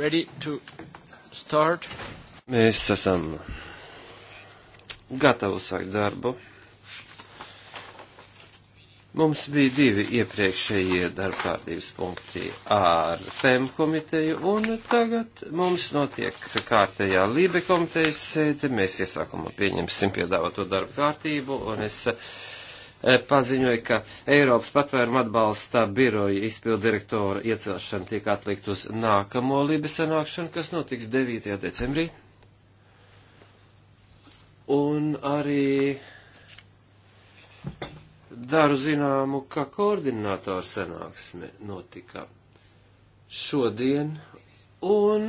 ready to start. Mēs esam gatavi sākt darbu. Mums bija divi iepriekšējie darbkārtības punkti ar FEM komiteju, un tagad mums notiek kārtējā Lībe komitejas sēde. Mēs iesākumā pieņemsim piedāvāto darbu kārtību, un es uh, Eh, paziņoja, ka Eiropas patvēruma atbalsta biroja izpildirektora iecelšana tiek atlikt uz nākamo Libijas sanākšanu, kas notiks 9. decembrī. Un arī daru zināmu, ka koordinātora sanāksme notika šodien, un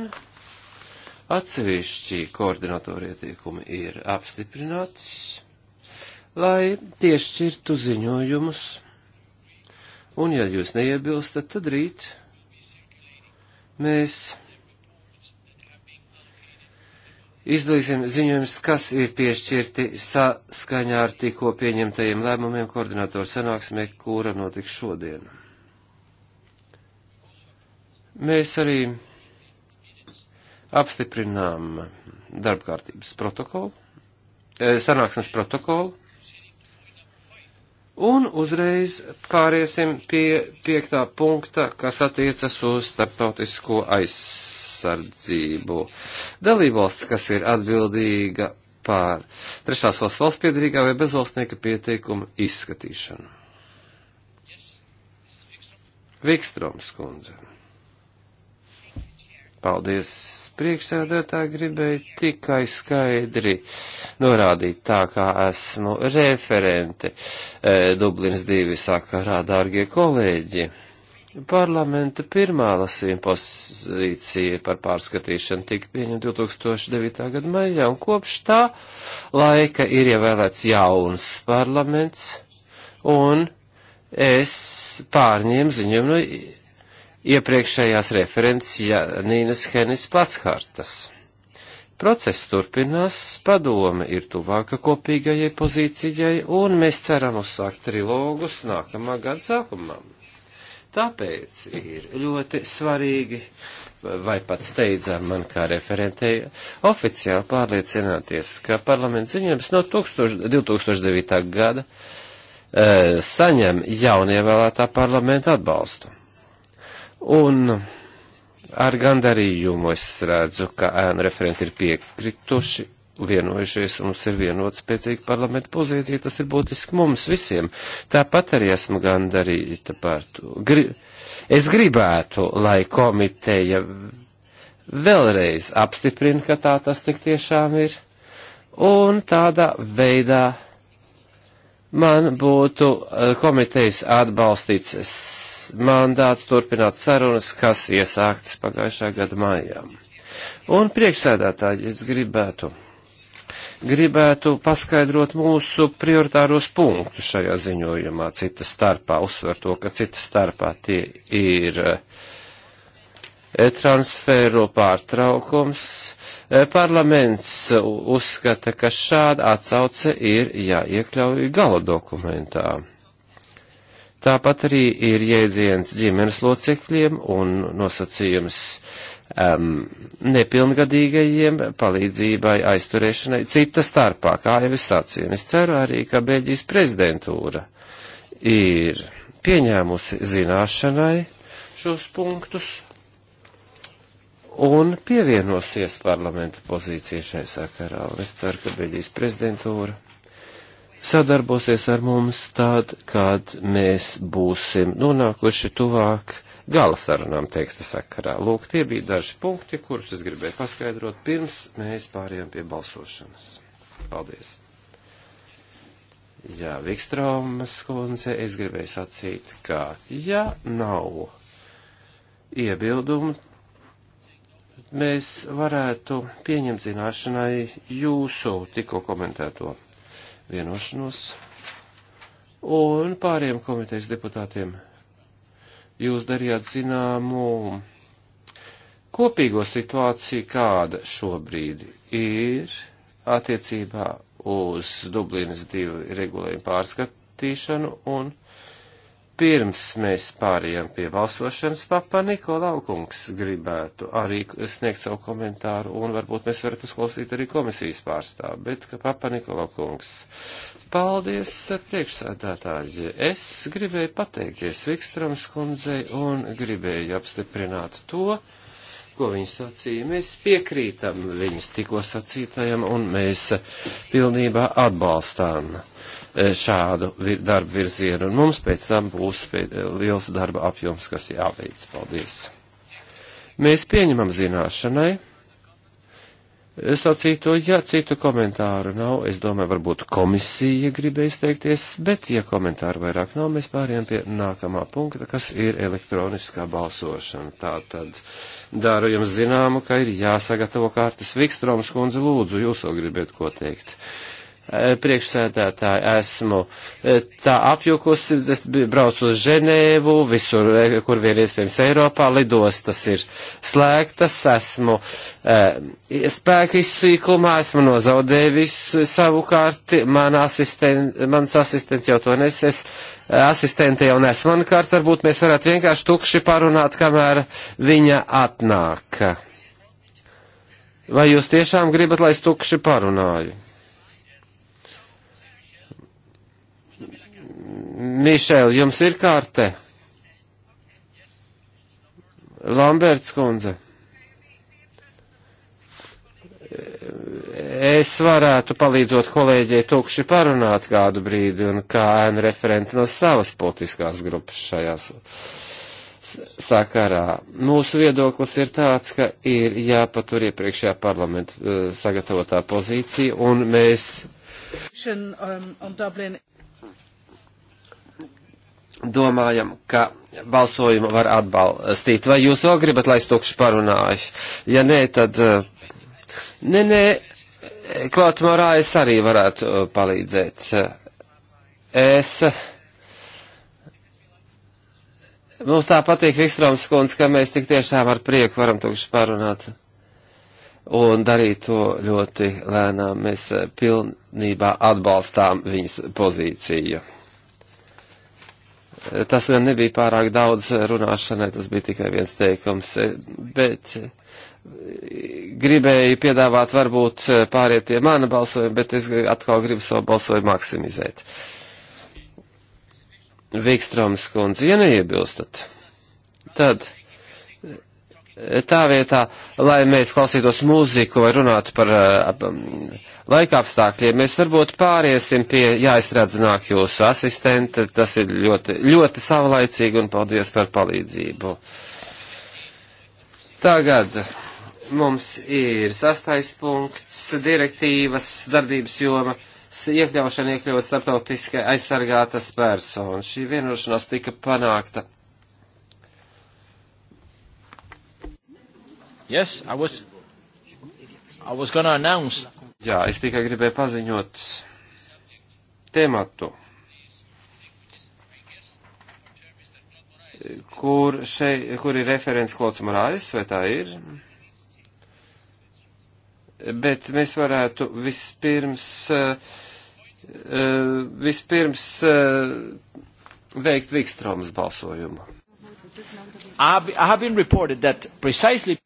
atsevišķi koordinātori ieteikumi ir apstiprināti lai piešķirtu ziņojumus, un ja jūs neiebilstat, tad rīt mēs izdalīsim ziņojumus, kas ir piešķirti saskaņā ar tikko pieņemtajiem lēmumiem koordinatoru sanāksmē, kura notiks šodien. Mēs arī apstiprinām darbkārtības protokolu, eh, sanāksmes protokolu, Un uzreiz pāriesim pie piektā punkta, kas attiecas uz starptautisko aizsardzību. Dalībvalsts, kas ir atbildīga pār trešās valsts valsts piedarīgā vai bezvalstnieka pieteikumu izskatīšanu. Vikstroms kundze. Paldies, priekšsēdētāji, gribēju tikai skaidri norādīt tā, kā esmu referente e, eh, Dublinas divi sakarā, dārgie kolēģi. Parlamenta pirmā lasījuma pozīcija par pārskatīšanu tika pieņemta 2009. gada maijā, un kopš tā laika ir ievēlēts jauns parlaments, un es pārņēmu ziņojumu no iepriekšējās referents Janīnas Henis Platshartas. Process turpinās, padome ir tuvāka kopīgajai pozīcijai, un mēs ceram uzsākt trilogus nākamā gada sākumā. Tāpēc ir ļoti svarīgi, vai pat steidzam man kā referentei, oficiāli pārliecināties, ka parlaments ziņojums no 2000, 2009. gada e, saņem jaunievēlētā parlamenta atbalstu. Un ar gandarījumu es redzu, ka ēnu referenti ir piekrituši, vienojušies, un mums ir vienota spēcīga parlamenta pozīcija, tas ir būtiski mums visiem. Tāpat arī esmu gandarīta par to. Gri es gribētu, lai komiteja vēlreiz apstiprina, ka tā tas tik tiešām ir, un tādā veidā man būtu eh, komitejas atbalstīts mandāts turpināt sarunas, kas iesāktas pagājušā gada mājā. Un priekšsēdētāji, es gribētu, gribētu paskaidrot mūsu prioritāros punktus šajā ziņojumā, cita starpā, uzsver to, ka cita starpā tie ir uh, Eh, transferu pārtraukums. Eh, parlaments uzskata, ka šāda atsauce ir jāiekļauj gala dokumentā. Tāpat arī ir jēdziens ģimenes locekļiem un nosacījums um, nepilngadīgajiem palīdzībai aizturēšanai cita starpā, kā jau es sacīju. Un es ceru arī, ka Beļģijas prezidentūra ir pieņēmusi zināšanai šos punktus un pievienosies parlamenta pozīcija šai sakarā. Un es ceru, ka Beļģijas prezidentūra sadarbosies ar mums tād, kad mēs būsim nonākuši tuvāk gala sarunām teksta sakarā. Lūk, tie bija daži punkti, kurus es gribēju paskaidrot pirms mēs pārējām pie balsošanas. Paldies! Jā, Vikstraumas kundze, es gribēju sacīt, ka ja nav iebildumu, mēs varētu pieņemt zināšanai jūsu tikko komentēto vienošanos un pāriem komitejas deputātiem. Jūs darījāt zināmu kopīgo situāciju, kāda šobrīd ir attiecībā uz Dublinas divu regulējumu pārskatīšanu un Pirms mēs pārējām pie balsošanas, papa Nikolau kungs gribētu arī sniegt savu komentāru, un varbūt mēs varat uzklausīt arī komisijas pārstāvu, bet ka papa Nikolau kungs. Paldies, priekšsēdētāji. Es gribēju pateikties Vikstrams kundzei un gribēju apstiprināt to, uh, ko viņa sacīja. Mēs piekrītam viņas tikko sacītajam un mēs pilnībā atbalstām e, šādu vir, darbu virzienu. Un mums pēc tam būs e, liels darba apjoms, kas jāveic. Paldies! Mēs pieņemam zināšanai sacīto, ja citu komentāru nav, es domāju, varbūt komisija gribēja izteikties, bet, ja komentāru vairāk nav, mēs pāriem pie nākamā punkta, kas ir elektroniskā balsošana. Tātad, dāru jums zināmu, ka ir jāsagatavo kārtas Vikstroms kundze, lūdzu, jūs vēl gribētu ko teikt. Uh, Eh, priekšsēdētāji, esmu eh, tā apjukusi, es braucu uz Ženēvu, visur, eh, kur vien iespējams Eiropā, lidostas ir slēgtas, esmu eh, spēku izsīkumā, esmu nozaudējis savukārt, man asisten, mans asistents jau to nes, es asistente jau nes man kārt, varbūt mēs varētu vienkārši tukši parunāt, kamēr viņa atnāk. Vai jūs tiešām gribat, lai es tukši parunāju? Mišēl, jums ir kārte? Lamberts kundze. Es varētu palīdzot kolēģei tukši parunāt kādu brīdi un kā ēnu referenti no savas politiskās grupas šajās sakarā. Mūsu viedoklis ir tāds, ka ir jāpatur iepriekšējā parlamenta eh, sagatavotā pozīcija, un mēs domājam, ka balsojumu var atbalstīt. Vai jūs vēl gribat, lai es tukši parunāju? Ja nē, tad. Eh, nē, nē, klāt morā es arī varētu eh, palīdzēt. Es. Mums tā patīk Vikstroms kundze, ka mēs tik tiešām ar prieku varam tukši parunāt un darīt to ļoti lēnām. Mēs eh, pilnībā atbalstām viņas pozīciju. Tas gan nebija pārāk daudz runāšanai, tas bija tikai viens teikums, bet gribēju piedāvāt varbūt pāriet pie mana balsojuma, bet es atkal gribu savu balsojumu maksimizēt. Vikstroms kundze, ja neiebilstat, tad tā vietā, lai mēs klausītos mūziku vai runātu par uh, laika apstākļiem, mēs varbūt pāriesim pie, jā, es redzu, nāk jūsu asistente, tas ir ļoti, ļoti savlaicīgi un paldies par palīdzību. Tagad mums ir sastais punkts direktīvas darbības joma iekļaušana iekļaut starptautiski aizsargātas personas. Šī vienošanās tika panākta Yes, I was, I was gonna announce. Jā, es tikai gribēju paziņot tematu, kur, šeit, kur ir referents Klots Morājas, vai tā ir? Bet mēs varētu vispirms, eh, eh, vispirms eh, veikt Vikstromas balsojumu. I've been reported that precisely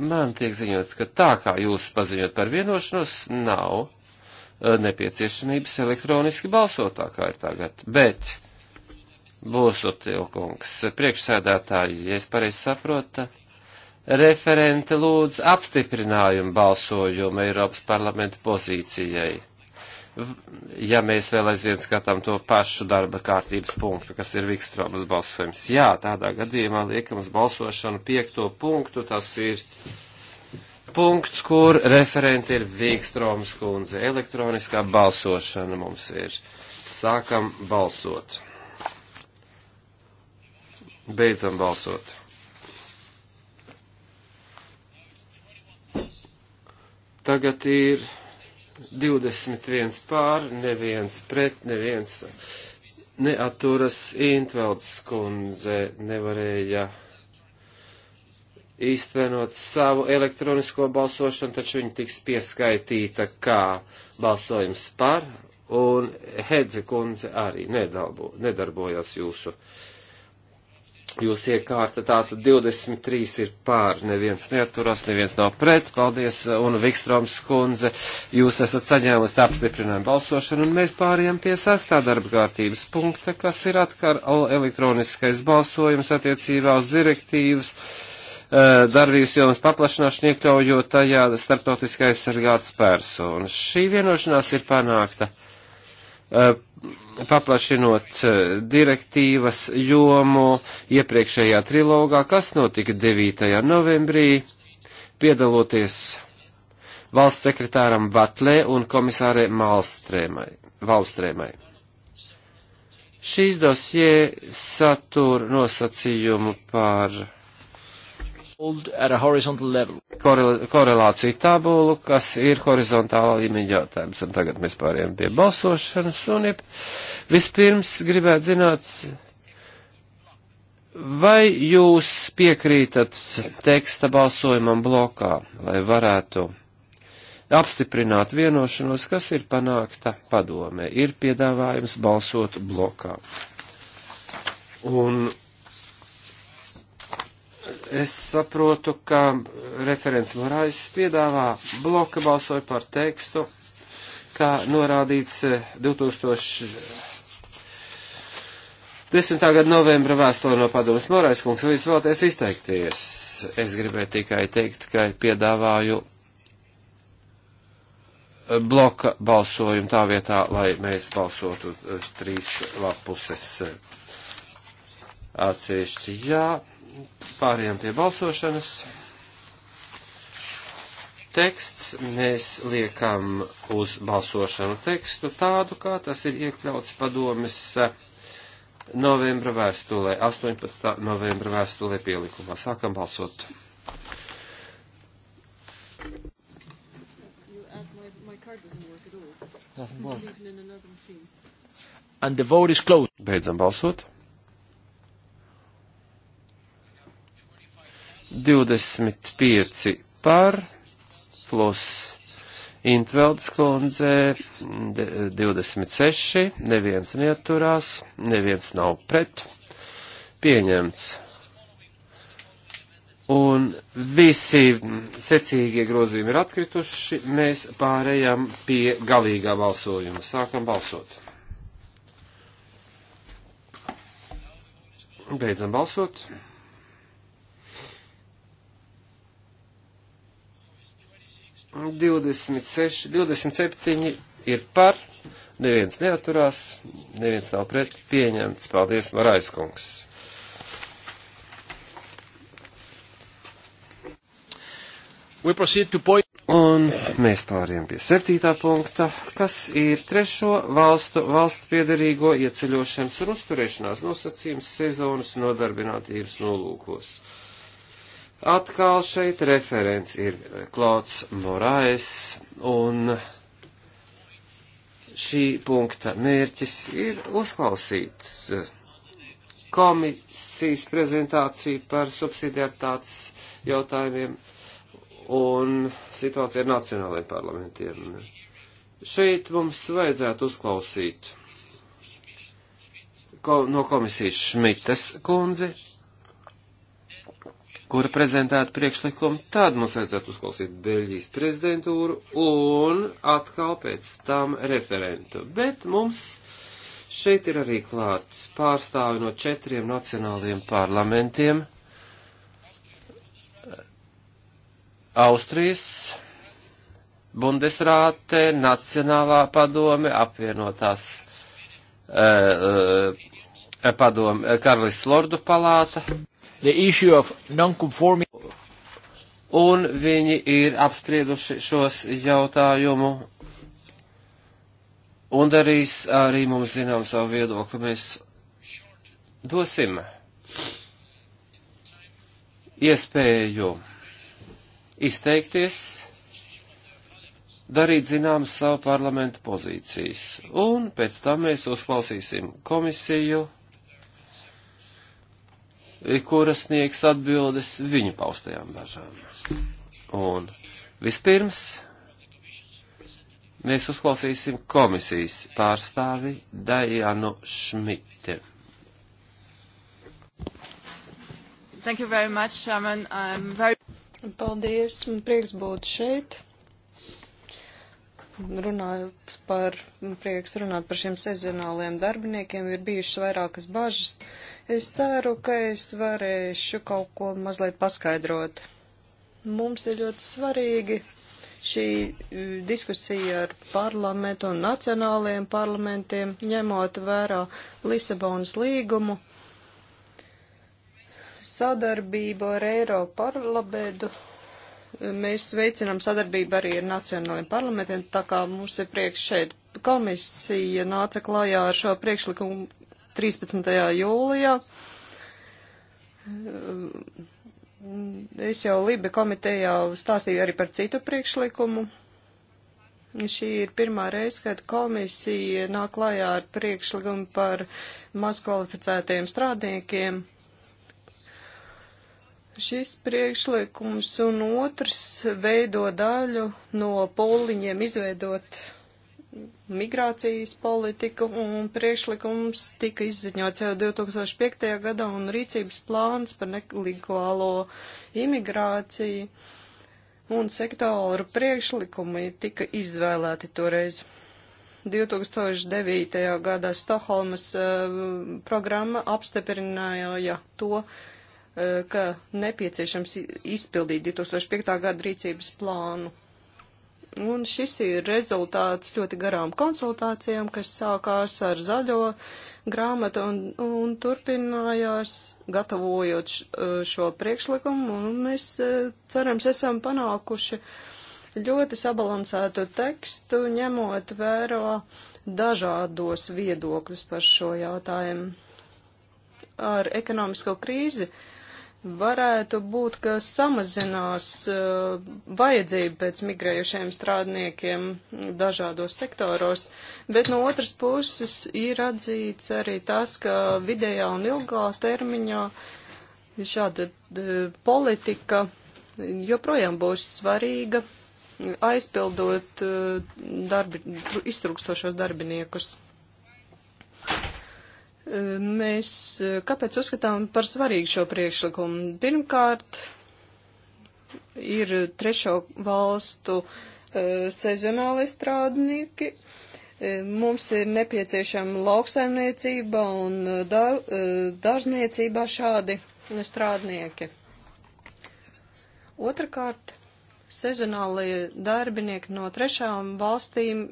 Man tiek ziņots, ka tā kā jūs paziņot par vienošanos, nav eh, nepieciešamības elektroniski balsot tā kā ir tagad. Bet, Būsutilkungs, priekšsēdētāji, ja es pareizi saprotu, referente lūdz apstiprinājumu balsojumu Eiropas parlamenta pozīcijai ja mēs vēl aizvien skatām to pašu darba kārtības punktu, kas ir Vikstromas balsojums. Jā, tādā gadījumā liekam uz balsošanu piekto punktu, tas ir punkts, kur referenti ir Vikstromas kundze. Elektroniskā balsošana mums ir. Sākam balsot. Beidzam balsot. Tagad ir 21 pār, neviens pret, neviens neaturas. Intvelds kundze nevarēja īstenot savu elektronisko balsošanu, taču viņa tiks pieskaitīta kā balsojums par, un Hedze kundze arī nedalbo, nedarbojās jūsu Jūs iekārta tātad 23 ir pār, neviens neaturās, neviens nav pret, paldies, uh, un Vikstroms kundze, jūs esat saņēmusi apstiprinājumu balsošanu, un mēs pārējām pie sastā darba kārtības punkta, kas ir atkar elektroniskais balsojums attiecībā uz direktīvas uh, darbības jomas paplašināšanu, iekļaujot tajā starptautiskais sargāts personas. Šī vienošanās ir panākta Eh, paplašinot eh, direktīvas jomu iepriekšējā trilogā, kas notika 9. novembrī, piedaloties valsts sekretāram Batlē un komisārē Malstrēmai. Valstrēmai. Šīs dosie satura nosacījumu par Korel, korelāciju tabulu, kas ir horizontālā līmeņa jautājums. Un tagad mēs pārējām pie balsošanas. Un ja vispirms gribētu zināt, vai jūs piekrītat teksta balsojumam blokā, lai varētu apstiprināt vienošanos, kas ir panākta padomē. Ir piedāvājums balsot blokā. Un Es saprotu, ka referents Morais piedāvā bloka balsoju par tekstu, kā norādīts 2010. Eh, gada novembra vēstulē no padomas Morais kungs, vai jūs vēlaties izteikties? Es gribēju tikai teikt, ka piedāvāju eh, bloka balsojumu tā vietā, lai mēs balsotu eh, trīs lapuses atsevišķi. Jā pārējām pie balsošanas. Teksts mēs liekam uz balsošanu tekstu tādu, kā tas ir iekļauts padomis eh, novembra vēstulē, 18. novembra vēstulē pielikumā. Sākam balsot. Doesn't work. And the vote is closed. Beidzam balsot. 25 par, plus Intveldes kundze 26, neviens neaturās, neviens nav pret, pieņemts. Un visi secīgie grozījumi ir atkrituši, mēs pārējām pie galīgā balsojuma. Sākam balsot. Beidzam balsot. 26, 27 ir par, neviens neaturās, neviens nav pret, pieņemts. Paldies, Marais kungs. Un mēs pāriem pie septītā punkta, kas ir trešo valstu, valsts piederīgo ieceļošanas un uzturēšanās nosacījums sezonas nodarbinātības nolūkos. Atkal šeit referents ir Klauds Morais, un šī punkta mērķis ir uzklausīts komisijas prezentāciju par subsidiartātes jautājumiem un situāciju ar nacionālajiem parlamentiem. Šeit mums vajadzētu uzklausīt ko, no komisijas Šmitas kundzi kura prezentētu priekšlikumu, tad mums vajadzētu uzklausīt Beļģijas prezidentūru un atkal pēc tam referentu. Bet mums šeit ir arī klāts pārstāvi no četriem nacionālajiem parlamentiem. Austrijas, Bundesrāte, Nacionālā padome, apvienotās uh, uh, padome, Karlis Lordu palāta. Un viņi ir apsprieduši šos jautājumu un darīs arī mums zinām savu viedokli. Mēs dosim iespēju izteikties, darīt zinām savu parlamentu pozīcijas. Un pēc tam mēs uzklausīsim komisiju kuras sniegs atbildes viņu paustajām bažām. Un vispirms mēs uzklausīsim komisijas pārstāvi Dajanu Šmite. Thank you very much, Shaman. I'm very... Paldies, man prieks būt šeit runājot par, prieks runāt par šiem sezonāliem darbiniekiem, ir bijušas vairākas bažas. Es ceru, ka es varēšu kaut ko mazliet paskaidrot. Mums ir ļoti svarīgi šī diskusija ar parlamentu un nacionālajiem parlamentiem, ņemot vērā Lisabonas līgumu, sadarbību ar Eiroparlamentu mēs veicinām sadarbību arī ar nacionāliem parlamentiem, tā kā mums ir prieks šeit. Komisija nāca klājā ar šo priekšlikumu 13. jūlijā. Es jau Libe komitejā stāstīju arī par citu priekšlikumu. Šī ir pirmā reize, kad komisija nāk klājā ar priekšlikumu par mazkvalificētiem strādniekiem Šis priekšlikums un otrs veido daļu no poliņiem izveidot migrācijas politiku, un priekšlikums tika izziņots jau 2005. gadā, un rīcības plāns par nelegālo imigrāciju un sektoru priekšlikumi tika izvēlēti toreiz. 2009. gadā Stokholmas uh, programma apstiprināja to, uh, Eh, ka nepieciešams izpildīt 2005. gada rīcības plānu. Un šis ir rezultāts ļoti garām konsultācijām, kas sākās ar zaļo grāmatu un, un turpinājās gatavojot eh, šo priekšlikumu. Un mēs eh, cerams esam panākuši ļoti sabalansētu tekstu, ņemot vērā dažādos viedokļus par šo jautājumu. Ar ekonomisko krīzi uh, varētu būt, ka samazinās uh, vajadzība pēc migrējušiem strādniekiem dažādos sektoros, bet no otras puses ir atzīts arī tas, ka vidējā un ilgā termiņā šāda uh, politika joprojām būs svarīga aizpildot uh, darbi, iztrūkstošos darbiniekus mēs e, kāpēc uzskatām par svarīgu šo priekšlikumu? Pirmkārt, ir trešo valstu e, sezonāli strādnieki. E, mums ir nepieciešama lauksaimniecība un dar, dažniecībā šādi strādnieki. Otrakārt, sezonālie darbinieki no trešām valstīm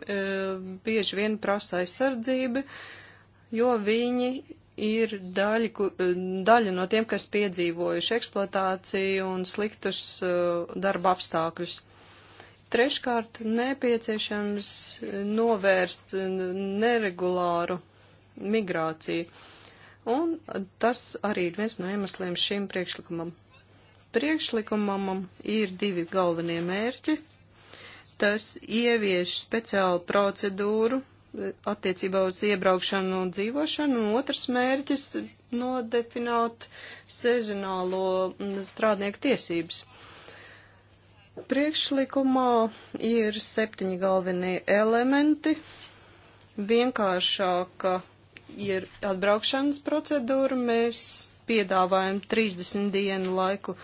bieži vien prasa aizsardzību, uh, jo viņi ir daļa, daļa no tiem, kas piedzīvojuši eksploatāciju un sliktus uh, darba apstākļus. Treškārt, nepieciešams novērst neregulāru migrāciju. Un tas arī ir viens no iemesliem šim priekšlikumam. Priekšlikumam ir divi galvenie mērķi. Tas ievieš speciālu procedūru attiecībā uz iebraukšanu un dzīvošanu, un otrs mērķis - nodefinēt sezonālo mm, strādnieku tiesības. Priekšlikumā ir septiņi galvenie elementi. Vienkāršāka ir atbraukšanas procedūra. Mēs piedāvājam 30 dienu laiku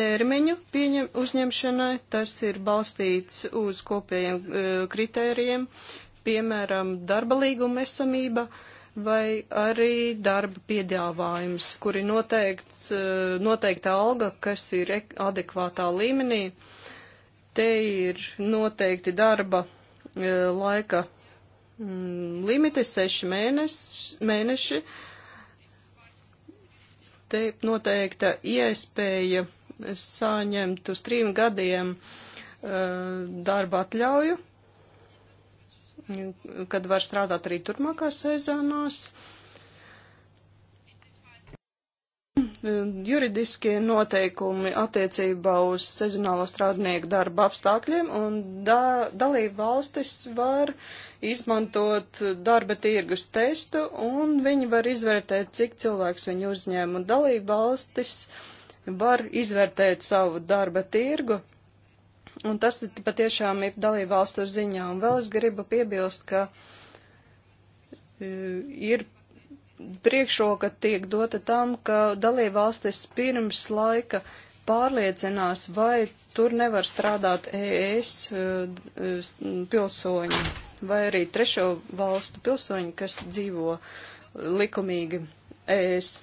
termiņu pieņem, uzņemšanai. Tas ir balstīts uz kopējiem e, kritērijiem, piemēram, darba līguma esamība vai arī darba piedāvājums, kur ir noteikts, e, noteikta alga, kas ir adekvātā līmenī. Te ir noteikti darba e, laika mm, limiti seši mēneši. mēneši. Te noteikta iespēja saņemt uz trim gadiem e, darba atļauju kad var strādāt arī turpmākās sezonās. Juridiskie noteikumi attiecībā uz sezonālo strādnieku darba apstākļiem un da dalību valstis var izmantot darba tirgus testu un viņi var izvērtēt, cik cilvēks viņi uzņēma un dalību valstis var izvērtēt savu darba tirgu Un tas patiešām ir dalība valstu ziņā. Un vēl es gribu piebilst, ka e, ir priekšroka tiek dota tam, ka dalība valstis pirms laika pārliecinās, vai tur nevar strādāt ES e, e, pilsoņi vai arī trešo valstu pilsoņi, kas dzīvo likumīgi ES.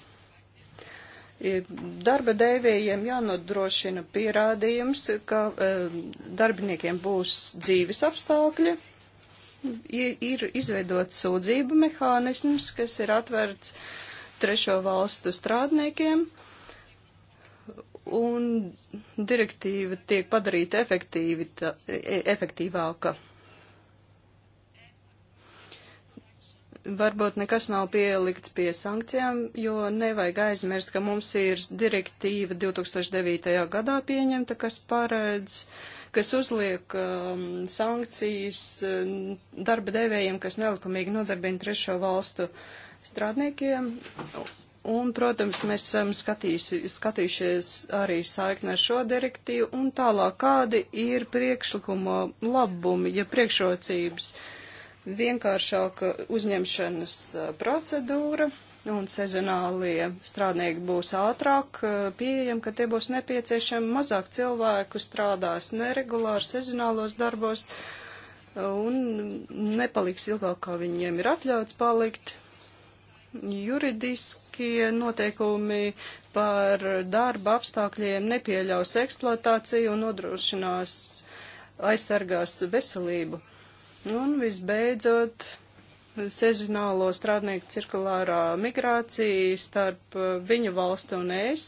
Darba devējiem jānodrošina pierādījums, ka eh, darbiniekiem būs dzīves apstākļi. Ir izveidots sūdzību mehānisms, kas ir atverts trešo valstu strādniekiem un direktīva tiek padarīta efektīvi, efektīvāka. varbūt nekas nav pielikts pie sankcijām, jo nevajag aizmirst, ka mums ir direktīva 2009. gadā pieņemta, kas paredz, kas uzliek um, sankcijas um, darba devējiem, kas nelikumīgi nodarbina trešo valstu strādniekiem. Un, protams, mēs esam skatījušies arī saikni ar šo direktīvu un tālāk, kādi ir priekšlikuma labumi, ja priekšrocības. Uh, vienkāršāka uzņemšanas procedūra un sezonālie strādnieki būs ātrāk pieejami, ka tie būs nepieciešami mazāk cilvēku strādās neregulāri sezonālos darbos un nepaliks ilgāk, kā viņiem ir atļauts palikt. Juridiskie noteikumi par darba apstākļiem nepieļaus eksploatāciju un nodrošinās aizsargās veselību Un visbeidzot, sezonālo strādnieku cirkulārā migrācija starp uh, viņu valsti un es.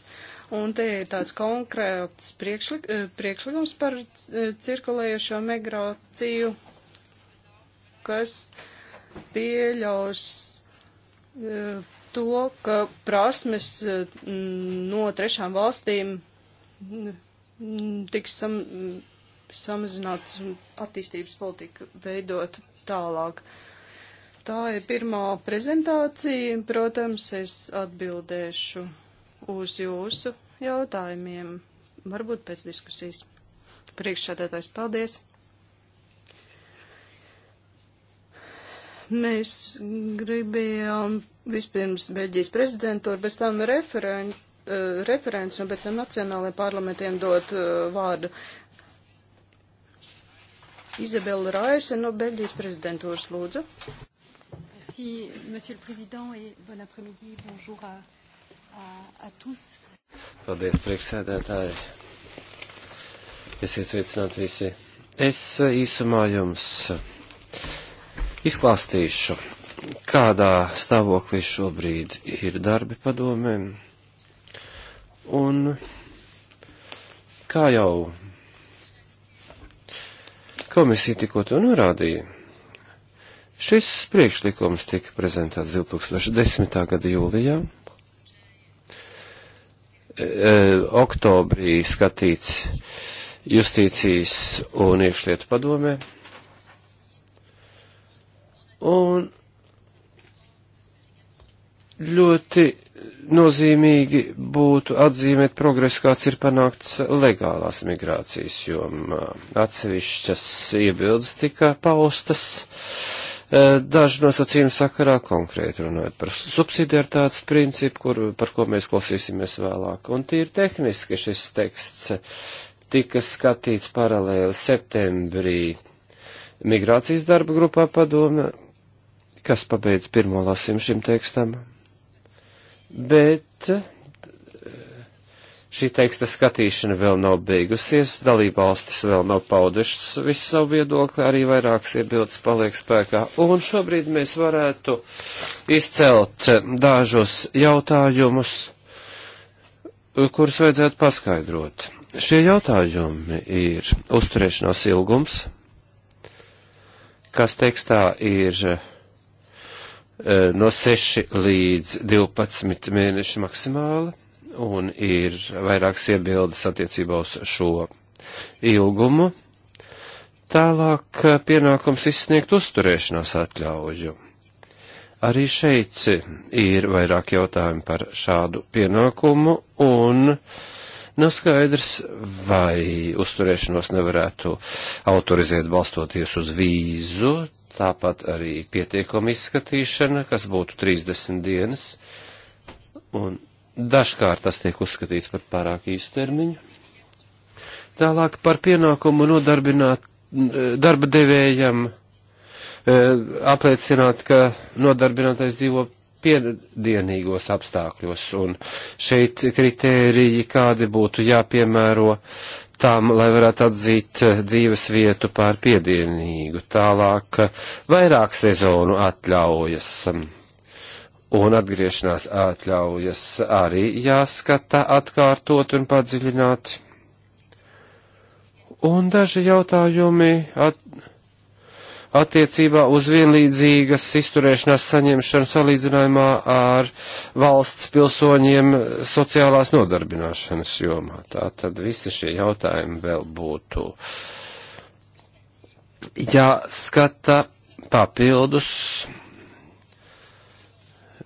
Un te ir tāds konkrēts priekšlik, uh, priekšlikums par uh, cirkulējošo migrāciju, kas pieļaus to, ka prasmes no trešām valstīm tiks sam, samazinātas un attīstības politika veidot tālāk. Tā ir pirmā prezentācija, protams, es atbildēšu uz jūsu jautājumiem, varbūt pēc diskusijas. Priekšsādātājs, paldies! Mēs gribējām vispirms Beļģijas prezidentūru, bez tam referen, eh, referents un pēc tam nacionālajiem parlamentiem dot eh, vārdu. Izabela Raisa no Beļģijas prezidentūras lūdzu. Merci, monsieur le président, et bon après-midi, bonjour à, à, à tous. Paldies, priekšsēdētāji. Esiet sveicināti visi. Es īsumā jums izklāstīšu, kādā stāvoklī šobrīd ir darbi padomēm. Un kā jau Komisija tikko to norādīja. Šis priekšlikums tika prezentēts 2010. gada jūlijā. E, e, oktobrī skatīts justīcijas un iekšlietu padomē. Un ļoti nozīmīgi būtu atzīmēt progresu, kāds ir panākts legālās migrācijas jomā. Atsevišķas iebildes tika paustas, e, daži nosacījumi sakarā konkrēti runājot par subsidiaritātes principu, kur, par ko mēs klausīsimies vēlāk. Un tīri tehniski šis teksts tika skatīts paralēli septembrī migrācijas darba grupā padome, kas pabeidz pirmo lasījumu šim tekstam bet eh, šī teksta skatīšana vēl nav beigusies, dalībvalstis vēl nav paudušas visu savu viedokli, arī vairākas iebildes paliek spēkā. Un šobrīd mēs varētu izcelt eh, dažus jautājumus, kurus vajadzētu paskaidrot. Šie jautājumi ir uzturēšanās ilgums, kas tekstā ir eh, Eh, no 6 līdz 12 mēneši maksimāli, un ir vairākas iebildes attiecībā uz šo ilgumu. Tālāk eh, pienākums izsniegt uzturēšanās atļauju. Arī šeit ir vairāk jautājumu par šādu pienākumu, un uh, Nav skaidrs, vai uzturēšanos nevarētu autorizēt balstoties uz vīzu, tāpat arī pietiekuma izskatīšana, kas būtu 30 dienas, un dažkārt tas tiek uzskatīts par pārāk īstu termiņu. Tālāk par pienākumu nodarbināt darba devējam eh, apliecināt, ka nodarbinātais dzīvo piedienīgos apstākļos, un šeit kritēriji, kādi būtu jāpiemēro tam, lai varētu atzīt dzīves vietu pār piedienīgu, tālāk vairāk sezonu atļaujas. Un atgriešanās atļaujas arī jāskata atkārtot un padziļināt. Un daži jautājumi at attiecībā uz vienlīdzīgas izturēšanās saņemšanu salīdzinājumā ar valsts pilsoņiem sociālās nodarbināšanas jomā. Tā tad visi šie jautājumi vēl būtu jāskata papildus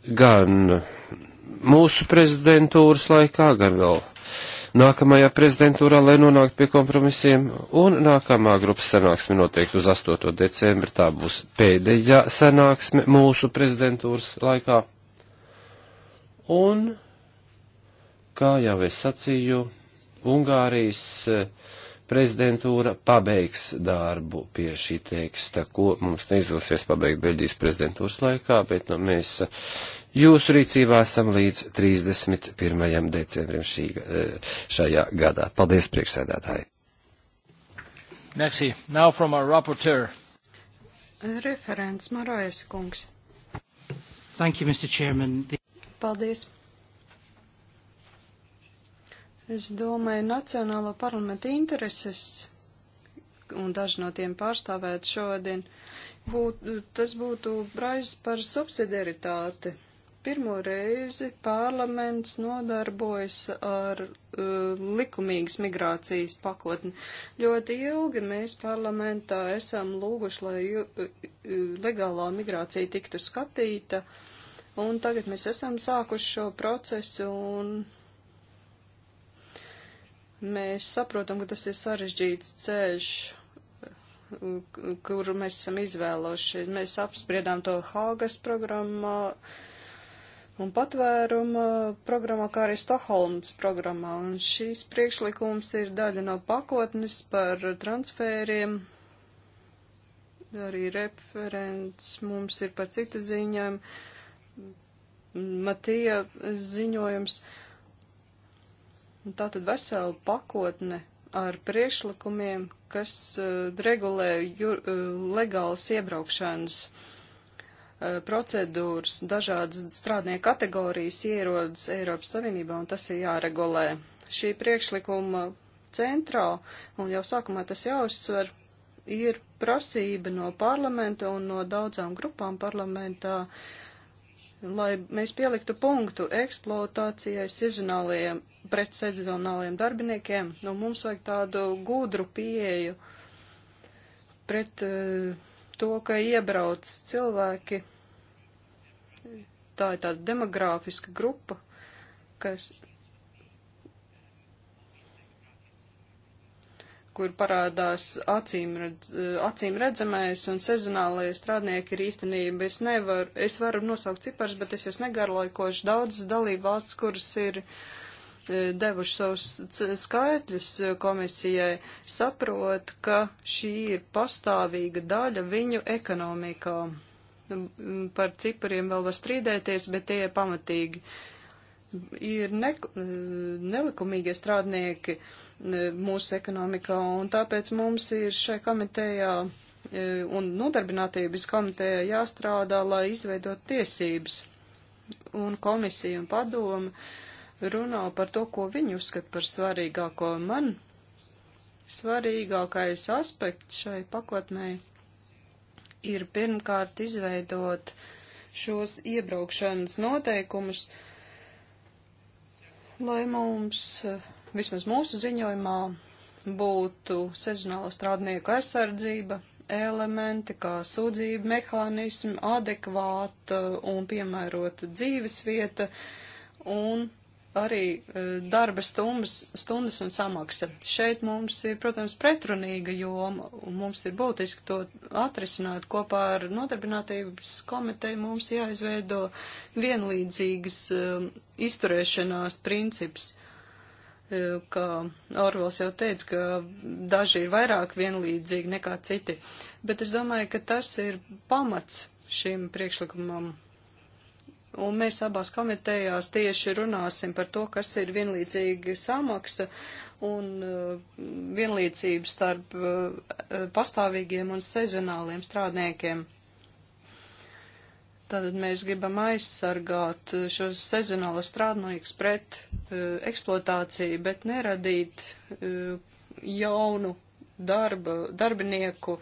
gan mūsu prezidentūras laikā, gan vēl nākamajā prezidentūrā, lai nonāktu pie kompromisiem, un nākamā grupas sanāksme noteikti uz 8. decembri, tā būs pēdējā sanāksme mūsu prezidentūras laikā. Un, kā jau es sacīju, Ungārijas eh, prezidentūra pabeigs darbu pie šī teksta, ko mums neizdosies pabeigt Beļģijas prezidentūras laikā, bet nu, mēs eh, Jūsu rīcībā esam līdz 31. decembrim šī, eh, šajā gadā. Paldies, priekšsēdētāji! Merci. Now from our rapporteur. Referents Marais kungs. Thank you, Mr. Chairman. The... Paldies. Es domāju, Nacionālo parlamentu intereses un daži no tiem pārstāvēt šodien, būt, tas būtu braizs par subsidiaritāti pirmo reizi parlaments nodarbojas ar uh, likumīgas migrācijas pakotni. Ļoti ilgi mēs parlamentā esam lūguši, lai uh, uh, legālā migrācija tiktu skatīta, un tagad mēs esam sākuši šo procesu, un mēs saprotam, ka tas ir sarežģīts ceļš uh, kuru mēs esam izvēloši. Mēs apspriedām to Hāgas programmā, uh, un patvēruma programmā, kā arī Stokholmas programmā. Un šīs priekšlikums ir daļa no pakotnes par transfēriem. Arī referents mums ir par citu ziņām. Matija ziņojums. Tā tad vesela pakotne ar priekšlikumiem, kas uh, regulē ju, uh, eh, legālas iebraukšanas uh, Eh, procedūras, dažādas strādnieku kategorijas ierodas Eiropas Savienībā, un tas ir jāregulē. Šī priekšlikuma centrā, un jau sākumā tas jāuzsver, ir prasība no parlamenta un no daudzām grupām parlamentā, lai mēs pieliktu punktu eksploatācijai sezonāliem, pret sezonāliem darbiniekiem, un mums vajag tādu gudru pieeju pret uh, to, ka iebrauc cilvēki. Tā ir tāda demogrāfiska grupa, kas, kur parādās acīm, redz, acīm redzamais un sezonālajie strādnieki ir īstenība. Es nevaru, es varu nosaukt cipars, bet es jūs negarlaikošu daudzas dalībvalstis, kuras ir uh, devuši savus skaitļus komisijai, saprot, ka šī ir pastāvīga daļa viņu ekonomikā. Nu, par cipariem vēl var strīdēties, bet tie ir pamatīgi. Ir ne, nelikumīgie strādnieki mūsu ekonomikā, un tāpēc mums ir šai komitejā e, un nodarbinātības komitejā jāstrādā, lai izveidot tiesības. Un komisija un padoma uh, runā par to, ko viņi uzskata par svarīgāko. Man svarīgākais aspekts šai pakotnē ir pirmkārt izveidot šos iebraukšanas noteikumus, lai mums, vismaz mūsu ziņojumā, būtu sezonāla strādnieku aizsardzība, elementi, kā sūdzību mehānismi, adekvāta un piemērota dzīvesvieta un arī e, darba stundas, stundas un samaksa. Šeit mums ir, protams, pretrunīga joma, un mums ir būtiski to atrisināt kopā ar nodarbinātības komiteju. Mums jāizveido vienlīdzīgas um, izturēšanās princips. E, kā Orvils jau teica, ka daži ir vairāk vienlīdzīgi nekā citi, bet es domāju, ka tas ir pamats šim priekšlikumam un mēs abās komitejās tieši runāsim par to, kas ir vienlīdzīga samaksa un uh, vienlīdzība starp uh, uh, pastāvīgiem un sezonāliem strādniekiem. Tātad mēs gribam aizsargāt šos sezonālos strādniekus pret eksploatāciju, bet neradīt jaunu darba, darbinieku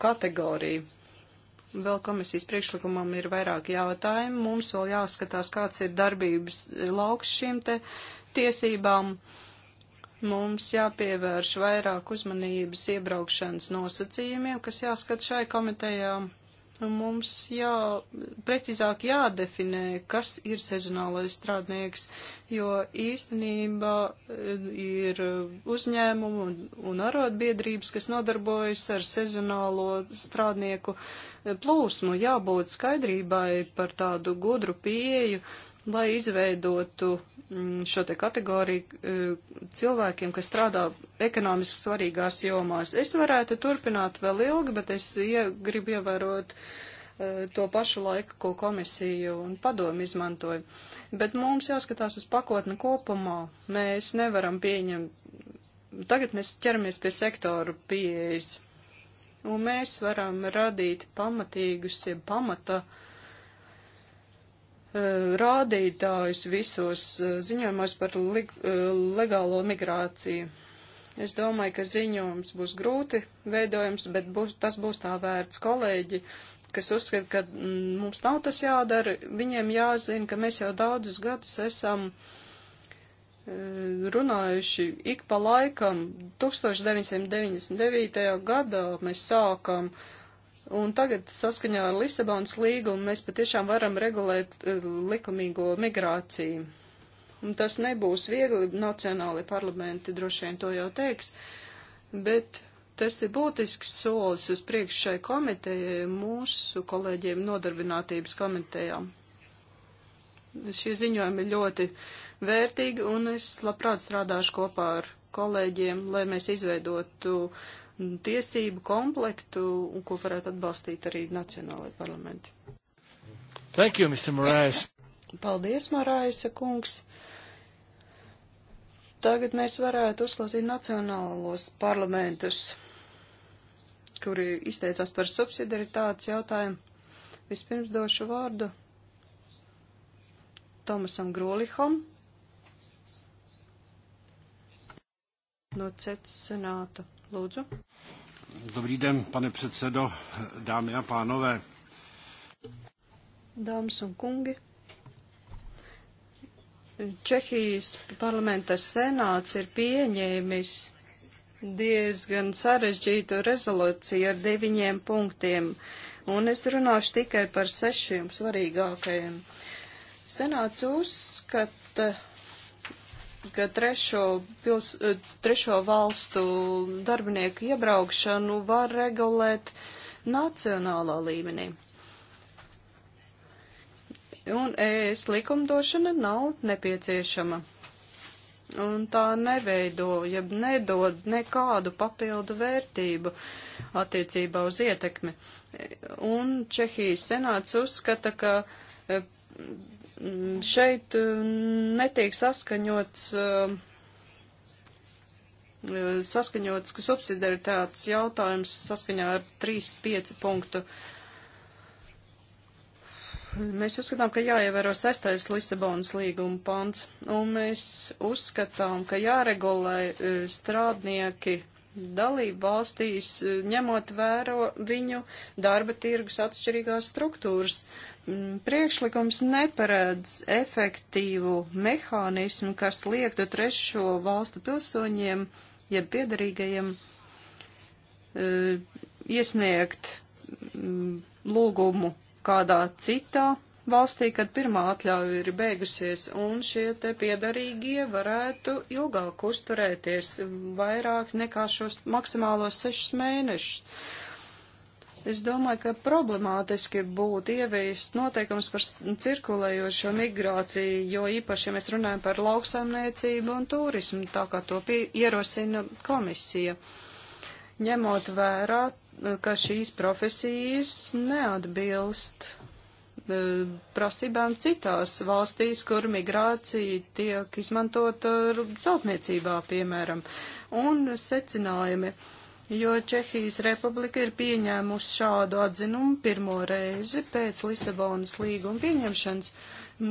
kategoriju. Vēl komisijas priekšlikumam ir vairāk jautājumu. Mums vēl jāskatās, kāds ir darbības lauks šīm te tiesībām. Mums jāpievērš vairāk uzmanības iebraukšanas nosacījumiem, kas jāskat šai komitejām Mums jā, precīzāk jādefinē, kas ir sezonālais strādnieks, jo īstenībā eh, ir uzņēmumu un, un arotbiedrības, kas nodarbojas ar sezonālo strādnieku eh, plūsmu. Jābūt skaidrībai par tādu gudru pieju, lai izveidotu mm, šo te kategoriju eh, cilvēkiem, kas strādā ekonomiski svarīgās jomās. Es varētu turpināt vēl ilgi, bet es ie, gribu ievērot eh, to pašu laiku, ko komisija un padomu izmantoja. Bet mums jāskatās uz pakotni kopumā. Mēs nevaram pieņemt. Tagad mēs ķeramies pie sektoru pieejas. Un mēs varam radīt pamatīgus, ja pamata uh, Eh, rādītājus visos eh, ziņojumos par eh, legālo migrāciju. Es domāju, ka ziņojums būs grūti veidojams, bet būs, tas būs tā vērts kolēģi, kas uzskata, ka mm, mums nav tas jādara, viņiem jāzina, ka mēs jau daudzus gadus esam runājuši ik pa laikam. 1999. gadā mēs sākam uh, Un tagad saskaņā ar Lisabonas līgumu mēs patiešām varam regulēt eh, likumīgo migrāciju. Un tas nebūs viegli, nacionāli parlamenti droši vien to jau teiks, bet tas ir būtisks solis uz priekšu šai komitejai, mūsu kolēģiem nodarbinātības komitejām. Šie ziņojumi ir ļoti vērtīgi, un es labprāt strādāšu kopā ar kolēģiem, lai mēs izveidotu uh, tiesību komplektu, un ko varētu atbalstīt arī nacionālai parlamenti. Thank you, Mr. Morais. Paldies, Moraisa kungs. Tagad mēs varētu uzklausīt nacionālos parlamentus, kuri izteicās par subsidiaritātes jautājumu. Vispirms došu vārdu Tomasam Groliham no CETS senāta. Lūdzu. Dobrý den, pane předsedo, dámy a pánové. Dāmas un kungi. Čehijas parlamenta senāts ir pieņēmis diezgan sarežģītu rezolūciju ar deviņiem punktiem, un es runāšu tikai par sešiem svarīgākajiem. Senāts uzskata, ka trešo, pils, eh, trešo valstu darbinieku iebraukšanu var regulēt nacionālā līmenī. Un ES likumdošana nav nepieciešama. Un tā neveido, jeb ja nedod nekādu papildu vērtību attiecībā uz ietekmi. Un Čehijas senāts uzskata, ka eh, Mm, šeit mm, netiek saskaņots, mm, saskaņots subsidiaritātes jautājums saskaņā ar 3.5 punktu. Mēs uzskatām, ka jāievēro sestais Lisabonas līguma pants, un mēs uzskatām, ka jāregulē eh, strādnieki dalību valstīs, e, ņemot vēro viņu darba tirgus atšķirīgās struktūras. Mm, priekšlikums neparedz efektīvu mehānismu, kas liektu trešo valstu pilsoņiem, jeb piedarīgajiem, e, iesniegt mm, lūgumu kādā citā valstī, kad pirmā atļauja ir beigusies, un šie te piedarīgie varētu ilgāk uzturēties, vairāk nekā šos maksimālos sešus mēnešus. Es domāju, ka problemātiski būtu ieviest noteikums par cirkulējošo migrāciju, jo īpaši, ja mēs runājam par lauksaimniecību un turismu, tā kā to pie, ierosina komisija, ņemot vērā, ka šīs profesijas neatbilst Eh, prasībām citās valstīs, kur migrācija tiek izmantota celtniecībā, piemēram, un secinājumi, jo Čehijas republika ir pieņēmusi šādu atzinumu pirmo reizi pēc Lisabonas līguma pieņemšanas.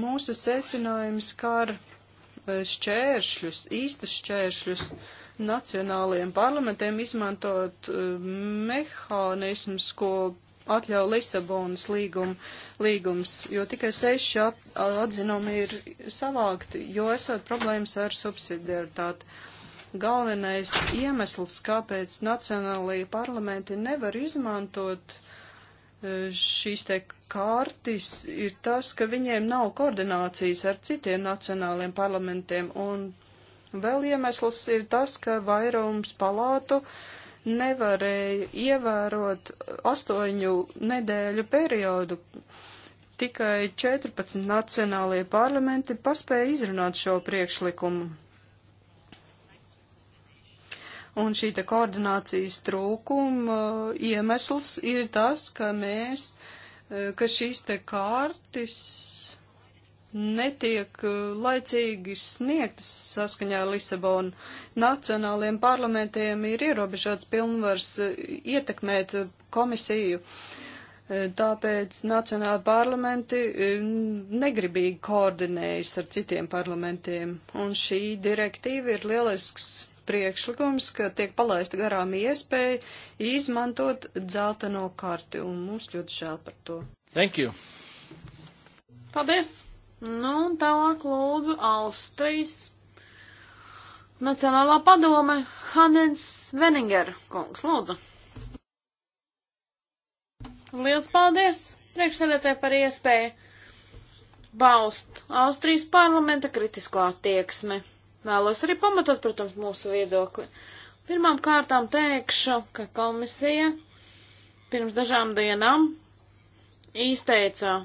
Mūsu secinājums, kā ar eh, šķēršļus, īstus šķēršļus nacionālajiem parlamentiem izmantot eh, mehānismus, ko atļauj Lisabonas līgum, līgums, jo tikai seši atzinumi ir savākti, jo esot problēmas ar subsidiaritāti. Galvenais iemesls, kāpēc nacionālajie parlamenti nevar izmantot e, šīs te kārtis, ir tas, ka viņiem nav koordinācijas ar citiem nacionāliem parlamentiem, un vēl iemesls ir tas, ka vairums palātu uh, nevarēja ievērot astoņu nedēļu periodu. Tikai 14 nacionālajie parlamenti paspēja izrunāt šo priekšlikumu. Un šī te koordinācijas trūkuma uh, iemesls ir tas, ka mēs, uh, ka šīs te kārtis netiek uh, laicīgi sniegtas saskaņā ar Lisabonu. Nacionāliem parlamentiem ir ierobežots pilnvars uh, ietekmēt uh, komisiju. Tāpēc nacionāli parlamenti negribīgi koordinējas ar citiem parlamentiem. Un šī direktīva ir lielisks priekšlikums, ka tiek palaista garām iespēja izmantot dzelteno karti. Un mums ļoti žēl par to. Thank you. Paldies! Nu, un tālāk lūdzu Austrijas Nacionālā padome Hanens Veninger kungs, lūdzu. Liels paldies priekšsēdētāji par iespēju baust Austrijas parlamenta kritisko attieksmi. Vēlos arī pamatot, protams, mūsu viedokli. Pirmām kārtām teikšu, ka komisija pirms dažām dienām izteica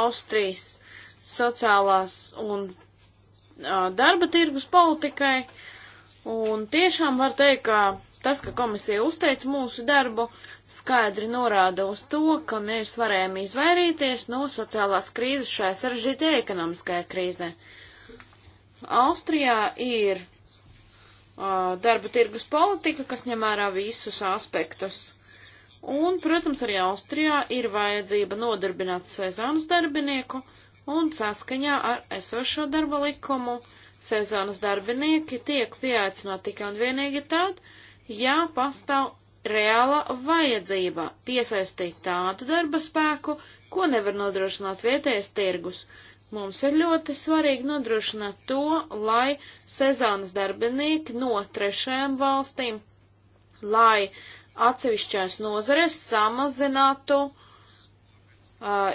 Austrijas sociālās un darba tirgus politikai. Un tiešām var teikt, ka tas, ka komisija uzteica mūsu darbu, skaidri norāda uz to, ka mēs varējām izvairīties no sociālās krīzes šajā sarežģītajā ekonomiskajā krīzē. Austrijā ir uh, darba tirgus politika, kas ņem vērā visus aspektus. Un, protams, arī Austrijā ir vajadzība nodarbināt sezonas darbinieku, uh, un saskaņā ar esošo darba likumu sezonas darbinieki tiek pieaicināti tikai un vienīgi tad, ja pastāv reāla vajadzība piesaistīt tādu darba spēku, ko nevar nodrošināt vietējais tirgus. Mums ir ļoti svarīgi nodrošināt to, lai sezonas darbinieki no trešajām valstīm, lai atsevišķās nozarēs samazinātu uh,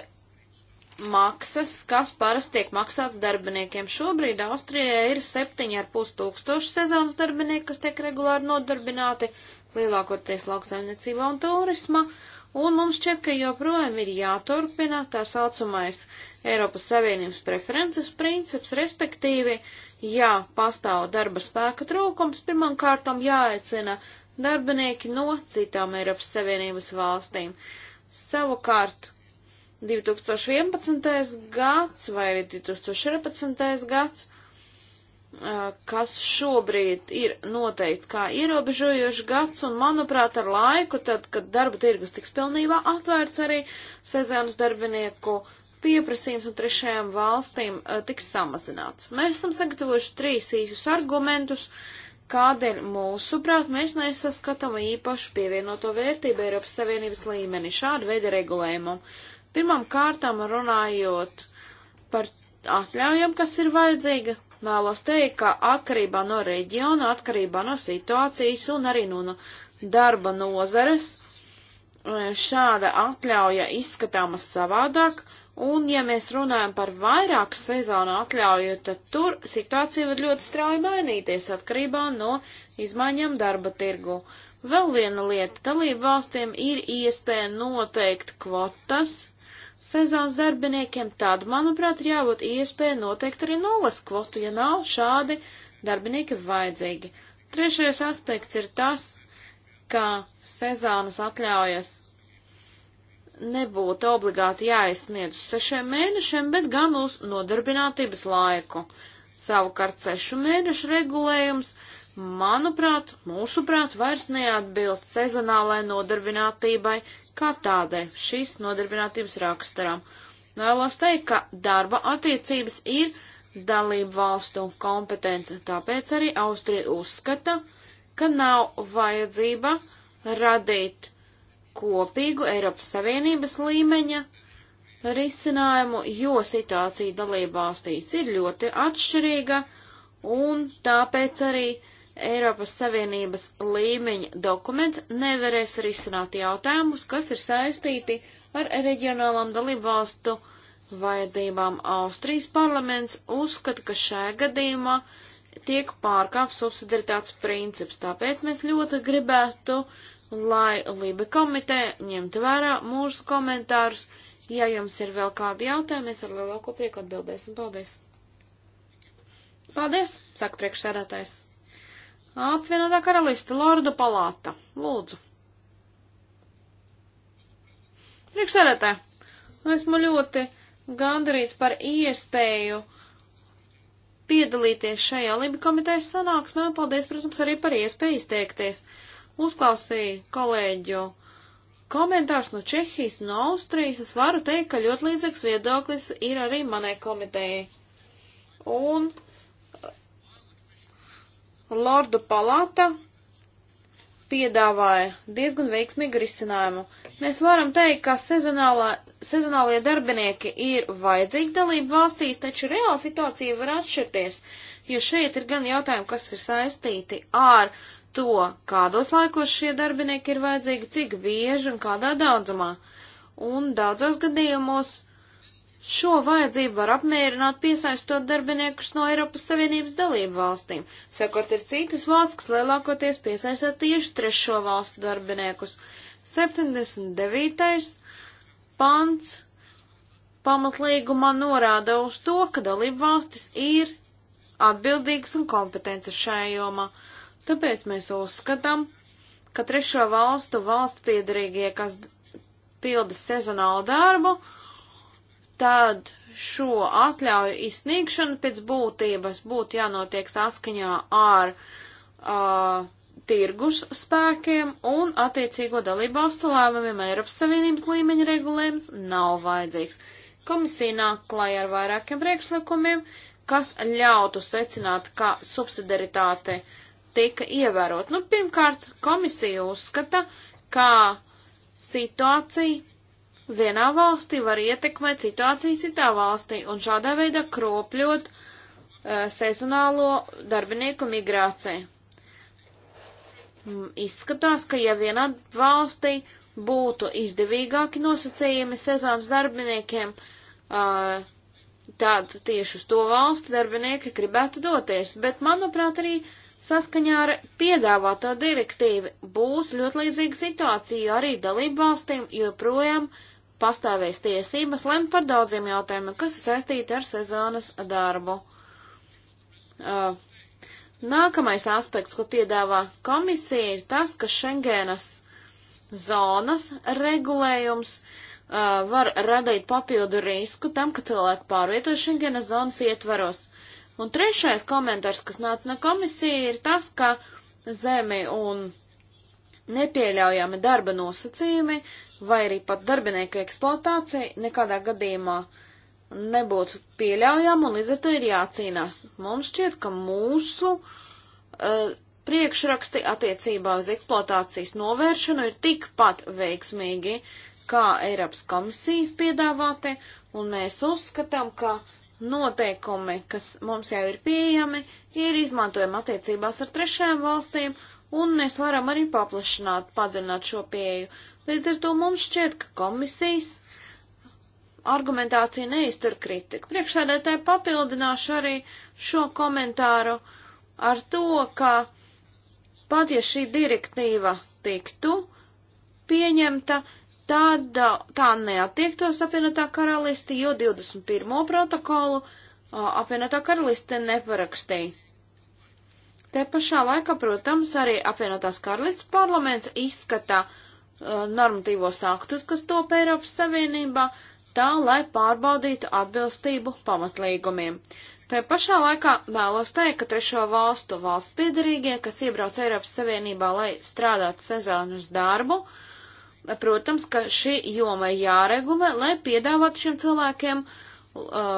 maksas, kas parasti tiek maksāts darbiniekiem. Šobrīd Austrijā ir 7,5 tūkstoši sezonas darbinieki, kas tiek regulāri nodarbināti, lielākoties lauksaimniecībā un turismā, un mums šķiet, ka joprojām ir jāturpina tā saucamais Eiropas Savienības preferences princips, respektīvi, ja pastāv darba spēka trūkums, pirmām kārtām jāaicina darbinieki no citām Eiropas Savienības valstīm. Savukārt, 2011. gads vai arī 2014. gads, kas šobrīd ir noteikti kā ierobežojošs gads, un manuprāt ar laiku, tad, kad darba tirgus tiks pilnībā atvērts arī sezonas darbinieku pieprasījums no trešajām valstīm tiks samazināts. Mēs esam sagatavojuši trīs īsus argumentus, kādēļ mūsuprāt mēs nesaskatām īpašu pievienoto vērtību Eiropas Savienības līmenī šādu veidu regulējumu. Uh, Pirmam kārtām runājot par atļaujam, kas ir vajadzīga, vēlos teikt, ka atkarībā no reģiona, atkarībā no situācijas un arī no, no darba nozares e, šāda atļauja izskatāmas savādāk, un ja mēs runājam par vairāku sezonu atļauju, tad tur situācija var ļoti strauji mainīties atkarībā no izmaiņām darba tirgu. Vēl viena lieta - dalību valstīm ir iespēja noteikt kvotas sezonas darbiniekiem, tad, manuprāt, ir jābūt iespēja noteikt arī nulles kvotu, ja nav šādi darbinieki vajadzīgi. Trešais aspekts ir tas, ka sezonas atļaujas nebūtu obligāti jāizsniedz uz sešiem mēnešiem, bet gan uz nodarbinātības laiku. Savukārt sešu mēnešu regulējums manuprāt, mūsuprāt, vairs neatbilst sezonālai nodarbinātībai kā tādai šīs nodarbinātības raksturam. Vēlos teikt, ka darba attiecības ir dalību valstu kompetence, tāpēc arī Austrija uzskata, ka nav vajadzība radīt kopīgu Eiropas Savienības līmeņa risinājumu, jo situācija dalību valstīs ir ļoti atšķirīga, un tāpēc arī uh, Eiropas Savienības līmeņa dokuments nevarēs risināt jautājumus, kas ir saistīti ar reģionālām dalību valstu vajadzībām. Austrijas parlaments uzskata, ka šajā gadījumā tiek pārkāpts subsidaritātes princips, tāpēc mēs ļoti gribētu, lai Libe komitē ņemtu vērā mūsu komentārus. Ja jums ir vēl kādi jautājumi, mēs ar lielāko prieku atbildēsim. Paldies! Paldies, saka priekšsēdētājs. Apvienotā karaliste, Lordu palāta. Lūdzu. Priekšsēdētē, esmu ļoti gandarīts par iespēju piedalīties šajā Libi komitejas sanāksmē. Paldies, protams, arī par iespēju izteikties. Uzklausīju kolēģu komentārs no Čehijas, no Austrijas. Es varu teikt, ka ļoti līdzīgs viedoklis ir arī manai komitejai. Un Lordu palāta piedāvāja diezgan veiksmīgu risinājumu. Mēs varam teikt, ka sezonālie darbinieki ir vajadzīgi dalību valstīs, taču reāla situācija var atšķirties, jo šeit ir gan jautājumi, kas ir saistīti ar to, kādos laikos šie darbinieki ir vajadzīgi, cik bieži un kādā daudzumā. Un daudzos gadījumos uh, Šo vajadzību var apmierināt piesaistot darbiniekus no Eiropas Savienības dalību valstīm. Sekot ir citas valsts, kas lielākoties piesaistā tieši trešo valstu darbiniekus. 79. pants pamatlīgumā norāda uz to, ka dalību valstis ir atbildīgas un kompetences šajā jomā. Tāpēc mēs uzskatām, ka trešo valstu valstu piedarīgie, kas pilda sezonālu darbu, tad šo atļauju izsniegšanu pēc būtības būtu jānotiek saskaņā ar uh, tirgus spēkiem un attiecīgo dalībvalstu lēmumiem Eiropas Savienības līmeņa regulējums nav vajadzīgs. Komisija nāk klajā ar vairākiem priekšlikumiem, kas ļautu secināt, ka subsidiaritāte tika ievērot. Nu, pirmkārt, komisija uzskata, ka situācija vienā valstī var ietekmēt situāciju citā valstī un šādā veidā kropļot uh, sezonālo darbinieku migrāciju. Mm, izskatās, ka ja vienā valstī būtu izdevīgāki nosacījumi sezonas darbiniekiem, uh, tad tieši uz to valsti darbinieki gribētu doties. Bet, manuprāt, arī saskaņā ar piedāvāto direktīvu būs ļoti līdzīga situācija, jo arī dalību valstīm joprojām uh, pastāvēs tiesības lemt par daudziem jautājumiem, kas saistīti ar sezonas darbu. Uh, nākamais aspekts, ko piedāvā komisija, ir tas, ka Schengenas zonas regulējums uh, var radīt papildu risku tam, ka cilvēki pārvietojas Schengenas zonas ietvaros. Un trešais komentārs, kas nāca no komisija, ir tas, ka zemi un nepieļaujami darba nosacījumi uh, vai arī pat darbinieku eksploatācija nekādā gadījumā nebūtu pieļaujama un līdz ar to ir jācīnās. Mums šķiet, ka mūsu uh, priekšraksti attiecībā uz eksploatācijas novēršanu ir tikpat veiksmīgi kā Eiropas komisijas piedāvātie, un mēs uzskatām, ka noteikumi, kas mums jau ir pieejami, ir izmantojami attiecībās ar trešajām valstīm, un mēs varam arī paplašināt, padziļināt šo pieeju. Līdz ar to mums šķiet, ka komisijas argumentācija neiztur kritiku. Priekšsēdētāji papildināšu arī šo komentāru ar to, ka pat ja šī direktīva tiktu pieņemta, tad uh, tā neattiektos apvienotā karalisti, jo 21. protokolu uh, apvienotā karaliste neparakstīja. Te pašā laikā, protams, arī apvienotās karalistes parlaments izskatā uh, Uh, normatīvos aktus, kas top Eiropas Savienībā, tā lai pārbaudītu atbilstību pamatlīgumiem. Tā pašā laikā vēlos teikt, ka trešo valstu valsts piedarīgie, kas iebrauc Eiropas Savienībā, lai strādātu sezonas darbu, protams, ka šī joma jāregulē, lai piedāvātu šiem cilvēkiem uh,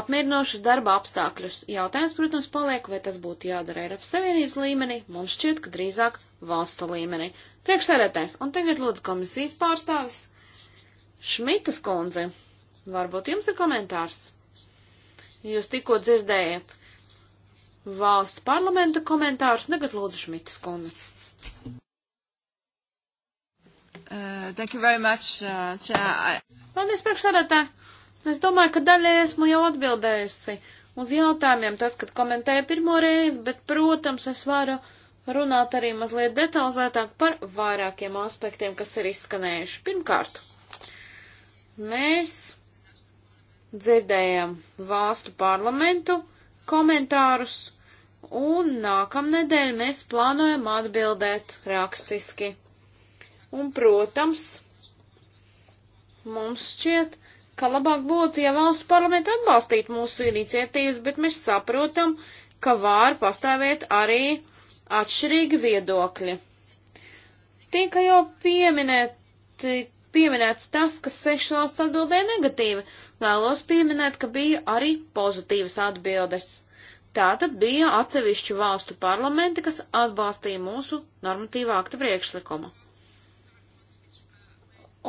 apmierinošus darba apstākļus. Jautājums, protams, paliek, vai tas būtu jādara Eiropas Savienības līmenī. Mums šķiet, ka drīzāk valstu līmenī. Priekšsēdētājs, un tagad lūdzu komisijas pārstāvis Šmitas kundze. Varbūt jums ir komentārs. Jūs tikko dzirdējat valsts parlamenta komentārus, tagad lūdzu Šmitas kundze. Uh, thank you very much, uh, Chair. I... Paldies, priekšsēdētāji. Es domāju, ka daļai esmu jau atbildējusi uz jautājumiem, tad, kad komentēju pirmo reizi, bet, protams, es varu. Uh, runāt arī mazliet detalizētāk par vairākiem aspektiem, kas ir izskanējuši. Pirmkārt, mēs dzirdējam valstu parlamentu komentārus, un nākamnedēļ mēs plānojam atbildēt rakstiski. Un, protams, mums šķiet, ka labāk būtu, ja valstu parlamenta atbalstītu mūsu iniciatīvas, bet mēs saprotam, ka var pastāvēt arī atšķirīgi viedokļi. Tika jau pieminēti, pieminēts tas, ka sešu valsts atbildēja negatīvi. Vēlos pieminēt, ka bija arī pozitīvas atbildes. Tātad bija atsevišķu valstu parlamenti, kas atbalstīja mūsu normatīvā akta priekšlikumu.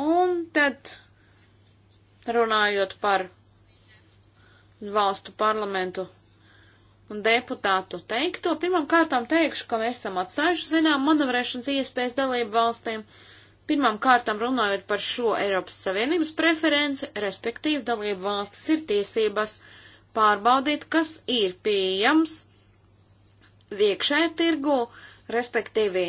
Un tad, runājot par valstu parlamentu un deputātu teikto. Pirmam kārtām teikšu, ka mēs esam atstājuši zinām manevrēšanas iespējas dalību valstīm. Pirmām kārtām runājot par šo Eiropas Savienības preferenci, respektīvi dalību valstis ir tiesības pārbaudīt, kas ir pieejams iekšējā tirgu, respektīvi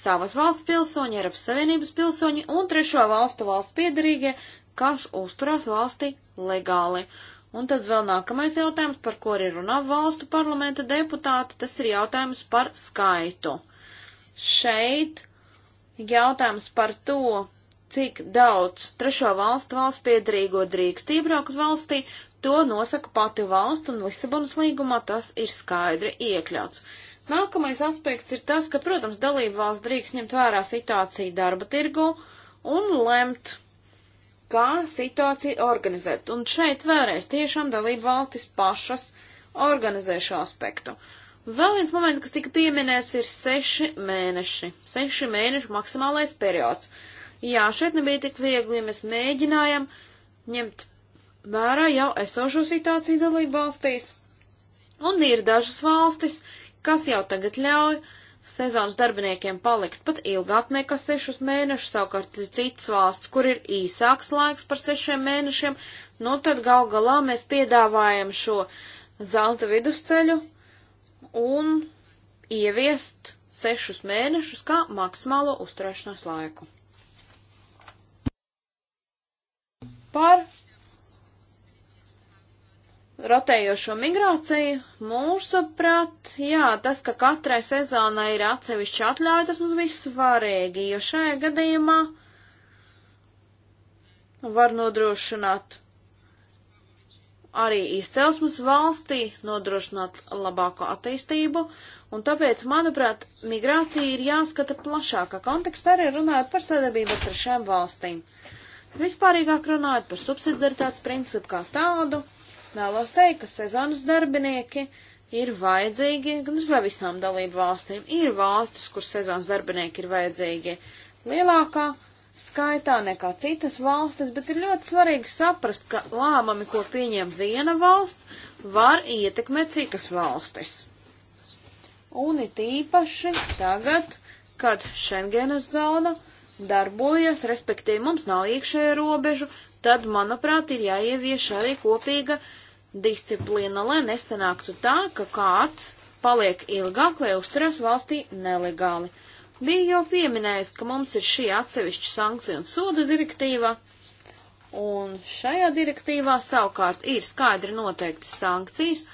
savas valsts pilsoņi, Eiropas Savienības pilsoņi un trešo valstu valsts piedarīgie, kas uzturās valstī legāli. Uh, Un tad vēl nākamais jautājums, par ko arī runā valstu parlamenta deputāti, tas ir jautājums par skaitu. Šeit jautājums par to, cik daudz trešo valstu valsts piedrīgo drīkst iebraukt valstī, to nosaka pati valsts, un Lisabonas līgumā tas ir skaidri iekļauts. Nākamais aspekts ir tas, ka, protams, dalība valsts drīkst ņemt vērā situāciju darba tirgu un lemt kā situāciju organizēt. Un šeit vēlreiz tiešām dalība valstis pašas organizē šo aspektu. Vēl viens moments, kas tika pieminēts, ir seši mēneši. Seši mēneši maksimālais periods. Jā, šeit nebija tik viegli, ja mēs mēģinājām ņemt vērā jau esošo situāciju dalību valstīs. Un ir dažas valstis, kas jau tagad ļauj uh, sezonas darbiniekiem palikt pat ilgāk nekā sešus mēnešus, savukārt citas valsts, kur ir īsāks laiks par sešiem mēnešiem, nu tad gal galā mēs piedāvājam šo zelta vidusceļu un ieviest sešus mēnešus kā maksimālo uzturēšanās laiku. Par rotējošo migrāciju, mūsuprāt, jā, tas, ka katrai sezonai ir atsevišķi atļauja, tas mums bija svarīgi, jo šajā gadījumā var nodrošināt arī izcelsmes valstī, nodrošināt labāko attīstību, un tāpēc, manuprāt, migrācija ir jāskata plašākā kontekstā, arī runājot par sadarbību ar trešām valstīm. Vispārīgāk runājot par subsidiaritātes principu kā tādu, Vēlos teikt, ka sezonas darbinieki ir vajadzīgi gan uz visām dalību valstīm. Ir valstis, kur sezonas darbinieki ir vajadzīgi lielākā skaitā nekā citas valstis, bet ir ļoti svarīgi saprast, ka lēmumi, ko pieņem viena valsts, var ietekmēt citas valstis. Un it īpaši tagad, kad Schengenas zona darbojas, respektīvi mums nav iekšējo robežu, tad, manuprāt, ir jāievieš arī kopīga disciplīna, lai nesanāktu tā, ka kāds paliek ilgāk vai uzturās valstī nelegāli. Bija jau pieminējis, ka mums ir šī atsevišķa sankcija un soda direktīva, un šajā direktīvā savukārt ir skaidri noteikti sankcijas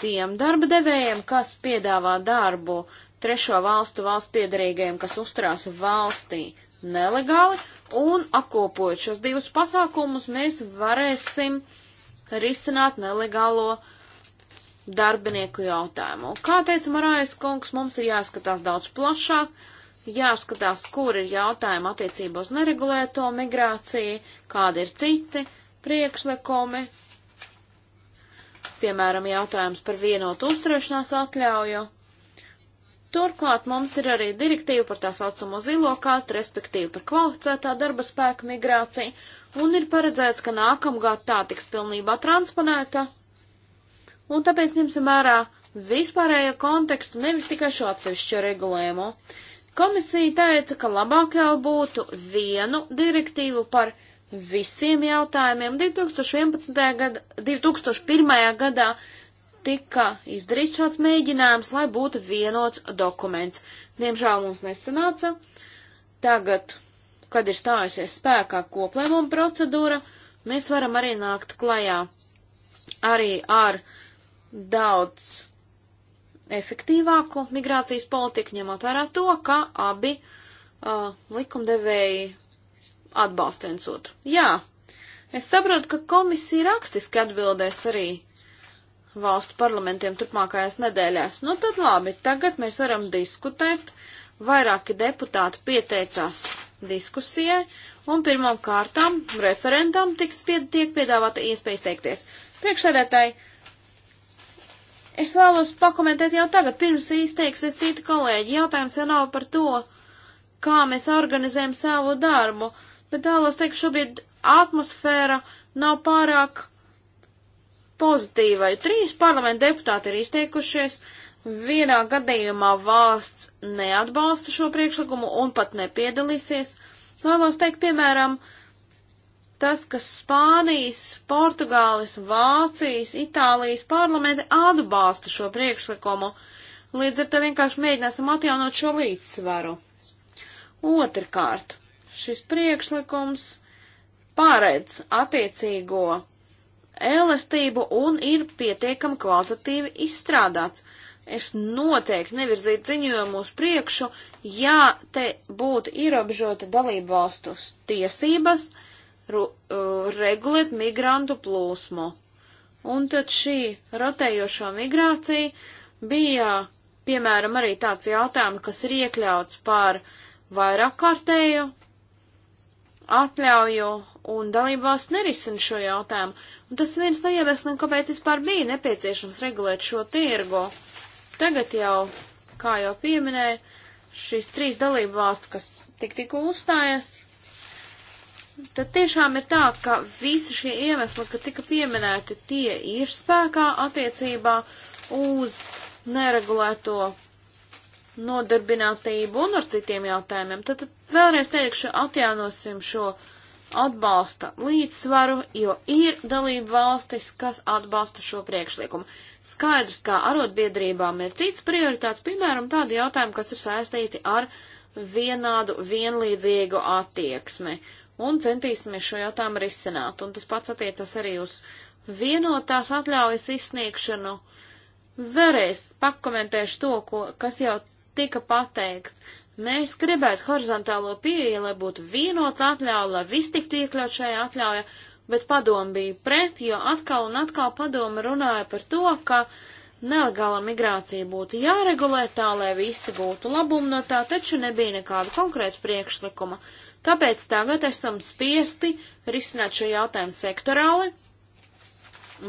tiem darba devējiem, kas piedāvā darbu trešo valstu valsts piedarīgajiem, kas uzturās valstī nelegāli, un apkopojot šos divus pasākumus, mēs varēsim uh, risināt nelegālo darbinieku jautājumu. Kā teica Marājas kungs, mums ir jāskatās daudz plašāk, jāskatās, kur ir jautājumi attiecībā uz neregulēto migrāciju, kādi ir citi priekšlikumi, piemēram, jautājums par vienotu uzturēšanās atļauju. Turklāt mums ir arī direktīva par tā saucamo zilo kārtu, respektīvi par kvalificētā darba spēka migrāciju, un ir paredzēts, ka nākamgad tā tiks pilnībā transponēta, un tāpēc ņemsim vērā vispārējo kontekstu, nevis tikai šo atsevišķo regulējumu. Komisija teica, ka labāk jau būtu vienu direktīvu par visiem jautājumiem. 2011. gada, 2001. gadā tika izdarīts šāds mēģinājums, lai būtu vienots dokuments. Diemžēl mums nesanāca. Tagad kad ir stājusies spēkā koplēmuma procedūra, mēs varam arī nākt klajā arī ar daudz efektīvāku migrācijas politiku, ņemot vērā to, ka abi uh, likumdevēji atbalsta viens otru. Jā, es saprotu, ka komisija rakstiski atbildēs arī valstu parlamentiem turpmākajās nedēļās. Nu tad labi, tagad mēs varam diskutēt Vairāki deputāti pieteicās diskusijai, un pirmām kārtām referentam tiks pied, tiek piedāvāta iespēja izteikties. Priekšsēdētāji, es vēlos pakomentēt jau tagad, pirms izteiksies citi kolēģi. Jautājums jau nav par to, kā mēs organizējam savu darbu, bet vēlos teikt, šobrīd atmosfēra nav pārāk pozitīva. Trīs parlamenta deputāti ir izteikušies, Vienā gadījumā valsts neatbalsta šo priekšlikumu un pat nepiedalīsies. Vēlos teikt, piemēram, tas, ka Spānijas, Portugāles, Vācijas, Itālijas parlamenti atbalsta šo priekšlikumu. Līdz ar to vienkārši mēģināsim atjaunot šo līdzsvaru. Otrkārt, šis priekšlikums pārēdz attiecīgo elastību un ir pietiekami kvalitatīvi izstrādāts es noteikti nevirzītu ziņojumu uz priekšu, ja te būtu ierobežota dalību valstus tiesības ru, uh, regulēt migrantu plūsmu. Un tad šī rotējošo migrācija bija, piemēram, arī tāds jautājums, kas ir iekļauts par vairākkārtēju atļauju, un dalībās nerisina šo jautājumu. Un tas viens no iemesliem, kāpēc vispār bija nepieciešams regulēt šo tirgu. Uh, Tagad jau, kā jau pieminēju, šīs trīs dalību valsts, kas tik tikko uzstājas, tad tiešām ir tā, ka visi šie iemesli, ka tika pieminēti, tie ir spēkā attiecībā uz neregulēto nodarbinātību un ar citiem jautājumiem. Tad, tad vēlreiz teikšu, atjaunosim šo atbalsta līdzsvaru, jo ir dalība valstis, kas atbalsta šo priekšlikumu. Skaidrs, ka arotbiedrībām ir cits prioritāts, piemēram, tādi jautājumi, kas ir saistīti ar vienādu, vienlīdzīgu attieksmi, un centīsimies šo jautājumu risināt, un tas pats attiecas arī uz vienotās atļaujas izsniegšanu. Vēlreiz pakomentēšu to, ko, kas jau tika pateikts. Mēs gribētu horizontālo pieeju, lai būtu vienota atļauja, lai viss tiktu iekļaut šajā atļauja, bet padoma bija pret, jo atkal un atkal padoma runāja par to, ka nelegāla migrācija būtu jāregulē tā, lai visi būtu labumi no tā, taču nebija nekāda konkrēta priekšlikuma. Tāpēc tagad esam spiesti risināt šo jautājumu sektorāli,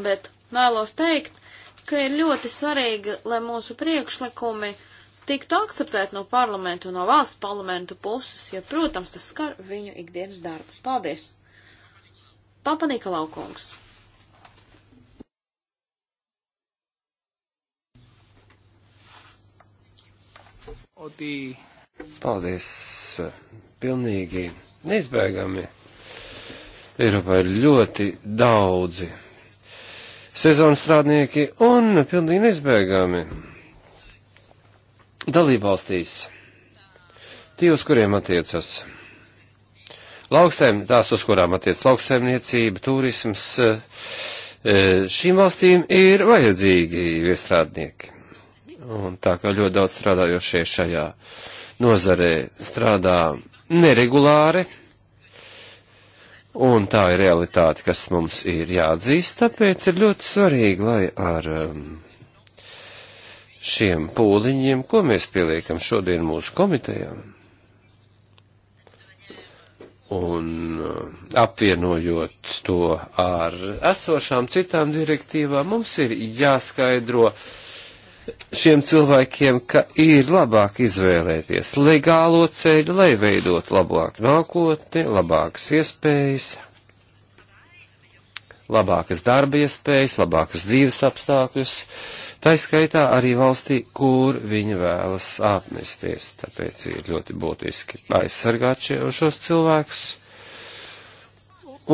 bet vēlos teikt, ka ir ļoti svarīgi, lai mūsu priekšlikumi tiktu akceptēti no parlamentu un no valsts parlamentu puses, jo, protams, tas skar viņu ikdienas darbu. Paldies! Papanika laukungs. Paldies! Pilnīgi neizbēgami. Eiropā ir ļoti daudzi sezonas strādnieki un pilnīgi neizbēgami dalībvalstīs, tie, uz kuriem attiecas Lauksaim, tās, uz kurām attiec lauksaimniecība, turisms, eh, eh, šīm valstīm ir vajadzīgi iestrādnieki. Un tā kā ļoti daudz strādājošie šajā nozarē strādā neregulāri, Un tā ir realitāte, kas mums ir jāatzīst, tāpēc ir ļoti svarīgi, lai ar um, šiem pūliņiem, ko mēs pieliekam šodien mūsu komitejām, un uh, apvienojot to ar esošām citām direktīvām, mums ir jāskaidro šiem cilvēkiem, ka ir labāk izvēlēties legālo ceļu, lai veidot labāku nākotni, labākas iespējas, labākas darba iespējas, labākas dzīves apstākļus. Uh, Tā skaitā arī valstī, kur viņi vēlas apmesties. Tāpēc ir ļoti būtiski aizsargāt šos cilvēkus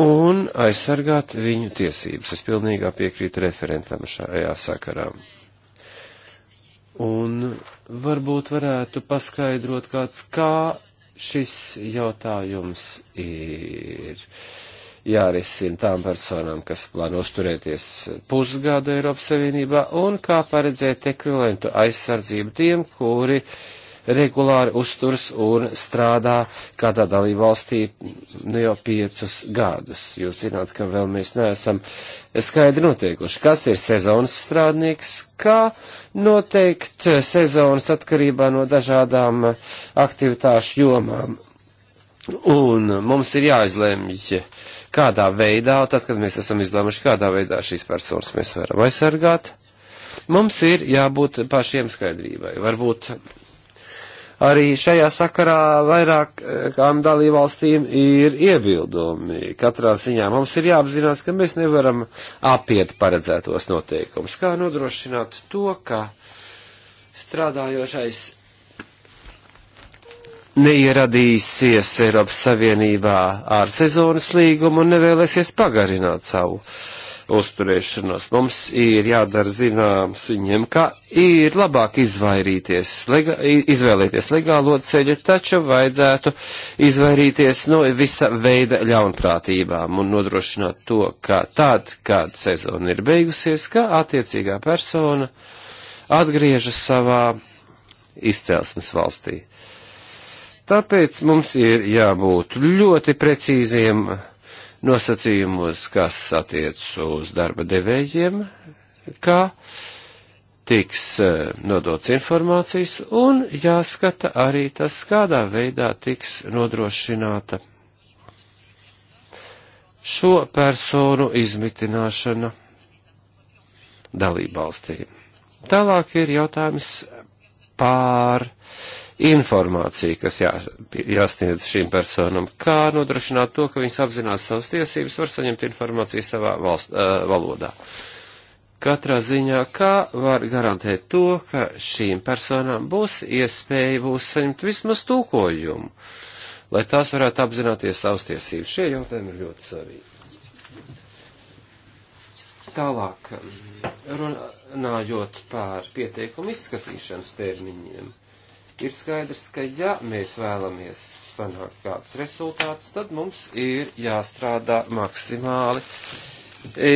un aizsargāt viņu tiesības. Es pilnīgā piekrītu referentam šajā sakarā. Un varbūt varētu paskaidrot kāds, kā šis jautājums ir. Uh, jārisina tām personām, kas plāno uzturēties pusgadu Eiropas Savienībā, un kā paredzēt ekvivalentu aizsardzību tiem, kuri regulāri uzturs un strādā kādā dalībvalstī nu jau piecus gadus. Jūs zināt, ka vēl mēs neesam skaidri noteikuši, kas ir sezonas strādnieks, kā noteikt sezonas atkarībā no dažādām aktivitāšu jomām. Un mums ir jāizlemj kādā veidā, tad, kad mēs esam izlēmuši, kādā veidā šīs personas mēs varam aizsargāt, mums ir jābūt pašiem skaidrībai. Varbūt arī šajā sakarā vairākām dalībvalstīm ir iebildumi. Katrā ziņā mums ir jāapzinās, ka mēs nevaram apiet paredzētos noteikumus. Kā nodrošināt to, ka strādājošais neieradīsies Eiropas Savienībā ar sezonas līgumu un nevēlēsies pagarināt savu uzturēšanos. Mums ir jādara zināms viņiem, ka ir labāk izvairīties, lega, izvēlēties legālo ceļu, taču vajadzētu izvairīties no visa veida ļaunprātībām un nodrošināt to, ka tad, kad sezona ir beigusies, ka attiecīgā persona atgriežas savā izcelsmes valstī. Uh, Tāpēc mums ir jābūt ļoti precīziem nosacījumos, kas attiec uz darba devējiem, kā tiks eh, nodots informācijas un jāskata arī tas, kādā veidā tiks nodrošināta šo personu izmitināšana dalībvalstīm. Tālāk ir jautājums pār informācija, kas jā, jāsniedz šīm personam, kā nodrošināt to, ka viņas apzinās savas tiesības, var saņemt informāciju savā valst, uh, valodā. Katrā ziņā, kā var garantēt to, ka šīm personām būs iespēja būs saņemt vismaz tūkojumu, lai tās varētu apzināties savas tiesības. Šie jautājumi ir ļoti svarīgi. Tālāk, runājot par pieteikumu izskatīšanas termiņiem ir skaidrs, ka ja mēs vēlamies panākt kādus rezultātus, tad mums ir jāstrādā maksimāli e,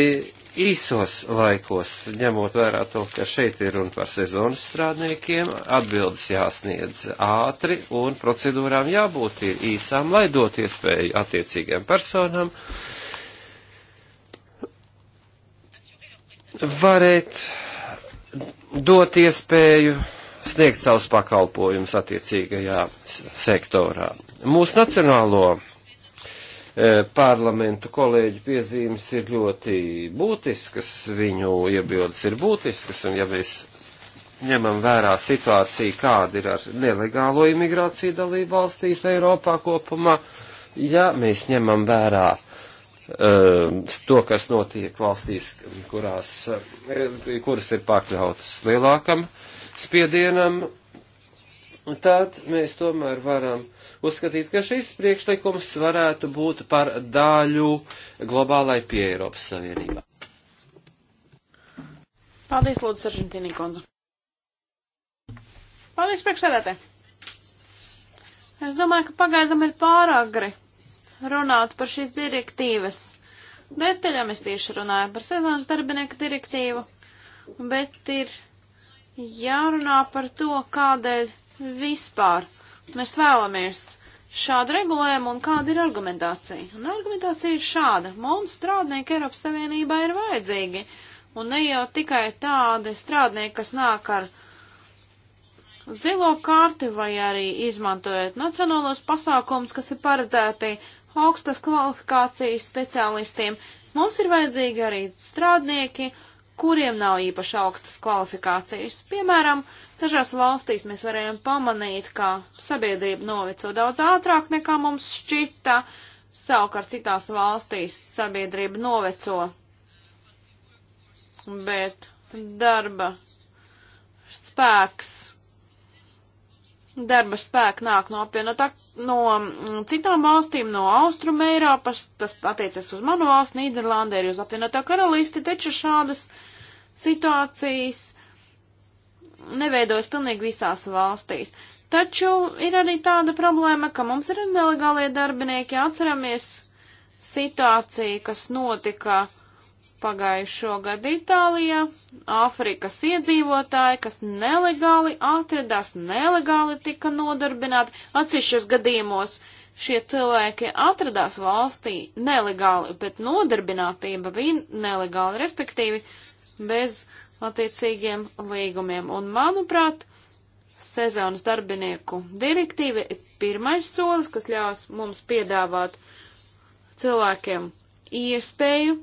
īsos laikos, ņemot vērā to, ka šeit ir runa par sezonas strādniekiem, atbildes jāsniedz ātri un procedūrām jābūt ir īsām, lai dot iespēju attiecīgiem personam varēt dot iespēju sniegt savus pakalpojumus attiecīgajā sektorā. Mūsu nacionālo e, parlamentu kolēģu piezīmes ir ļoti būtiskas, viņu iebildes ir būtiskas, un ja mēs ņemam vērā situāciju, kāda ir ar nelegālo imigrāciju dalību valstīs Eiropā kopumā, ja mēs ņemam vērā uh, to, kas notiek valstīs, kurās, e, kuras ir pakļautas lielākam uh, spiedienam, tad mēs tomēr varam uzskatīt, ka šis priekšlikums varētu būt par daļu globālai pie Eiropas Savienībā. Paldies, Lūdzu, Saržantīnī konzu. Paldies, priekšsēdētē. Es domāju, ka pagaidam ir pārāk gri runāt par šīs direktīvas detaļām. Es tieši runāju par sezonas darbinieku direktīvu, bet ir jārunā par to, kādēļ vispār mēs vēlamies šādu regulējumu un kāda ir argumentācija. Un argumentācija ir šāda. Mums strādnieki Eiropas Savienībā ir vajadzīgi. Un ne jau tikai tādi strādnieki, kas nāk ar zilo karti vai arī izmantojot nacionālos pasākums, kas ir paredzēti augstas kvalifikācijas speciālistiem. Mums ir vajadzīgi arī strādnieki, uh, kuriem nav īpaši augstas kvalifikācijas. Piemēram, dažās valstīs mēs varējām pamanīt, ka sabiedrība noveco daudz ātrāk nekā mums šķita, savukārt citās valstīs sabiedrība noveco, bet darba spēks. Darba spēka nāk no apvienotā, no mm, citām valstīm, no Austruma Eiropas, tas attiecas uz manu valsts, Nīderlandē, arī uz apvienotā karalisti, taču šādas uh, situācijas neveidojas pilnīgi visās valstīs. Taču ir arī tāda problēma, ka mums ir nelegālie darbinieki. Atceramies situāciju, kas notika pagājušo gadu Itālijā. Āfrikas iedzīvotāji, kas nelegāli atradās, nelegāli tika nodarbināti. Atsevišķos gadījumos šie cilvēki atradās valstī nelegāli, bet nodarbinātība bija nelegāli, respektīvi bez attiecīgiem līgumiem. Un, manuprāt, sezonas darbinieku direktīva ir pirmais solis, kas ļaus mums piedāvāt cilvēkiem iespēju,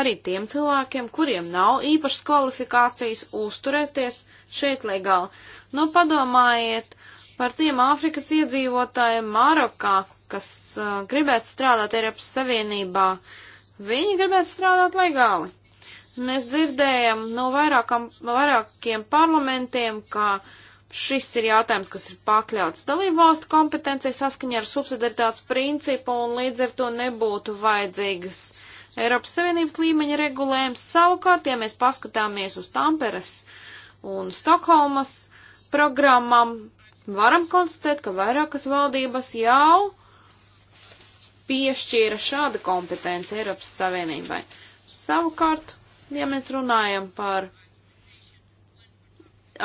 arī tiem cilvēkiem, kuriem nav īpašas kvalifikācijas, uzturēties šeit legāli. Nu, padomājiet par tiem Āfrikas iedzīvotājiem Marokā, kas uh, gribētu strādāt Eiropas Savienībā. Viņi gribētu strādāt legāli. Mēs dzirdējam no vairākam, vairākiem parlamentiem, ka šis ir jautājums, kas ir pakļauts dalību valstu kompetencijai saskaņā ar subsidaritātes principu un līdz ar to nebūtu vajadzīgas Eiropas Savienības līmeņa regulējums. Savukārt, ja mēs paskatāmies uz Tamperes un Stokholmas programmām, varam konstatēt, ka vairākas valdības jau piešķīra šādu kompetenci Eiropas Savienībai. Savukārt, Ja mēs runājam par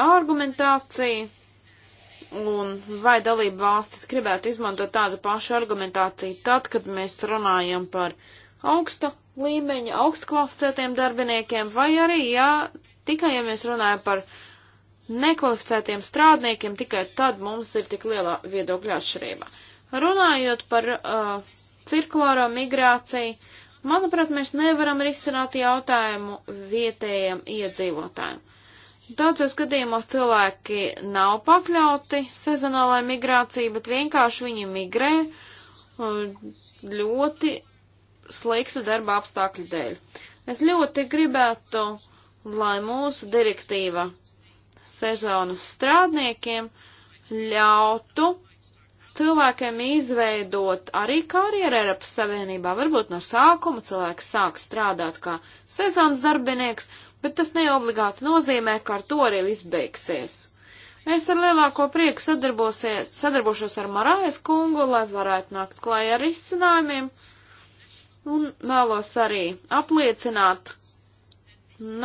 argumentāciju un vai dalību valstis gribētu izmantot tādu pašu argumentāciju tad, kad mēs runājam par augsta līmeņa, augstu kvalificētiem darbiniekiem, vai arī, ja tikai, ja mēs runājam par nekvalificētiem strādniekiem, tikai tad mums ir tik liela viedokļa atšķirība. Runājot par uh, cirkulāro migrāciju, Manuprāt, mēs nevaram risināt jautājumu vietējiem iedzīvotājiem. Daudzos gadījumos cilvēki nav pakļauti sezonālai migrācijai, bet vienkārši viņi migrē uh, ļoti sliktu darba apstākļu dēļ. Es ļoti gribētu, lai mūsu direktīva sezonas strādniekiem ļautu cilvēkiem izveidot arī karjeru Eiropas Savienībā. Varbūt no sākuma cilvēks sāk strādāt kā sezonas darbinieks, bet tas neobligāti nozīmē, ka ar to arī viss beigsies. Es ar lielāko prieku sadarbošos ar Marājas kungu, lai varētu nākt klāj ar izcinājumiem, un vēlos arī apliecināt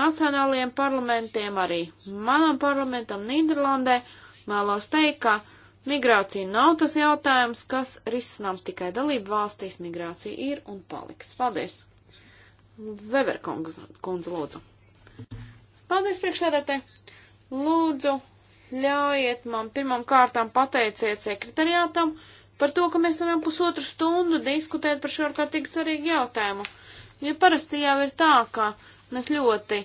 nacionālajiem parlamentiem, arī manam parlamentam Nīderlandē, vēlos teikt, ka Migrācija nav tas jautājums, kas risināms tikai dalību valstīs. Migrācija ir un paliks. Paldies! Veber kundze, lūdzu. Paldies, priekšsēdētē. Lūdzu, ļaujiet man pirmam kārtām pateiciet sekretariātam par to, ka mēs varam pusotru stundu diskutēt par šo ārkārtīgi svarīgu jautājumu. Jo ja parasti jau ir tā, ka mēs ļoti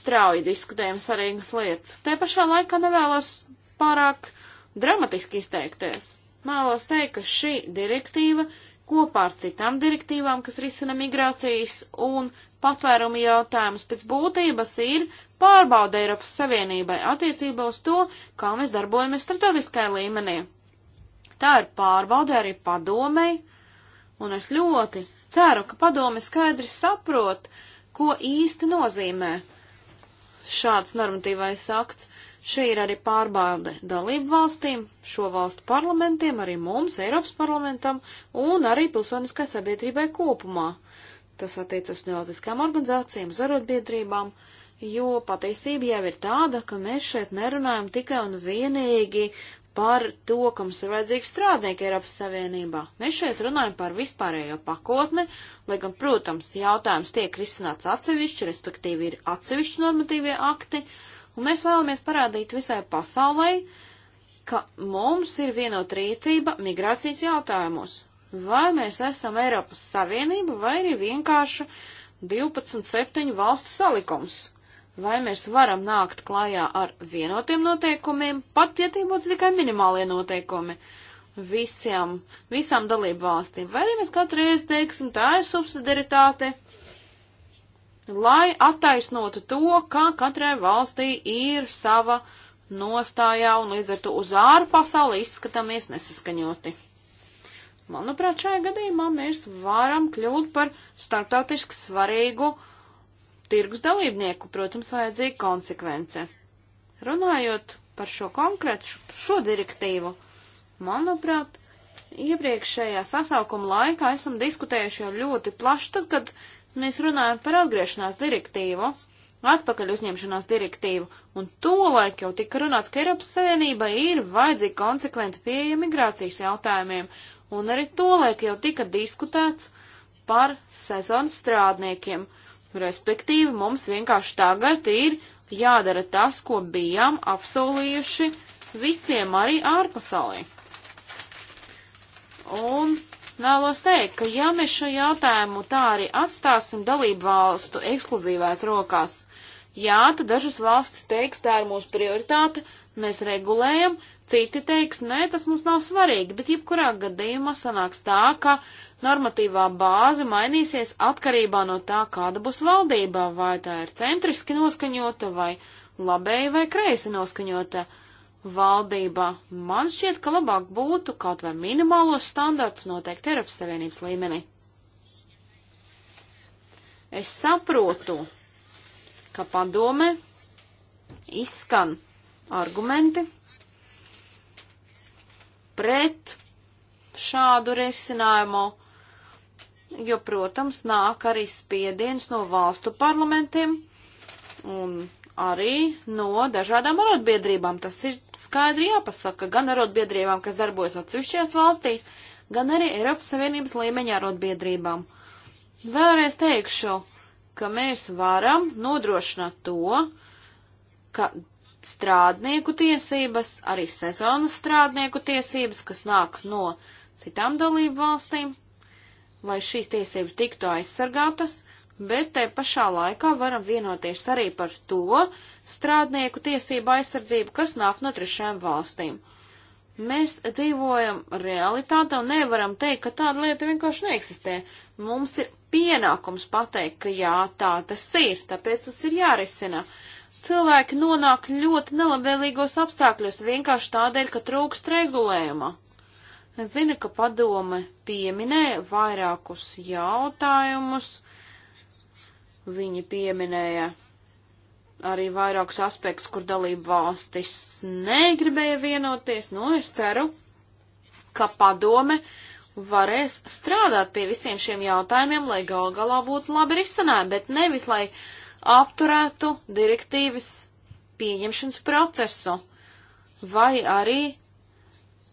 strauji diskutējam svarīgas lietas. Te pašā laikā nevēlos pārāk dramatiski izteikties. Mēlos teikt, ka šī direktīva kopā ar citām direktīvām, kas risina migrācijas un patvērumu jautājumus pēc būtības, ir pārbauda Eiropas Savienībai attiecībā uz to, kā mēs darbojamies starptautiskajā līmenī. Tā ir pārbauda arī padomei, un es ļoti ceru, ka padome skaidri saprot, ko īsti nozīmē šāds normatīvais akts, Šī ir arī pārbaude dalību valstīm, šo valstu parlamentiem, arī mums, Eiropas parlamentam un arī pilsoniskai sabiedrībai kopumā. Tas attiecas nevalstiskām organizācijām, zarotbiedrībām, jo patiesība jau ir tāda, ka mēs šeit nerunājam tikai un vienīgi par to, ka mums ir vajadzīgi strādnieki Eiropas Savienībā. Mēs šeit runājam par vispārējo pakotni, lai gan, protams, jautājums tiek risināts atsevišķi, respektīvi ir atsevišķi normatīvie akti, uh, Un mēs vēlamies parādīt visai pasaulē, ka mums ir vienot rīcība migrācijas jautājumos. Vai mēs esam Eiropas Savienība, vai arī vienkārši 12-7 valstu salikums? Vai mēs varam nākt klājā ar vienotiem noteikumiem, pat ja tie būtu tikai minimālie noteikumi? visiem, visām dalību valstīm. Vai arī mēs katru reizi teiksim, tā ir subsidiaritāte, lai attaisnotu to, ka katrai valstī ir sava nostājā un līdz ar to uz āru pasauli izskatāmies nesaskaņoti. Manuprāt, šajā gadījumā mēs varam kļūt par starptautiski svarīgu tirgus dalībnieku, protams, vajadzīga konsekvence. Runājot par šo konkrētu, šo direktīvu, manuprāt, iepriekšējā sasaukuma laikā esam diskutējuši jau ļoti plaši, tad, kad mēs runājam par atgriešanās direktīvu, atpakaļ uzņemšanās direktīvu, un tolaik jau tika runāts, ka Eiropas Savienībai ir vajadzīga konsekventa pieeja migrācijas jautājumiem, un arī tolaik jau tika diskutēts par sezonas strādniekiem. Respektīvi, mums vienkārši tagad ir jādara tas, ko bijām apsolījuši visiem arī ārpasaulē. Un Vēlos teikt, ka ja mēs šo jautājumu tā arī atstāsim dalību valstu ekskluzīvās rokās, jā, tad dažas valstis teiks, tā ir mūsu prioritāte, mēs regulējam, citi teiks, nē, tas mums nav svarīgi, bet jebkurā gadījumā sanāks tā, ka normatīvā bāze mainīsies atkarībā no tā, kāda būs valdība, vai tā ir centriski noskaņota, vai labēji vai kreisi noskaņota. Uh, valdībā. Man šķiet, ka labāk būtu kaut vai minimālos standartus noteikti Eiropas Savienības līmenī. Es saprotu, ka padome izskan argumenti pret šādu risinājumu, jo, protams, nāk arī spiediens no valstu parlamentiem, un arī no dažādām arotbiedrībām. Tas ir skaidri jāpasaka gan arotbiedrībām, kas darbojas atsevišķajās valstīs, gan arī Eiropas Savienības līmeņa arotbiedrībām. Vēlreiz teikšu, ka mēs varam nodrošināt to, ka strādnieku tiesības, arī sezonu strādnieku tiesības, kas nāk no citām dalību valstīm, lai šīs tiesības tiktu aizsargātas, bet te pašā laikā varam vienoties arī par to strādnieku tiesību aizsardzību, kas nāk no trešajām valstīm. Mēs dzīvojam realitāte un nevaram teikt, ka tāda lieta vienkārši neeksistē. Mums ir pienākums pateikt, ka jā, tā tas ir, tāpēc tas ir jārisina. Cilvēki nonāk ļoti nelabvēlīgos apstākļos vienkārši tādēļ, ka trūkst regulējuma. Es zinu, ka padome pieminēja vairākus jautājumus, uh, Viņi pieminēja arī vairākus aspektus, kur dalību valstis negribēja vienoties. Nu, es ceru, ka padome varēs strādāt pie visiem šiem jautājumiem, lai gal galā būtu labi risinājumi, bet nevis, lai apturētu direktīvas pieņemšanas procesu vai arī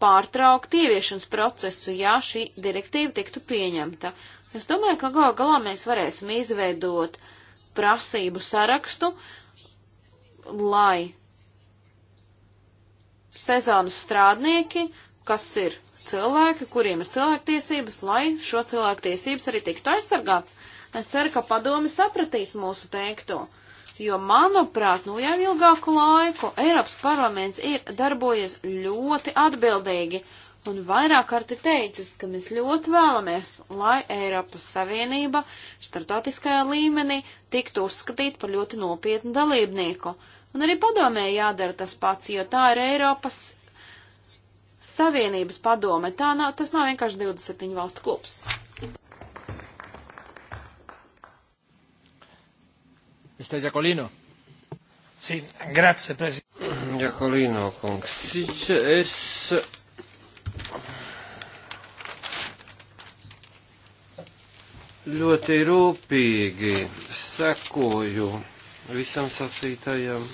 pārtraukt ieviešanas procesu, ja šī direktīva tiktu pieņemta. Es domāju, ka gal galā mēs varēsim izveidot prasību sarakstu, lai sezonas strādnieki, kas ir cilvēki, kuriem ir cilvēktiesības, lai šo cilvēktiesības arī tiktu aizsargāts. Es ceru, ka padomi sapratīs mūsu teikto. Uh, jo, manuprāt, nu jau ilgāku laiku Eiropas parlaments ir darbojies ļoti atbildīgi un vairāk kārt ir teicis, ka mēs ļoti vēlamies, lai Eiropas Savienība startautiskajā līmenī tiktu uzskatīt par ļoti nopietnu dalībnieku. Un arī padomē jādara tas pats, jo tā ir Eiropas Savienības padome. Tā nav, tas nav vienkārši 27 valstu klubs. Mr. Jakolino. Sī, grazie, prezidents. Jakolino, kungs. Es ļoti rūpīgi sekoju visam sacītajam.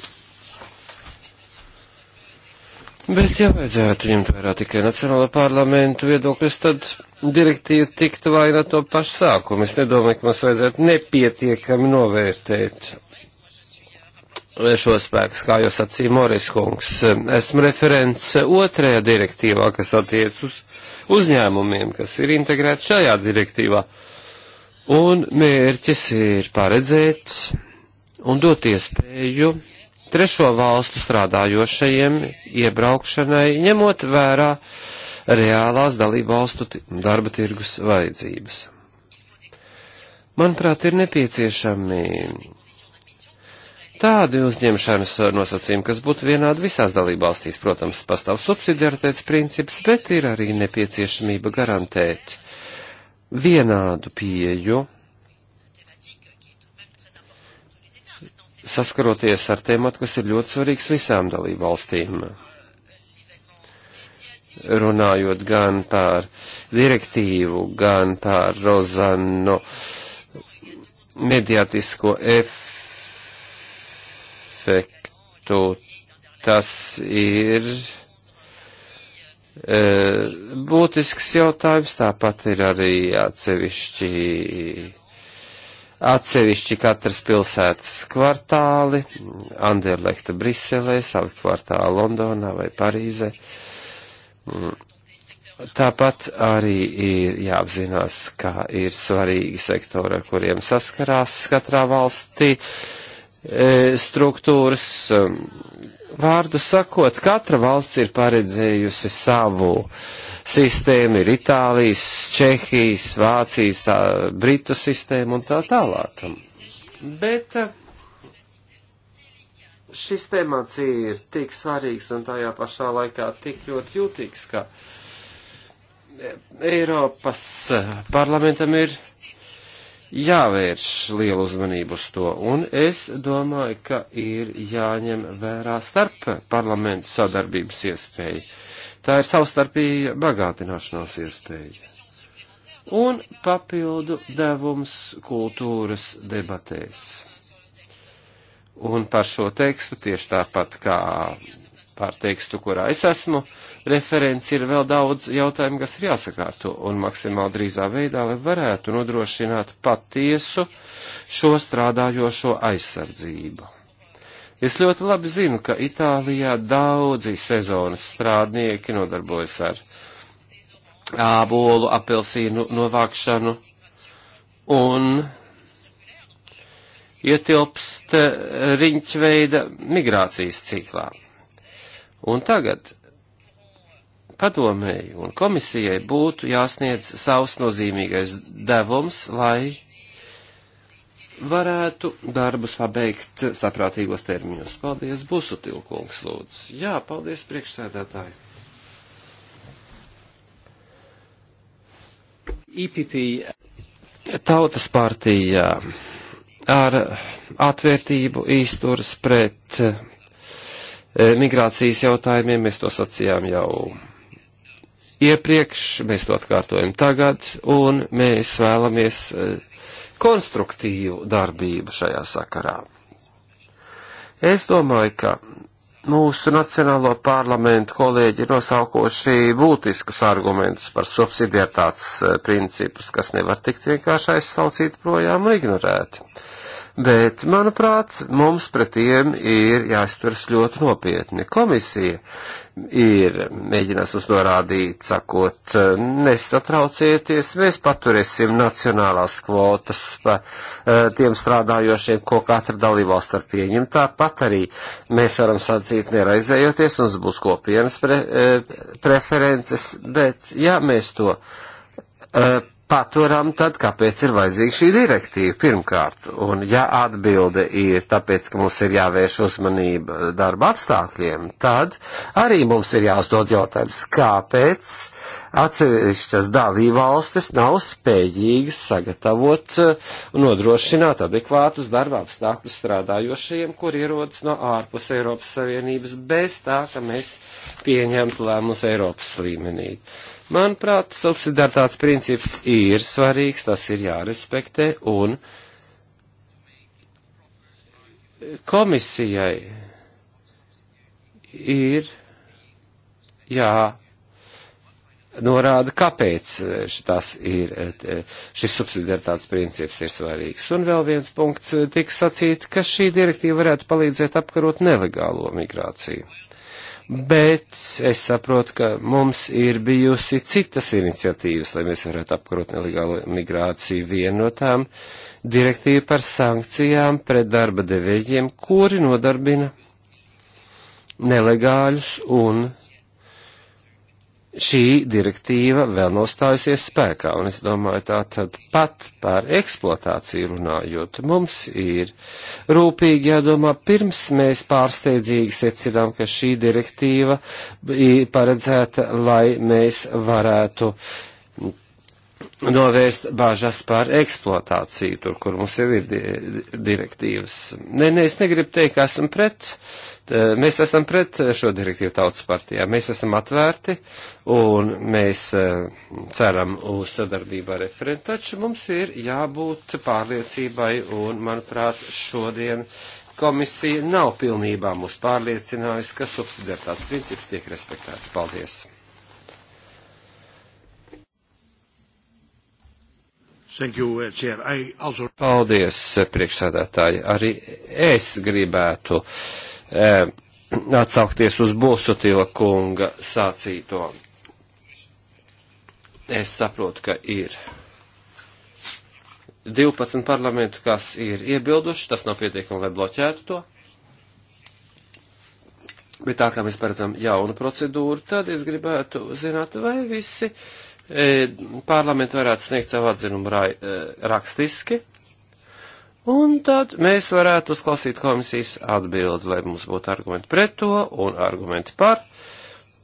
Bet ja vajadzētu ņemt vērā tikai Nacionālo parlamentu viedokļus, tad direktīva tiktu vaina to pašu sākumu. Es nedomāju, ka mums vajadzētu nepietiekami novērtēt šo spēku, kā jau sacīja Moris Kungs. Esmu referents otrajā direktīvā, kas attiec uz uzņēmumiem, kas ir integrēti šajā direktīvā. Un mērķis ir paredzēt un dot iespēju trešo valstu strādājošajiem iebraukšanai, ņemot vērā reālās dalību valstu darba tirgus vajadzības. Manuprāt, ir nepieciešami tādi uzņemšanas nosacījumi, kas būtu vienādi visās dalībvalstīs. Protams, pastāv subsidiaritātes princips, bet ir arī nepieciešamība garantēt vienādu pieju saskaroties ar tēmatu, kas ir ļoti svarīgs visām dalību valstīm. Runājot gan par direktīvu, gan par Rozano mediatisko efektu, tas ir e, būtisks jautājums, tāpat ir arī atsevišķi atsevišķi katras pilsētas kvartāli, Anderlekta Briselē, savu kvartālu Londonā vai Parīzē. Mm. Tāpat arī ir jāapzinās, kā ir svarīgi sektori, ar kuriem saskarās katrā valstī e, struktūras, vārdu sakot, katra valsts ir paredzējusi savu sistēmu, ir Itālijas, Čehijas, Vācijas, Britu sistēmu un tā tālāk. Bet šis temats ir tik svarīgs un tajā pašā laikā tik ļoti jūtīgs, ka Eiropas parlamentam ir jāvērš liela uzmanība uz to, un es domāju, ka ir jāņem vērā starp parlamentu sadarbības iespēja. Tā ir savstarpīja bagātināšanās iespēja. Un papildu devums kultūras debatēs. Un par šo tekstu tieši tāpat kā par tekstu, kurā es esmu. Referents ir vēl daudz jautājumu, kas ir jāsakārto un maksimāli drīzā veidā, lai varētu nodrošināt patiesu šo strādājošo aizsardzību. Es ļoti labi zinu, ka Itālijā daudzi sezonas strādnieki nodarbojas ar ābolu, apelsīnu novākšanu un ietilpst riņķveida migrācijas ciklā. Un tagad padomēji un komisijai būtu jāsniedz savs nozīmīgais devums, lai varētu darbus pabeigt saprātīgos termiņos. Paldies, Busutilkungs, lūdzu. Jā, paldies, priekšsēdētāji. IPP. E Tautas partijā ar atvērtību īsturs pret E, migrācijas jautājumiem, mēs to sacījām jau iepriekš, mēs to atkārtojam tagad, un mēs vēlamies e, konstruktīvu darbību šajā sakarā. Es domāju, ka mūsu nacionālo parlamentu kolēģi ir nosaukoši būtiskus argumentus par subsidiartāts e, principus, kas nevar tikt vienkārši aizsaucīt projām un ignorēt. Uh, bet, manuprāt, mums pret tiem ir jāizturas ļoti nopietni. Komisija ir mēģinās mums norādīt, sakot, nesatraucieties, mēs paturēsim nacionālās kvotas pa, eh, tiem strādājošiem, ko katra dalībvalsts var pieņemt. Tāpat arī mēs varam sacīt neraizējoties, mums būs kopienas pre, eh, preferences, bet ja mēs to eh, paturam, tad kāpēc ir vajadzīga šī direktīva pirmkārt? Un ja atbilde ir tāpēc, ka mums ir jāvērš uzmanība darba apstākļiem, tad arī mums ir jāuzdod jautājums, kāpēc atsevišķas dalībvalstis nav spējīgas sagatavot eh, un nodrošināt adekvātus darba apstākļus strādājošajiem, kur ierodas no ārpus Eiropas Savienības bez tā, ka mēs pieņemtu lēmumus Eiropas līmenī. Manuprāt, subsidiartāts princips ir svarīgs, tas ir jārespektē, un komisijai ir jā norāda, kāpēc tas ir, šis subsidiaritātes princips ir svarīgs. Un vēl viens punkts tika sacīt, ka šī direktīva varētu palīdzēt apkarot nelegālo migrāciju bet es saprotu, ka mums ir bijusi citas iniciatīvas, lai mēs varētu apkarot nelegālo migrāciju vienotām, direktīva par sankcijām pret darba devējiem, kuri nodarbina nelegāļus un šī direktīva vēl nostājusies spēkā, un es domāju tā tad pat par eksploatāciju runājot, mums ir rūpīgi jādomā, pirms mēs pārsteidzīgi secinām, ka šī direktīva ir paredzēta, lai mēs varētu novērst bāžas par eksploatāciju, tur, kur mums jau ir di direktīvas. Nē, nē, es negribu teikt, ka esmu pret Eh, mēs esam pret eh, šo direktīvu tautas partijā. Mēs esam atvērti un mēs eh, ceram uz sadarbību ar referentu, taču mums ir jābūt pārliecībai un, manuprāt, šodien komisija nav pilnībā mūs pārliecinājusi, ka subsidiartāts princips tiek respektēts. Paldies! You, uh, also... Paldies, priekšsādātāji. Arī es gribētu uh, E, atsaukties uz Bosutila kunga sācīto. Es saprotu, ka ir 12 parlamentu, kas ir iebilduši, tas nav pietiekami, lai bloķētu to. Bet tā kā mēs paredzam jaunu procedūru, tad es gribētu zināt, vai visi e, parlamenti varētu sniegt savu atzinumu ra, e, rakstiski, Un tad mēs varētu uzklausīt komisijas atbildi, lai mums būtu argumenti pret to un argumenti par,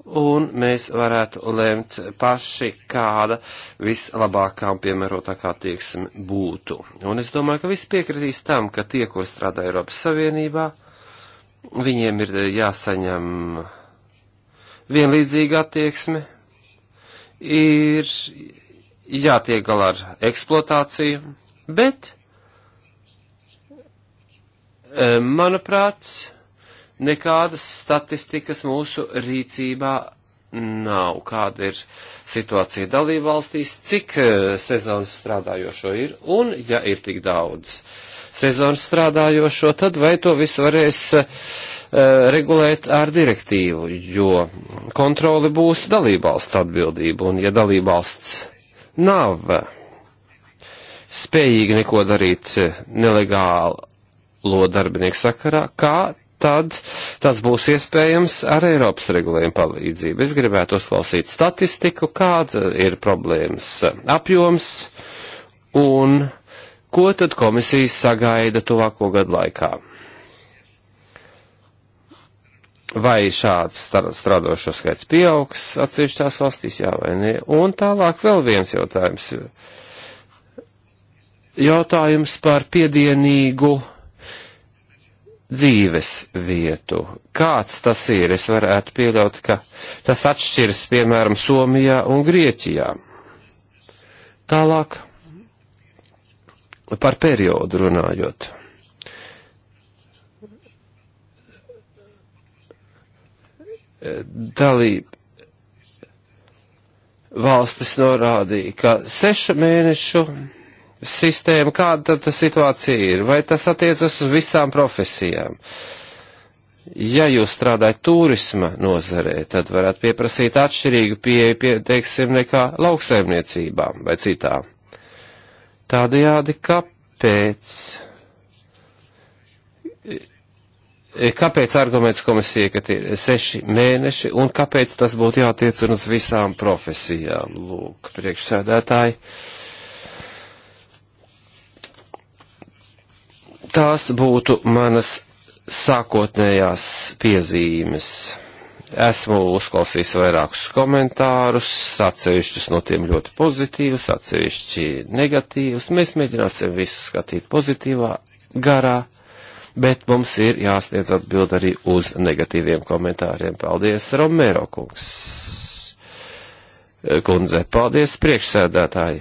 un mēs varētu lemt paši, kāda vislabākā un piemērotākā tieksme būtu. Un es domāju, ka viss piekritīs tam, ka tie, kur strādā Eiropas Savienībā, viņiem ir jāsaņem vienlīdzīga attieksme, ir jātiek galā ar eksploatāciju, bet Eh, manuprāt, nekādas statistikas mūsu rīcībā nav. Kāda ir situācija dalībvalstīs, cik eh, sezonas strādājošo ir un, ja ir tik daudz sezonas strādājošo, tad vai to visu varēs uh, regulēt ar direktīvu, jo kontroli būs dalībvalsts atbildība, un ja dalībvalsts nav spējīgi neko darīt nelegāli darbinieku sakarā, kā tad tas būs iespējams ar Eiropas regulējumu palīdzību. Es gribētu uzklausīt statistiku, kāda ir problēmas apjoms un ko tad komisijas sagaida tuvāko gadu laikā. Vai šāds strādošo skaits pieaugs atsevišķās valstīs, jā vai nē? Un tālāk vēl viens jautājums. Jautājums par piedienīgu dzīves vietu. Kāds tas ir? Es varētu pieļaut, ka tas atšķiras, piemēram, Somijā un Grieķijā. Tālāk par periodu runājot. Dalība valstis norādīja, ka sešu mēnešu sistēma, kāda tad situācija ir, vai tas attiecas uz visām profesijām. Ja jūs strādājat turisma nozarē, tad varat pieprasīt atšķirīgu pieeju, pie, teiksim, nekā lauksaimniecībām vai citām. Tādējādi, kāpēc? Kāpēc arguments komisija, ka tie ir seši mēneši, un kāpēc tas būtu jātiec uz visām profesijām? Lūk, priekšsēdētāji. Uh, Tās būtu manas sākotnējās piezīmes. Esmu uzklausījis vairākus komentārus, atsevišķus no tiem ļoti pozitīvus, atsevišķi negatīvus. Mēs mēģināsim visu skatīt pozitīvā garā, bet mums ir jāsniedz atbild arī uz negatīviem komentāriem. Paldies, Romero kungs! Kundze, paldies, priekšsēdētāji!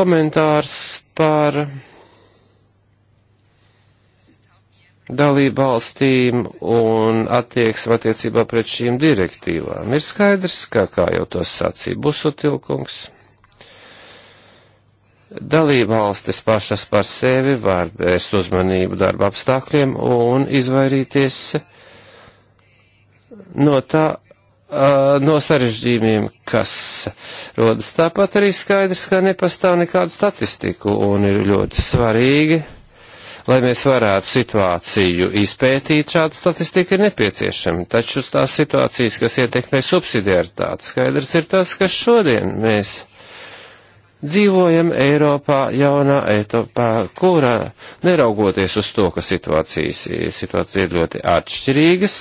Komentārs par dalību valstīm un attieksmi attiecībā pret šīm direktīvām. Ir skaidrs, ka, kā jau to sacīja Busutilkungs, dalību valstis pašas par sevi var vērst uzmanību darba apstākļiem un izvairīties no tā, no sarežģījumiem, kas rodas. Tāpat arī skaidrs, ka nepastāv nekādu statistiku un ir ļoti svarīgi lai mēs varētu situāciju izpētīt, šāda statistika ir nepieciešama. Taču tās situācijas, kas ietekmē subsidiaritāti, skaidrs ir tas, ka šodien mēs dzīvojam Eiropā, jaunā Eiropā, kurā neraugoties uz to, ka situācijas, situācija ir ļoti atšķirīgas,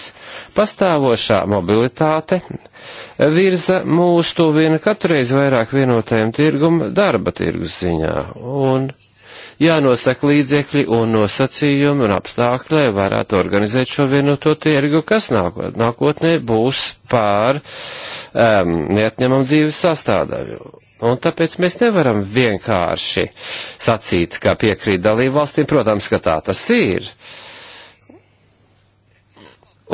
pastāvošā mobilitāte virza mūs tuvina katreiz vairāk vienotajam tirgum darba tirgus ziņā. Un jānosaka līdzekļi un nosacījumi un apstākļi, lai varētu organizēt šo vienoto tirgu, kas nākotnē būs pār um, neatņemam dzīves sastāvdaļu. Un tāpēc mēs nevaram vienkārši sacīt, ka piekrīt dalību valstīm, protams, ka tā tas ir.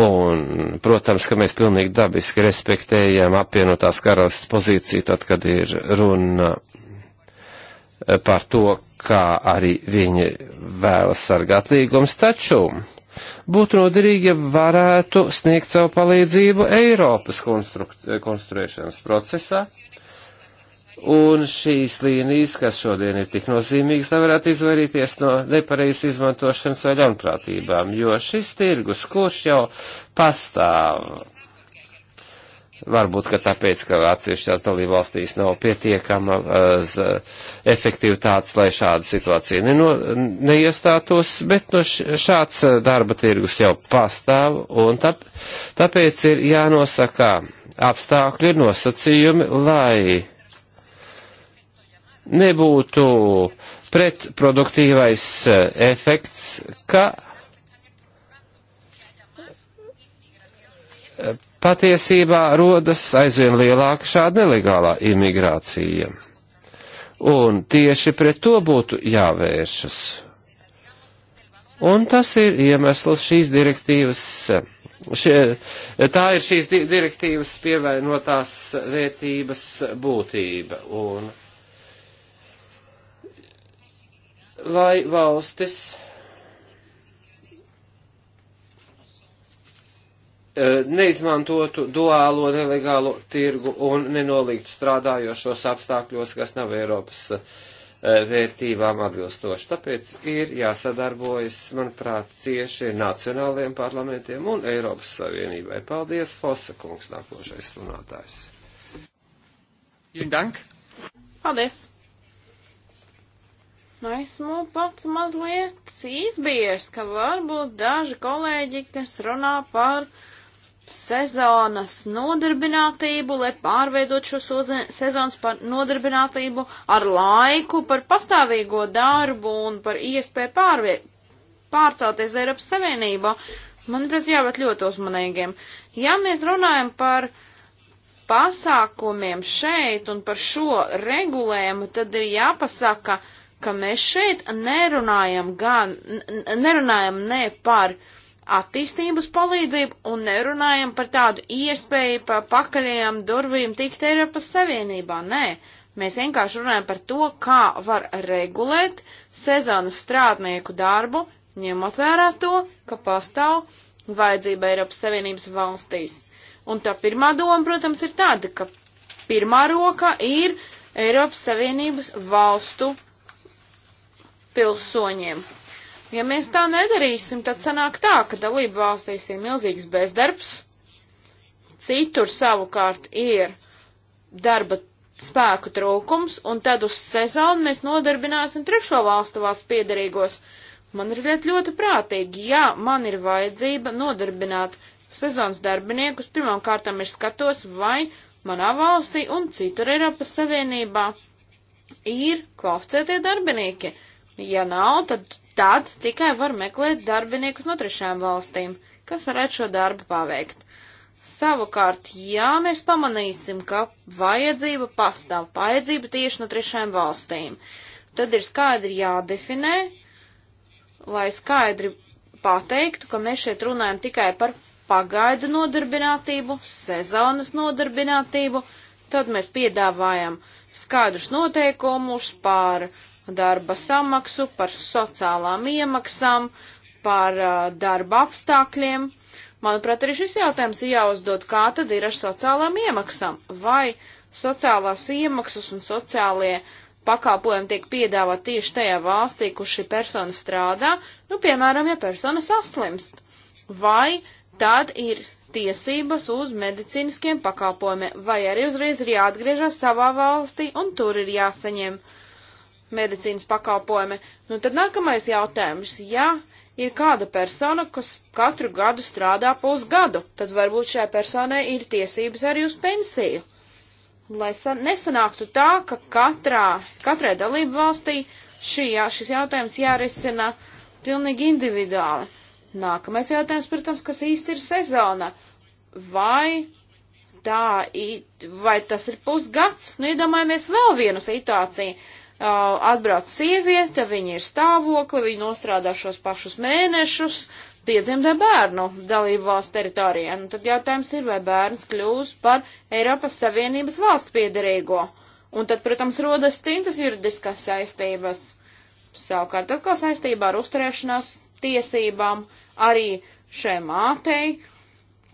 Un, protams, ka mēs pilnīgi dabiski respektējam apvienotās karalists pozīciju, tad, kad ir runa Eh, par to, kā arī viņi vēlas sargāt līgums, taču būtu noderīgi, ja varētu sniegt savu palīdzību Eiropas konstru konstruēšanas procesā. Un šīs līnijas, kas šodien ir tik nozīmīgas, lai varētu izvairīties no nepareizas izmantošanas vai ļaunprātībām, jo šis tirgus, kurš jau pastāv Varbūt, ka tāpēc, ka atsevišķās dalībvalstīs nav pietiekama uh, efektivitātes, lai šāda situācija neno, neiestātos, bet no šāds darba tirgus jau pastāv, un tāp, tāpēc ir jānosaka apstākļi, ir nosacījumi, lai nebūtu pretproduktīvais eh, efekts, ka patiesībā rodas aizvien lielāka šāda nelegālā imigrācija. Un tieši pret to būtu jāvēršas. Un tas ir iemesls šīs direktīvas, šie, tā ir šīs di direktīvas pievienotās vērtības būtība. Un, lai valstis Eh, neizmantotu duālo nelegālo tirgu un nenoliktu strādājošos apstākļos, kas nav Eiropas eh, vērtībām atbilstoši. Tāpēc ir jāsadarbojas, manuprāt, cieši nacionālajiem parlamentiem un Eiropas Savienībai. Paldies, Fosa kungs, nākošais runātājs. Dank. Paldies! Nu, esmu pats mazliet izbijies, ka varbūt daži kolēģi, kas runā par uh, sezonas nodarbinātību, lai pārveidot šo sezonas par nodarbinātību ar laiku, par pastāvīgo darbu un par iespēju pārvie, pārcelties Eiropas Savienībā. Manuprāt, jābūt ļoti uzmanīgiem. Ja mēs runājam par pasākumiem šeit un par šo regulējumu, tad ir jāpasaka, ka mēs šeit nerunājam gan, nerunājam ne par uh, attīstības palīdzību un nerunājam par tādu iespēju pa pakaļajām durvīm tikt Eiropas Savienībā. Nē, mēs vienkārši runājam par to, kā var regulēt sezonas strādnieku darbu, ņemot vērā to, ka pastāv vajadzība Eiropas Savienības valstīs. Un tā pirmā doma, protams, ir tāda, ka pirmā roka ir Eiropas Savienības valstu pilsoņiem. Ja mēs tā nedarīsim, tad sanāk tā, ka dalību valstīs ir milzīgs bezdarbs, citur savukārt ir darba spēku trūkums, un tad uz sezonu mēs nodarbināsim trešo valstu valsts piedarīgos. Man ir lieta ļoti prātīgi, ja man ir vajadzība nodarbināt sezonas darbiniekus, pirmām kārtām ir skatos, vai manā valstī un citur Eiropas Savienībā ir kvalificētie darbinieki. Ja nav, tad tad tikai var meklēt darbiniekus no trešām valstīm, kas varētu šo darbu paveikt. Savukārt, ja mēs pamanīsim, ka vajadzība pastāv, vajadzība tieši no trešām valstīm, tad ir skaidri jādefinē, lai skaidri pateiktu, ka mēs šeit runājam tikai par pagaida nodarbinātību, sezonas nodarbinātību, tad mēs piedāvājam skaidrus noteikumus par uh, darba samaksu, par sociālām iemaksām, par uh, darba apstākļiem. Manuprāt, arī šis jautājums ir jāuzdod, kā tad ir ar sociālām iemaksām. Vai sociālās iemaksas un sociālie pakalpojumi tiek piedāvāt tieši tajā valstī, kur šī persona strādā, nu, piemēram, ja persona saslimst. Vai tad ir tiesības uz medicīniskiem pakalpojumiem, vai arī uzreiz ir jāatgriežas savā valstī un tur ir jāsaņem uh, medicīnas pakalpojumi. Nu, tad nākamais jautājums. Ja ir kāda persona, kas katru gadu strādā pusgadu, tad varbūt šai personai ir tiesības arī uz pensiju. Lai nesanāktu tā, ka katrā, katrai dalību valstī šī, jā, šis jautājums jārisina pilnīgi individuāli. Nākamais jautājums, protams, kas īsti ir sezona. Vai tā, vai tas ir pusgads? Nu, iedomājamies vēl vienu situāciju Uh, atbrauc sieviete, viņa ir stāvokli, viņa nostrādā šos pašus mēnešus, piedzemdē bērnu dalību valsts teritorijā. Nu, tad jautājums ir, vai bērns kļūs par Eiropas Savienības valsts piederīgo. Un tad, protams, rodas cintas juridiskās saistības. Savukārt, atkal saistībā ar uzturēšanās tiesībām arī šai mātei,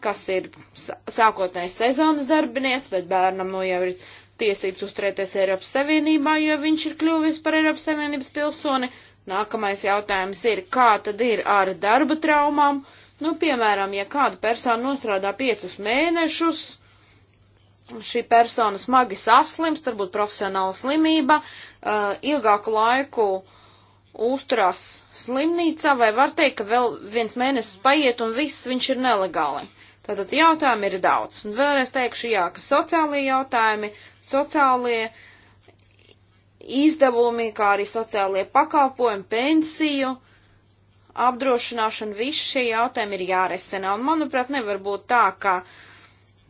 kas ir sākotnēji sezonas darbinieks, bet bērnam nu jau ir tiesības uzturēties Eiropas Savienībā, jo viņš ir kļuvis par Eiropas Savienības pilsoni. Nākamais jautājums ir, kā tad ir ar darba traumām? Nu, piemēram, ja kāda persona nostrādā piecus mēnešus, šī persona smagi saslims, varbūt profesionāla slimība, uh, ilgāku laiku uzturās slimnīcā, vai var teikt, ka vēl viens mēnesis paiet un viss viņš ir nelegāli. Tātad jautājumi ir daudz. Un vēlreiz teikšu, jā, ka sociālie jautājumi sociālie izdevumi, kā arī sociālie pakalpojumi, pensiju, apdrošināšana, visi šie jautājumi ir jāresina. Un, manuprāt, nevar būt tā, ka,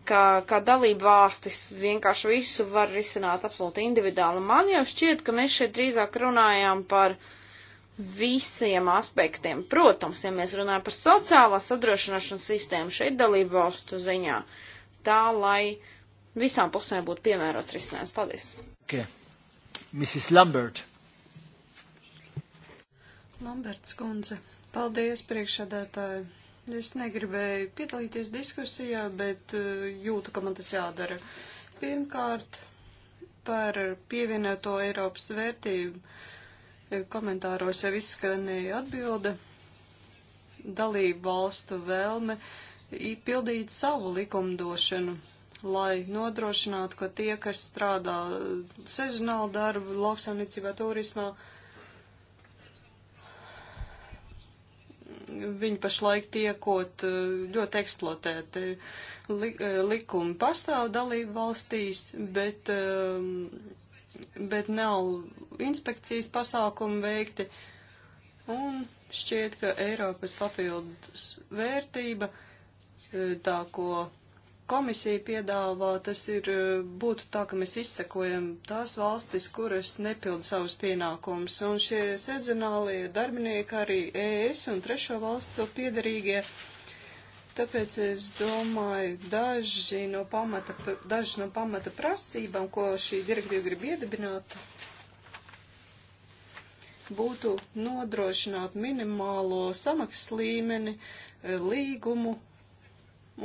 ka, ka dalība valstis vienkārši visu var risināt absolūti individuāli. Man jau šķiet, ka mēs šeit drīzāk runājām par visiem aspektiem. Protams, ja mēs runājam par sociālās apdrošināšanas sistēmu šeit dalību valstu ziņā, tā lai visām pusēm būtu piemērots risinājums. Paldies! Okay. Mrs. Lambert. Lamberts kundze. Paldies, priekšsēdētāji. Es negribēju piedalīties diskusijā, bet eh, jūtu, ka man tas jādara. Pirmkārt, par pievienoto Eiropas vērtību eh, komentāros jau izskanēja atbilde dalību valstu vēlme pildīt savu likumdošanu lai nodrošinātu, ka tie, kas strādā sezonāli darbu, lauksaimniecībā, turismā, viņi pašlaik tiekot eh, ļoti eksploatēti. Li, eh, likumi pastāv dalību valstīs, bet, eh, bet nav inspekcijas pasākumu veikti. Un šķiet, ka Eiropas papildus vērtība, tā ko komisija piedāvā, tas ir, eh, būtu tā, ka mēs izsekojam tās valstis, kuras nepilda savus pienākumus, un šie sezonālie darbinieki arī ES un trešo valstu piedarīgie. Tāpēc es domāju, daži no pamata, daži no pamata prasībām, ko šī direktīva grib iedibināt, būtu nodrošināt minimālo samaksas līmeni, eh, līgumu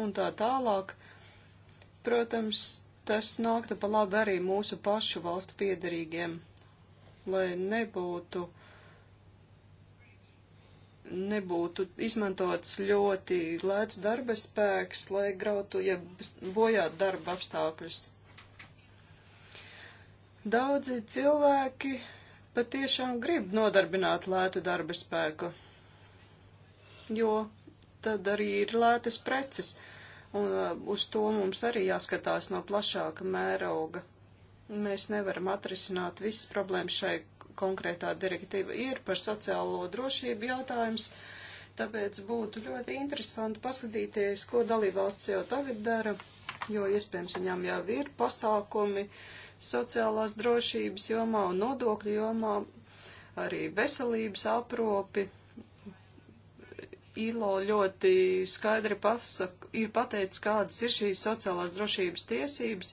un tā tālāk, Protams, tas nāktu pa labi arī mūsu pašu valstu piedarīgiem, lai nebūtu, nebūtu izmantots ļoti lēts darba spēks, lai grautu, ja bojātu darba apstākļus. Daudzi cilvēki patiešām grib nodarbināt lētu darba spēku, jo tad arī ir lētas preces un eh, uz to mums arī jāskatās no plašāka mēroga. Mēs nevaram atrisināt visas problēmas šai konkrētā direktīva ir par sociālo drošību jautājums, tāpēc būtu ļoti interesanti paskatīties, ko dalībvalsts jau tagad dara, jo iespējams viņām jau ir pasākumi sociālās drošības jomā un nodokļu jomā, arī veselības apropi ILO ļoti skaidri pasaka, ir pateicis, kādas ir šīs sociālās drošības tiesības.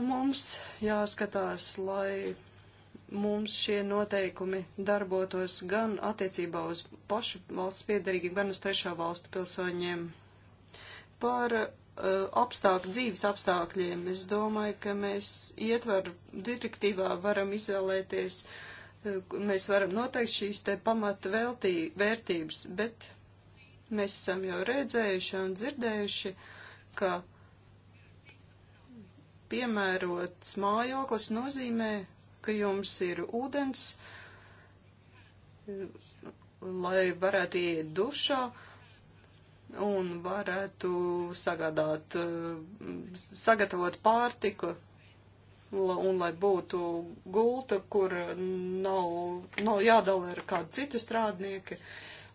Un mums jāskatās, lai mums šie noteikumi darbotos gan attiecībā uz pašu valsts piedarīgiem, gan uz trešā valstu pilsoņiem. Par uh, apstākļu, dzīves apstākļiem. Es domāju, ka mēs ietvaru direktīvā varam izvēlēties mēs varam noteikt šīs te pamata veltī, vērtības, bet mēs esam jau redzējuši un dzirdējuši, ka piemērots mājoklis nozīmē, ka jums ir ūdens, lai varētu iet dušā un varētu sagādāt, sagatavot pārtiku un lai būtu gulta, kur nav, nav jādala ar kādu citu strādnieku,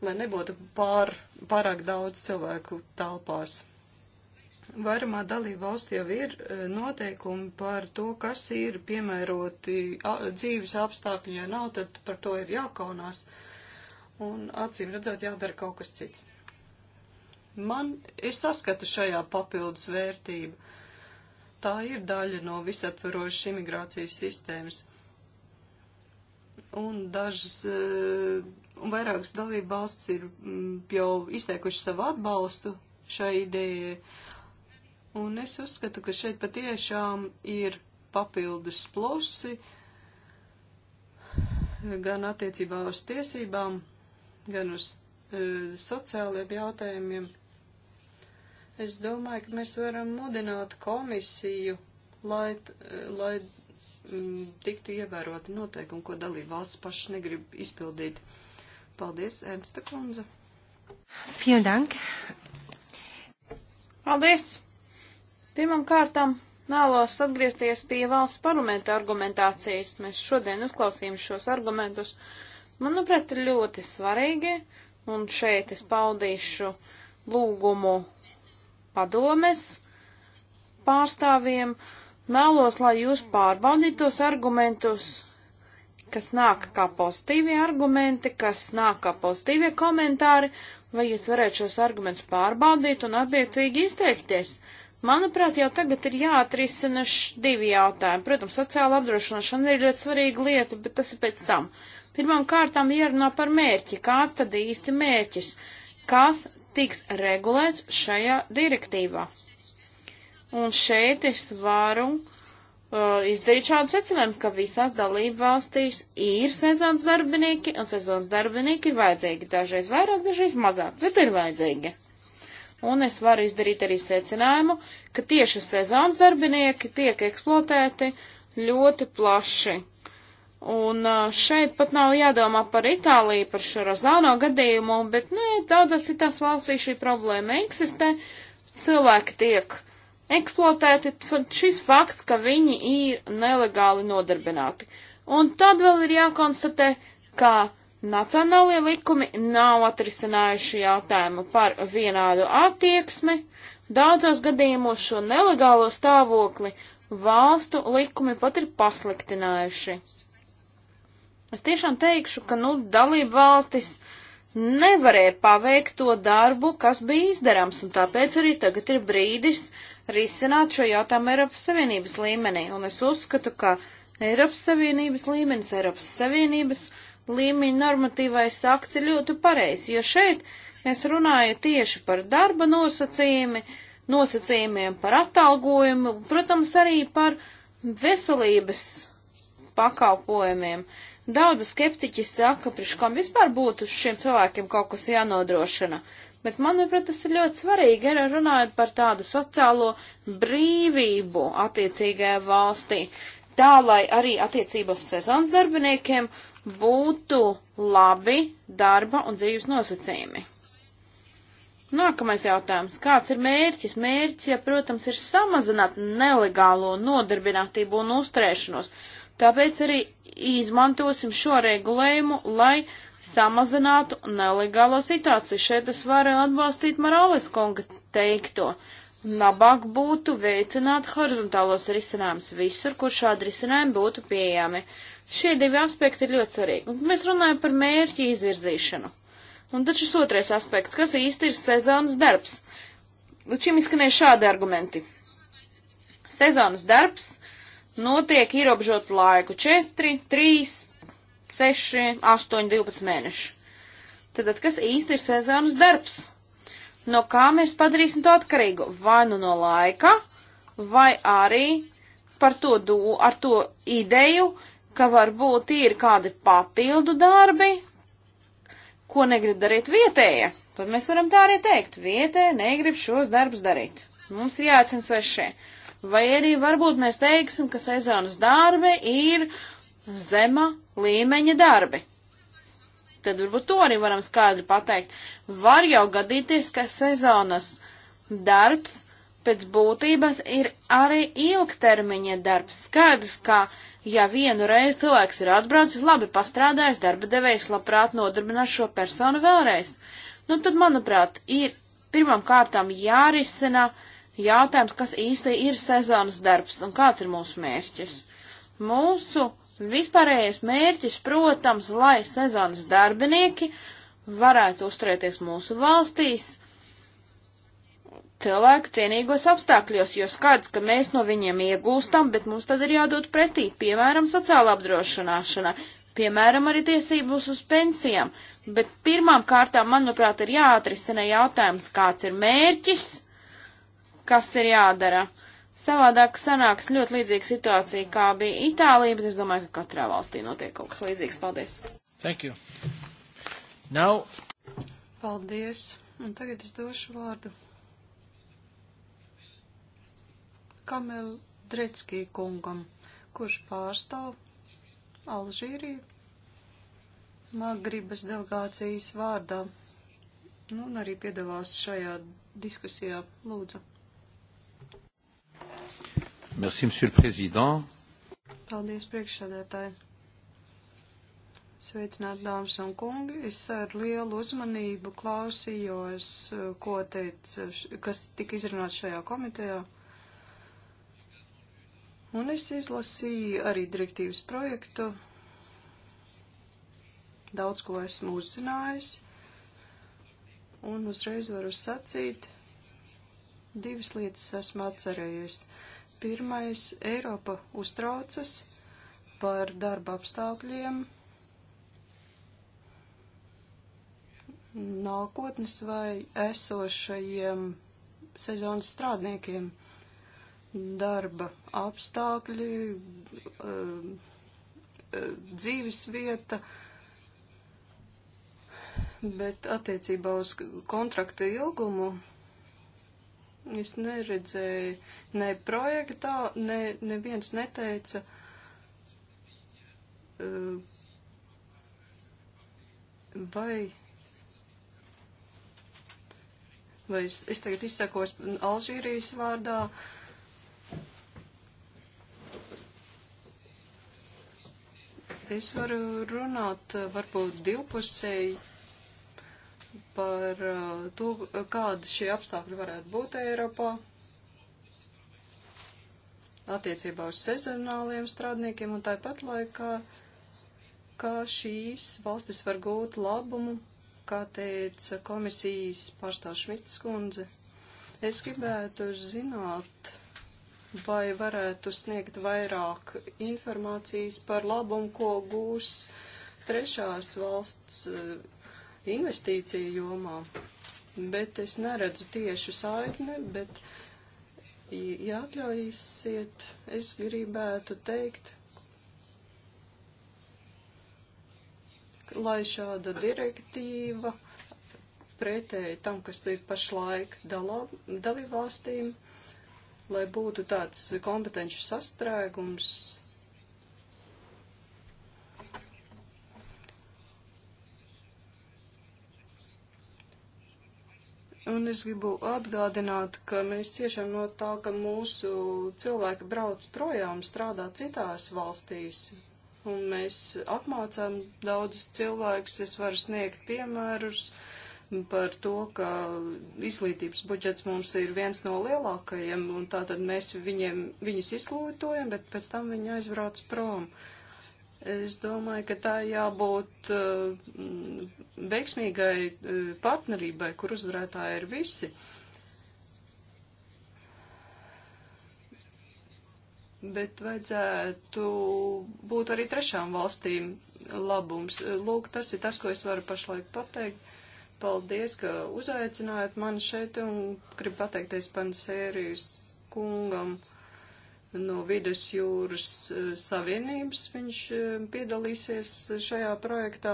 lai nebūtu pār, pārāk daudz cilvēku telpās. Vairumā dalību valstu jau ir e, noteikumi par to, kas ir piemēroti dzīves apstākļi, ja nav, tad par to ir jākaunās un acīm redzot jādara kaut kas cits. Man ir saskatu šajā papildus vērtību tā ir daļa no visaptvarošas imigrācijas sistēmas. Un dažas, eh, un vairākas dalība valsts ir mm, jau izteikuši savu atbalstu šai idejai. Un es uzskatu, ka šeit patiešām ir papildus plusi gan attiecībā uz tiesībām, gan uz eh, sociāliem jautājumiem, Es domāju, ka mēs varam mudināt komisiju, lai, lai mm, tiktu ievēroti noteikumi, ko dalība valsts paši negrib izpildīt. Paldies, Ernsta Kunze. Vielen Dank. Paldies. Pirmam kārtam Nālos atgriezties pie valsts parlamenta argumentācijas. Mēs šodien uzklausījām šos argumentus. Manuprāt, ir ļoti svarīgi, un šeit es paudīšu lūgumu padomes pārstāvjiem. Mēlos, lai jūs pārbaudītu tos argumentus, kas nāk kā pozitīvie argumenti, kas nāk kā pozitīvie komentāri, vai jūs varētu šos argumentus pārbaudīt un attiecīgi izteikties. Manuprāt, jau tagad ir jāatrisina divi jautājumi. Protams, sociāla apdrošināšana ir ļoti svarīga lieta, bet tas ir pēc tam. Pirmām kārtām jārunā par mērķi. Kāds tad īsti mērķis? Kas tiks regulēts šajā direktīvā. Un šeit es varu uh, izdarīt šādu secinājumu, ka visās dalību valstīs ir sezonas darbinieki, un sezonas darbinieki ir vajadzīgi dažreiz vairāk, dažreiz mazāk, bet ir vajadzīgi. Un es varu izdarīt arī secinājumu, ka tieši sezonas darbinieki tiek eksploatēti ļoti plaši Un šeit pat nav jādomā par Itāliju, par šo Rozāno gadījumu, bet nē, nu, daudzās citās valstīs šī problēma eksistē. Cilvēki tiek eksploatēti, šis fakts, ka viņi ir nelegāli nodarbināti. Un tad vēl ir jākonstatē, ka nacionālie likumi nav atrisinājuši jautājumu par vienādu attieksmi. Daudzos gadījumos šo nelegālo stāvokli valstu likumi pat ir pasliktinājuši. Es tiešām teikšu, ka, nu, dalība valstis nevarēja paveikt to darbu, kas bija izdarams, un tāpēc arī tagad ir brīdis risināt šo jautājumu Eiropas Savienības līmenī. Un es uzskatu, ka Eiropas Savienības līmenis, Eiropas Savienības līmeņa normatīvais akts ir ļoti pareizs, jo šeit es runāju tieši par darba nosacījumi, nosacījumiem par atalgojumu, protams, arī par veselības pakalpojumiem. Daudzi skeptiķi saka, priekš kam vispār būtu šiem cilvēkiem kaut kas jānodrošina. Bet, manuprāt, tas ir ļoti svarīgi, arī runājot par tādu sociālo brīvību attiecīgajā valstī. Tā, lai arī attiecībos sezonas darbiniekiem būtu labi darba un dzīves nosacījumi. Nākamais jautājums. Kāds ir mērķis? Mērķis, ja, protams, ir samazināt nelegālo nodarbinātību un uzturēšanos. Tāpēc arī izmantosim šo regulējumu, lai samazinātu nelegālo situāciju. Šeit es varu atbalstīt Marāles kunga teikto. Labāk būtu veicināt horizontālos risinājumus visur, kur šādi risinājumi būtu pieejami. Šie divi aspekti ir ļoti svarīgi. Un mēs runājam par mērķi izvirzīšanu. Un tad šis otrais aspekts, kas īsti ir sezonas darbs. Līdz šim izskanēja šādi argumenti. Sezonas darbs notiek ierobežotu laiku 4, 3, 6, 8, 12 mēneši. Tad, kas īsti ir sezonas darbs? No kā mēs padarīsim to atkarīgu? Vai nu no laika, vai arī par to do, ar to ideju, ka varbūt ir kādi papildu darbi, ko negrib darīt vietējie. Tad mēs varam tā arī teikt, vietējie negrib šos darbus darīt. Mums ir jāatcenas vai šie. Uh, Vai arī varbūt mēs teiksim, ka sezonas darbi ir zema līmeņa darbi. Tad varbūt to arī varam skaidri pateikt. Var jau gadīties, ka sezonas darbs pēc būtības ir arī ilgtermiņa darbs. Skaidrs, ka ja vienu reizi cilvēks ir atbraucis, labi pastrādājis, darba devējs labprāt nodarbinās šo personu vēlreiz. Nu, tad, manuprāt, ir pirmām kārtām jārisina uh, jautājums, kas īsti ir sezonas darbs un kāds ir mūsu mērķis. Mūsu vispārējais mērķis, protams, lai sezonas darbinieki varētu uzturēties mūsu valstīs cilvēku cienīgos apstākļos, jo skaidrs, ka mēs no viņiem iegūstam, bet mums tad ir jādod pretī, piemēram, sociāla apdrošināšana, piemēram, arī tiesības uz pensijām. Bet pirmām kārtām, manuprāt, ir jāatrisina jautājums, kāds ir mērķis, kas ir jādara. Savādāk sanāks ļoti līdzīga situācija, kā bija Itālija, bet es domāju, ka katrā valstī notiek kaut kas līdzīgs. Paldies! Thank you! Now... Paldies! Un tagad es došu vārdu Kamel Dretskī kungam, kurš pārstāv Alžīriju Magribas delegācijas vārdā nu, un arī piedalās šajā diskusijā. Lūdzu! Merci, Monsieur le Président. Paldies, priekšsēdētāji. Sveicināt, dāmas un kungi. Es ar lielu uzmanību klausījos, ko teica, kas tika izrunāts šajā komitejā. Un es izlasīju arī direktīvas projektu. Daudz ko esmu uzzinājis. Un uzreiz varu sacīt, divas lietas esmu atcerējies. Pirmais, Eiropa uztraucas par darba apstākļiem, nākotnes vai esošajiem sezonas strādniekiem. Darba apstākļi, eh, eh, dzīves vieta, bet attiecībā uz kontrakta ilgumu Es neredzēju ne projektā, ne, neviens neteica, eh, vai, vai es, es tagad izsakos Alžīrijas vārdā, Es varu runāt eh, varbūt divpusēji par uh, to, kāda šie apstākļi varētu būt Eiropā attiecībā uz sezonāliem strādniekiem un tāpat laikā, kā šīs valstis var gūt labumu, kā teica komisijas pārstāv Šmits kundze. Es gribētu zināt, vai varētu sniegt vairāk informācijas par labumu, ko gūs trešās valsts investīciju jomā, bet es neredzu tiešu saikni, bet, ja atļaujiesiet, es gribētu teikt, lai šāda direktīva pretēji tam, kas ir pašlaik dalībvalstīm, lai būtu tāds kompetenci sastrēgums Un es gribu atgādināt, ka mēs ciešam no tā, ka mūsu cilvēki brauc projām strādā citās valstīs. Un mēs apmācām daudzus cilvēkus, es varu sniegt piemērus par to, ka izglītības budžets mums ir viens no lielākajiem, un tātad mēs viņiem, viņus izglītojam, bet pēc tam viņi aizbrauc prom. Uh, Es domāju, ka tā jābūt eh, veiksmīgai eh, partnerībai, kur uzvarētāji ir visi. Bet vajadzētu būt arī trešām valstīm labums. Lūk, tas ir tas, ko es varu pašlaik pateikt. Paldies, ka uzaicinājāt mani šeit un gribu pateikties pansērijas kungam no Vidusjūras eh, Savienības. Viņš eh, piedalīsies šajā projektā,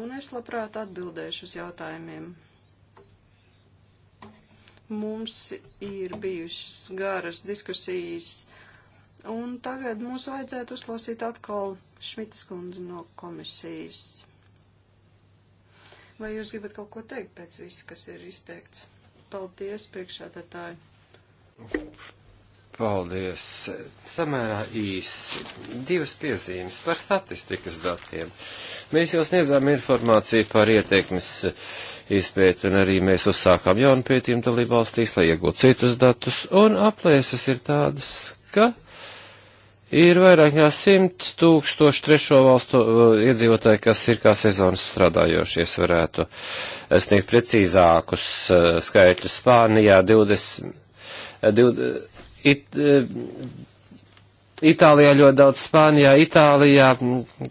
un es labprāt atbildēšu uz jautājumiem. Mums ir bijušas garas diskusijas, un tagad mums vajadzētu uzklausīt atkal Šmitas kundzi no komisijas. Vai jūs gribat kaut ko teikt pēc viss, kas ir izteikts? Paldies, priekšādātāji! Thank you. Paldies. Samērā īsi. Divas piezīmes par statistikas datiem. Mēs jau sniedzām informāciju par ieteikmes izpēti un arī mēs uzsākām jaunu pētījumu dalību valstīs, lai iegūtu citus datus. Un aplēses ir tādas, ka ir vairāk kā 100 tūkstoši trešo valstu uh, iedzīvotāji, kas ir kā sezonas strādājošies, varētu uh, sniegt precīzākus uh, skaitļus Spānijā 20. 20 it, eh, Itālijā ļoti daudz, Spānijā, Itālijā,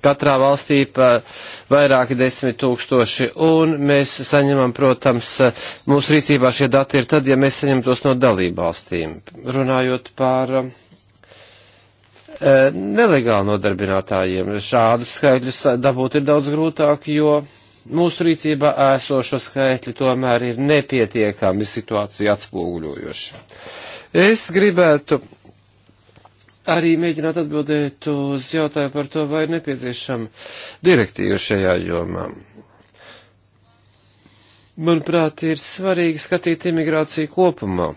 katrā valstī pa vairāki desmit tūkstoši, un mēs saņemam, protams, mūsu rīcībā šie dati ir tad, ja mēs saņem tos no dalību valstīm. Runājot par uh, nelegāli nodarbinātājiem, šādus skaitļus dabūt ir daudz grūtāk, jo mūsu rīcībā esošo skaitļi tomēr ir nepietiekami situāciju atspoguļojoši. Es gribētu arī mēģināt atbildēt uz jautājumu par to, vai ir nepieciešama direktīva šajā jomā. Manuprāt, ir svarīgi skatīt imigrāciju kopumā.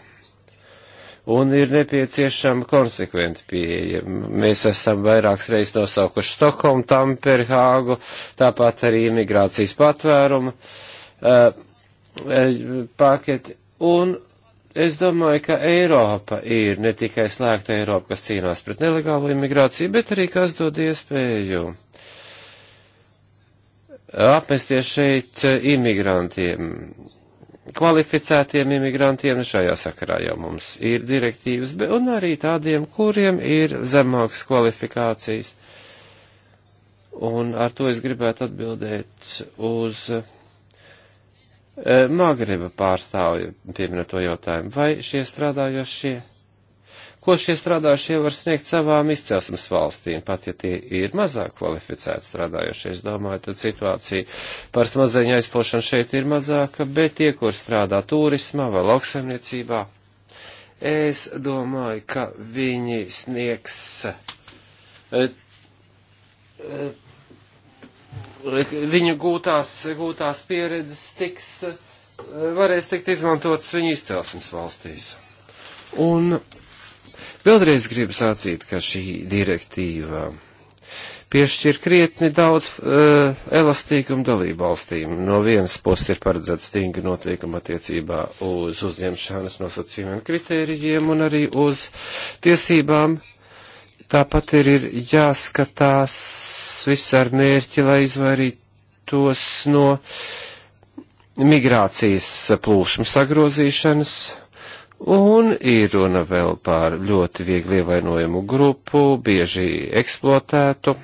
Un ir nepieciešama konsekventa pieeja. Mēs esam vairākas reizes nosaukuši Stokholmu, Tamperi, Hāgu, tāpat arī imigrācijas patvērumu uh, paketi. Un Es domāju, ka Eiropa ir ne tikai slēgta Eiropa, kas cīnās pret nelegālo imigrāciju, bet arī kas dod iespēju apmesties šeit imigrantiem, kvalificētiem imigrantiem šajā sakarā jau mums ir direktīvas, bet un arī tādiem, kuriem ir zemākas kvalifikācijas. Un ar to es gribētu atbildēt uz E, Magreba pārstāvju pieminēto jautājumu, vai šie strādājošie, ko šie strādājošie var sniegt savām izcelsmes valstīm, pat ja tie ir mazāk kvalificēti strādājošie. Es domāju, tad situācija par smadzeņu aizplošanu šeit ir mazāka, bet tie, kur strādā turismā vai lauksaimniecībā, es domāju, ka viņi sniegs. Et, et, viņu gūtās, gūtās pieredzes tiks, eh, varēs tikt izmantotas viņu izcelsmes valstīs. Un vēlreiz gribu sacīt, ka šī direktīva piešķir krietni daudz uh, elastīgumu dalību valstīm. No vienas puses ir paredzēts stingri noteikumi attiecībā uz uzņemšanas nosacījumiem kritērijiem un arī uz tiesībām uh, Tāpat ir, ir jāskatās viss ar mērķi, lai izvairītos no migrācijas plūsmu sagrozīšanas. Un ir runa vēl par ļoti viegli ievainojumu grupu, bieži eksploatētu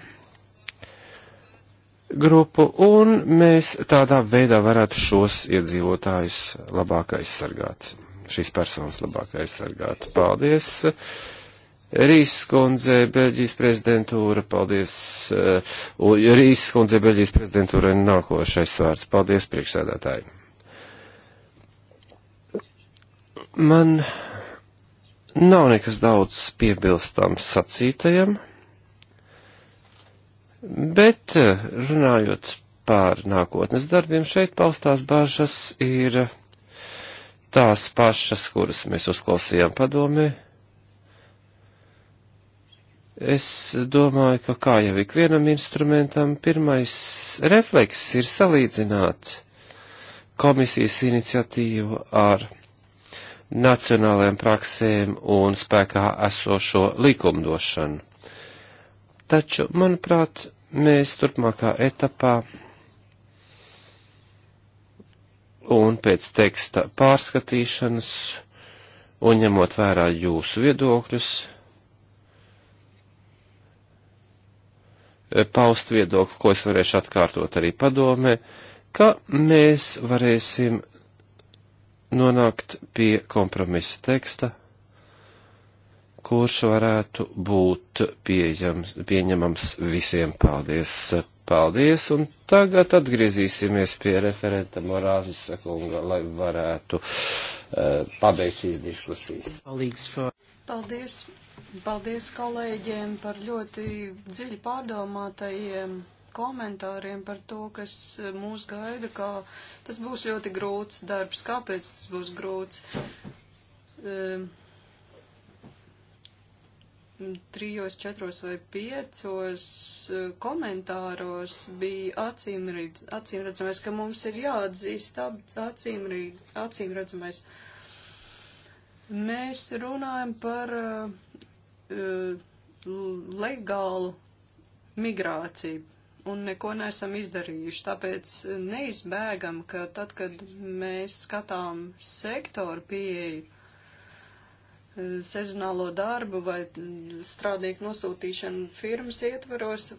grupu, un mēs tādā veidā varētu šos iedzīvotājus labāk aizsargāt, šīs personas labāk aizsargāt. Paldies! Rīs kundze, Beļģijas prezidentūra, paldies, uh, Rīs kundze, Beļģijas prezidentūra ir nākošais vārds. Paldies, priekšsēdētāji. Man nav nekas daudz piebilstams sacītajam, bet eh, runājot par nākotnes darbiem, šeit paustās bažas ir tās pašas, kuras mēs uzklausījām padomē Es domāju, ka kā jau ikvienam instrumentam, pirmais refleks ir salīdzināt komisijas iniciatīvu ar nacionālajām praksēm un spēkā esošo likumdošanu. Taču, manuprāt, mēs turpmākā etapā un pēc teksta pārskatīšanas un ņemot vērā jūsu viedokļus, Eh, paust viedokli, ko es varēšu atkārtot arī padomē, ka mēs varēsim nonākt pie kompromisa teksta, kurš varētu būt pieejams, pieņemams visiem. Paldies! Paldies! Un tagad atgriezīsimies pie referenta Morāzes kunga, lai varētu uh, pabeigt šīs diskusijas. Paldies! Paldies kolēģiem par ļoti dziļi pārdomātajiem komentāriem par to, kas mūs gaida, kā tas būs ļoti grūts darbs, kāpēc tas būs grūts. Um, trijos, četros vai piecos eh, komentāros bija acīmredzamais, acīm ka mums ir jāatzīst acīmredzamais. Acīm mēs runājam par uh, Eh, legālu migrāciju un neko nesam izdarījuši. Tāpēc eh, neizbēgam, ka tad, kad mēs skatām sektoru pieeju, eh, sezonālo darbu vai strādnieku nosūtīšanu firmas ietvaros,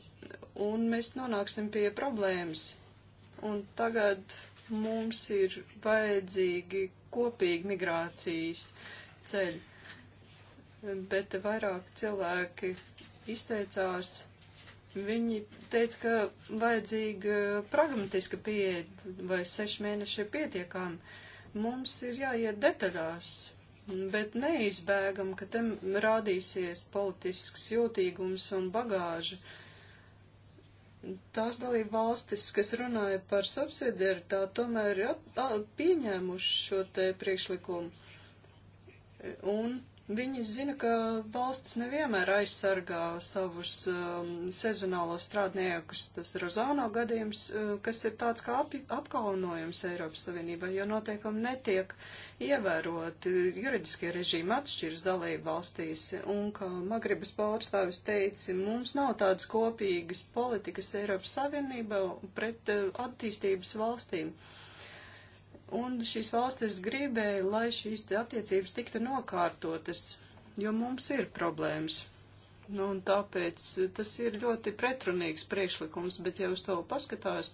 un mēs nonāksim pie problēmas. Un tagad mums ir vajadzīgi kopīgi migrācijas ceļi bet vairāk cilvēki izteicās. Viņi teica, ka vajadzīga pragmatiska pieeja vai seši mēneši ir pietiekami. Mums ir jāiet detaļās, bet neizbēgam, ka tam rādīsies politisks jūtīgums un bagāža. Tās dalība valstis, kas runāja par subsidiaritāti, tomēr ir pieņēmuši šo te priekšlikumu. Un Viņi zina, ka valsts nevienmēr aizsargā savus um, sezonālos strādniekus. Tas ir Rozāno gadījums, uh, kas ir tāds kā ap, apkaunojums Eiropas Savienībai, jo noteikumi netiek ievēroti. Juridiskie režīmi atšķiras dalību valstīs, un kā Magribas pārstāvis teica, mums nav tādas kopīgas politikas Eiropas Savienībā pret uh, attīstības valstīm. Uh, Un šīs valstis gribēja, lai šīs attiecības tiktu nokārtotas, jo mums ir problēmas. Nu, un tāpēc eh, tas ir ļoti pretrunīgs priekšlikums, bet ja uz to paskatās,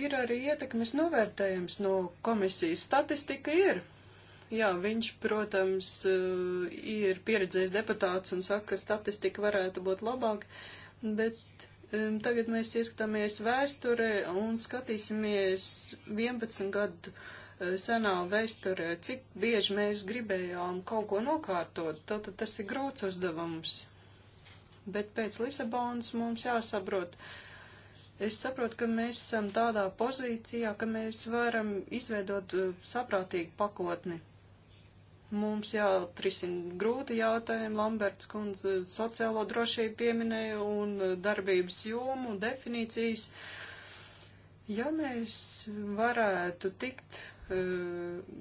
ir arī ietekmes novērtējums no komisijas. Statistika ir. Jā, viņš, protams, eh, ir pieredzējis deputāts un saka, ka statistika varētu būt labāk, bet Tagad mēs ieskatāmies vēsturē un skatīsimies 11 gadu e, senā vēsturē, cik bieži mēs gribējām kaut ko nokārtot. Tātad tas ir grūts uzdevums. Bet pēc Lisabonas mums jāsaprot. Es saprotu, ka mēs esam tādā pozīcijā, ka mēs varam izveidot e, saprātīgu pakotni Mums jāatrisina grūti jautājumi. Lamberts kundze sociālo drošību pieminēja un darbības jomu un definīcijas. Ja mēs varētu tikt eh,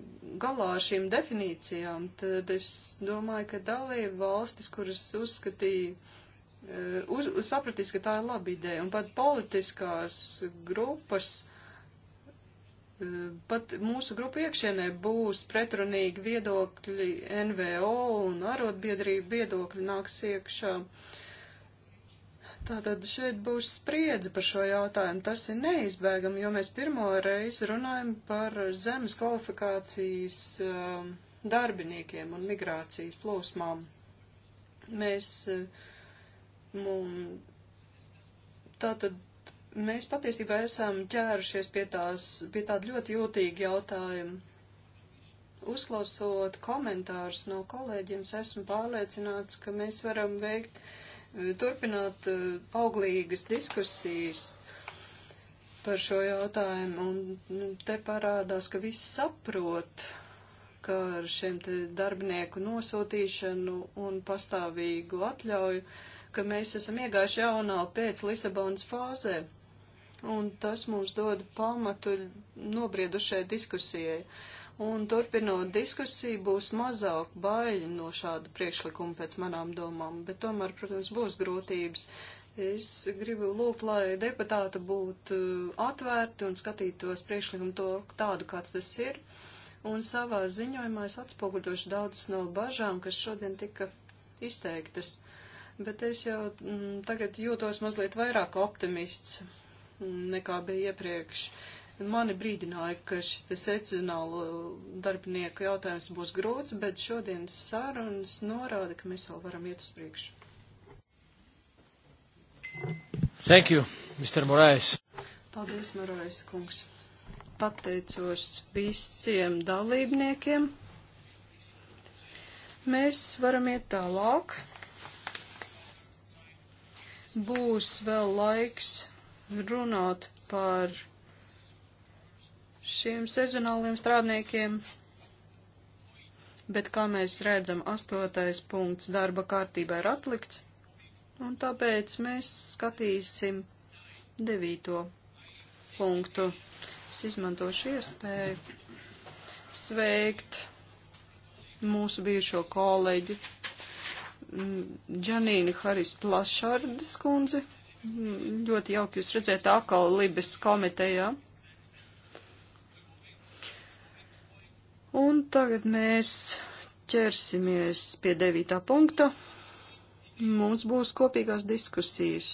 galā ar šīm definīcijām, tad es domāju, ka dalība valstis, kuras uzskatīja, eh, uz, sapratīs, ka tā ir laba ideja, un pat politiskās grupas uh, pat mūsu grupu iekšienē būs pretrunīgi viedokļi NVO un arotbiedrību viedokļi nāks iekšā. Tātad šeit būs spriedzi par šo jautājumu. Tas ir neizbēgami, jo mēs pirmo reizi runājam par zemes kvalifikācijas um, darbiniekiem un migrācijas plūsmām. Mēs, mums, tātad Mēs patiesībā esam ķērušies pie, tās, pie tāda ļoti jūtīga jautājuma. Uzklausot komentārus no kolēģiem, esmu pārliecināts, ka mēs varam veikt, eh, turpināt eh, auglīgas diskusijas par šo jautājumu. Un nu, te parādās, ka visi saprot, ka ar šiem te darbinieku nosūtīšanu un pastāvīgu atļauju, ka mēs esam iegājuši jaunā pēc Lisabonas fāzē un tas mums dod pamatu nobriedušai diskusijai. Un turpinot diskusiju, būs mazāk baiļi no šāda priekšlikuma pēc manām domām, bet tomēr, protams, būs grūtības. Es gribu lūgt, lai deputāti būtu uh, atvērti un skatītos priekšlikumu to tādu, kāds tas ir. Un savā ziņojumā es atspoguļošu daudz no bažām, kas šodien tika izteiktas. Bet es jau m, mm, tagad jūtos mazliet vairāk optimists nekā bija iepriekš. Mani brīdināja, ka šis te secinālo darbinieku jautājums būs grūts, bet šodienas sarunas norāda, ka mēs vēl varam iet uz priekšu. Thank you, Mr. Morais. Paldies, Morais kungs. Pateicos visiem dalībniekiem. Mēs varam iet tālāk. Būs vēl laiks runāt par šiem sezonāliem strādniekiem, bet, kā mēs redzam, astotais punkts darba kārtībā ir atlikts, un tāpēc mēs skatīsim devīto punktu. Es izmantošu iespēju sveikt mūsu bijušo kolēģi Džanīnu Haris Plašardes kundzi Ļoti jauki jūs redzēt atkal Libes komitejā. Un tagad mēs ķersimies pie devītā punkta. Mums būs kopīgās diskusijas.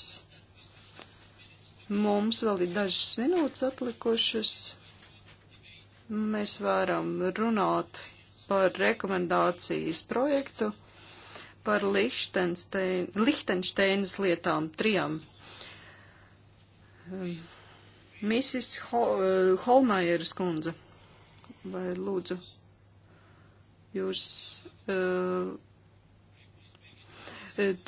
Mums vēl ir dažas minūtes atlikušas. Mēs varam runāt par rekomendācijas projektu par Lihtensteinas lietām trijām Mrs. Um, uh, Holmajeras kundze, vai lūdzu, jūs uh,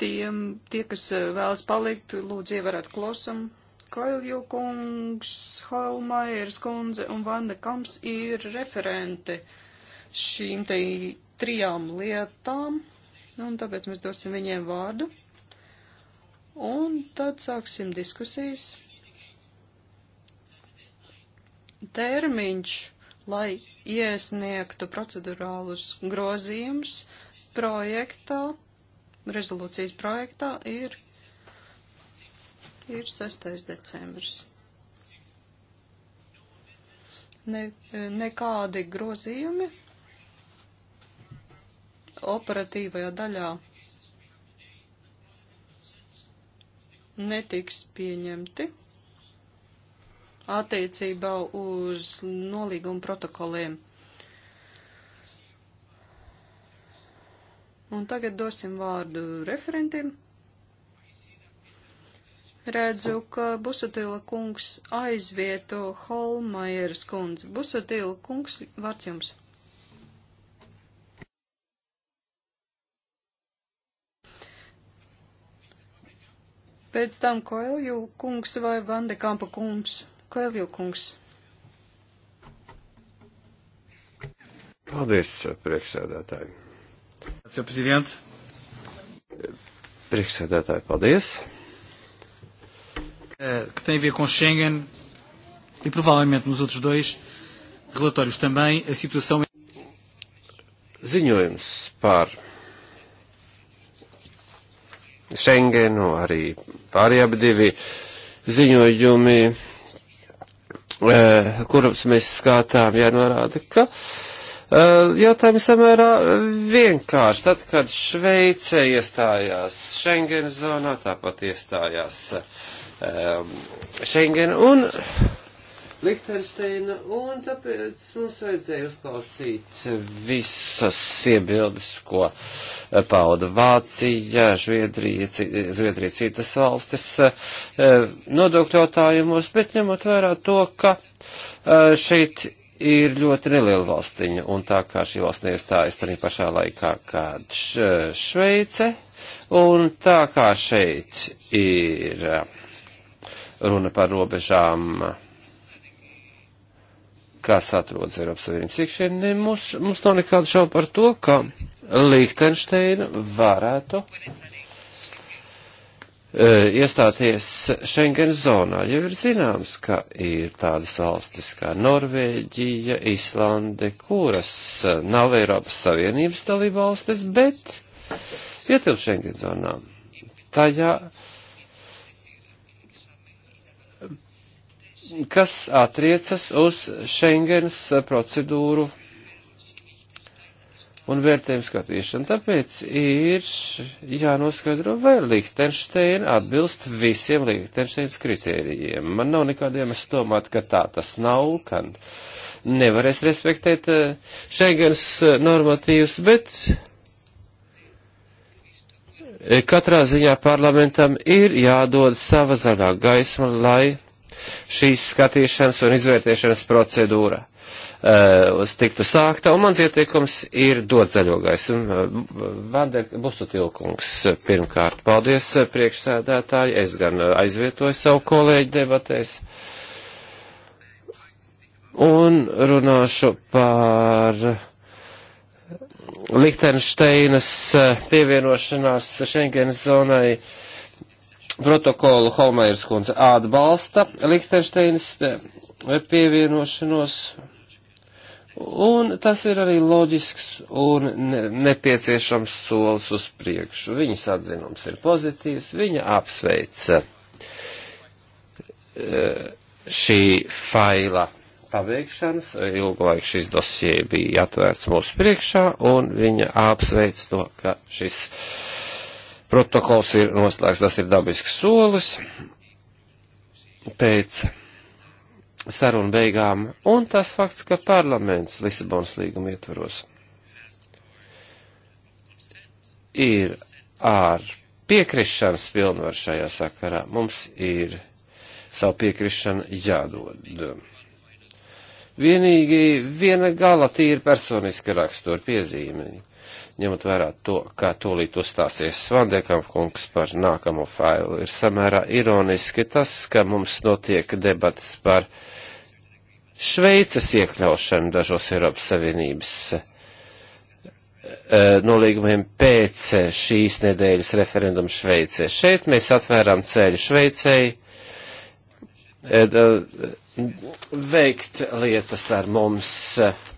tiem, tie, kas uh, vēlas palikt, lūdzu ievarēt klusumu. Koilju kungs, Holmajeras kundze un Vanda Kamps ir referente šīm te trijām lietām, un tāpēc mēs dosim viņiem vārdu. Un tad sāksim diskusijas termiņš, lai iesniegtu procedurālus grozījumus projektā, rezolūcijas projektā, ir, ir 6. decembris. Ne, nekādi grozījumi operatīvajā daļā netiks pieņemti attiecībā uz nolīguma protokoliem. Un tagad dosim vārdu referentiem. Redzu, ka Busutila kungs aizvieto Holmajeras kundzi. Busutila kungs, vārds jums. Pēc tam Koelju kungs vai Vande Kampa kungs. Koelju kungs. Paldies, priekšsēdētāji. Priekšsēdētāji, paldies. Eh, que tem a ver com Schengen e provavelmente nos outros dois relatórios também, a situação. Ziņojums par Schengenu, arī pārējie divi ziņojumi Eh, kurus mēs skatām, jānorāda, ka eh, jautājumi samērā vienkārši. Tad, kad Šveice iestājās Schengen zonā, tāpat iestājās um, Schengen un Lichtensteina, un tāpēc mums vajadzēja uzklausīt visas iebildes, ko eh, pauda Vācija, Zviedrija, Zviedrija citas valstis eh, nodokļu jautājumos, bet ņemot vērā to, ka eh, šeit ir ļoti neliela valstiņa, un tā kā šī valsts neiestājas arī pašā laikā kā Šveice, un tā kā šeit ir runa par robežām kas atrodas Eiropas Savienības iekšēnē, mums, mums nav nekāda šauba par to, ka Liechtensteina varētu e, iestāties Schengen zonā, jau ir zināms, ka ir tādas valstis kā Norvēģija, Islande, kuras nav Eiropas Savienības dalība valstis, bet ietilp Schengen zonā. Tajā kas attiecas uz Schengens procedūru un vērtējumu skatīšanu. Tāpēc ir jānoskaidro, vai Liechtensteina atbilst visiem Liechtensteinas kritērijiem. Man nav nekāda iemesla domāt, ka tā tas nav, ka nevarēs respektēt eh, Schengens eh, normatīvus, bet eh, katrā ziņā parlamentam ir jādod sava zaļā gaisma, lai šīs skatīšanas un izvērtēšanas procedūra uh, tiktu sākta, un mans ieteikums ir dot zaļogais. Un uh, Vander Busutilkungs pirmkārt, paldies priekšsēdētāji, es gan aizvietoju savu kolēģi debatēs. Un runāšu par Lichtensteinas pievienošanās Schengen zonai uh, protokolu Holmeiras kundze atbalsta Lichtensteinas eh, pievienošanos, un tas ir arī loģisks un nepieciešams solis uz priekšu. Viņas atzinums ir pozitīvs, viņa apsveica eh, šī faila pabeigšanas, ilgu laiku šis dosie bija atvērts mūsu priekšā, un viņa apsveic to, ka šis protokols ir noslēgts, tas ir dabisks solis pēc sarunu beigām, un tas fakts, ka parlaments Lisabonas līguma ietvaros ir ar piekrišanas pilnvaru šajā sakarā, mums ir savu piekrišanu jādod. Vienīgi viena gala tīra personiska rakstura piezīme, ņemot vērā to, kā tūlīt uzstāsies Svandekam kungs par nākamo failu, ir samērā ironiski tas, ka mums notiek debats par Šveices iekļaušanu dažos Eiropas Savienības eh, nolīgumiem pēc šīs nedēļas referenduma Šveicē. Šeit mēs atvērām ceļu Šveicei eh, veikt lietas ar mums eh,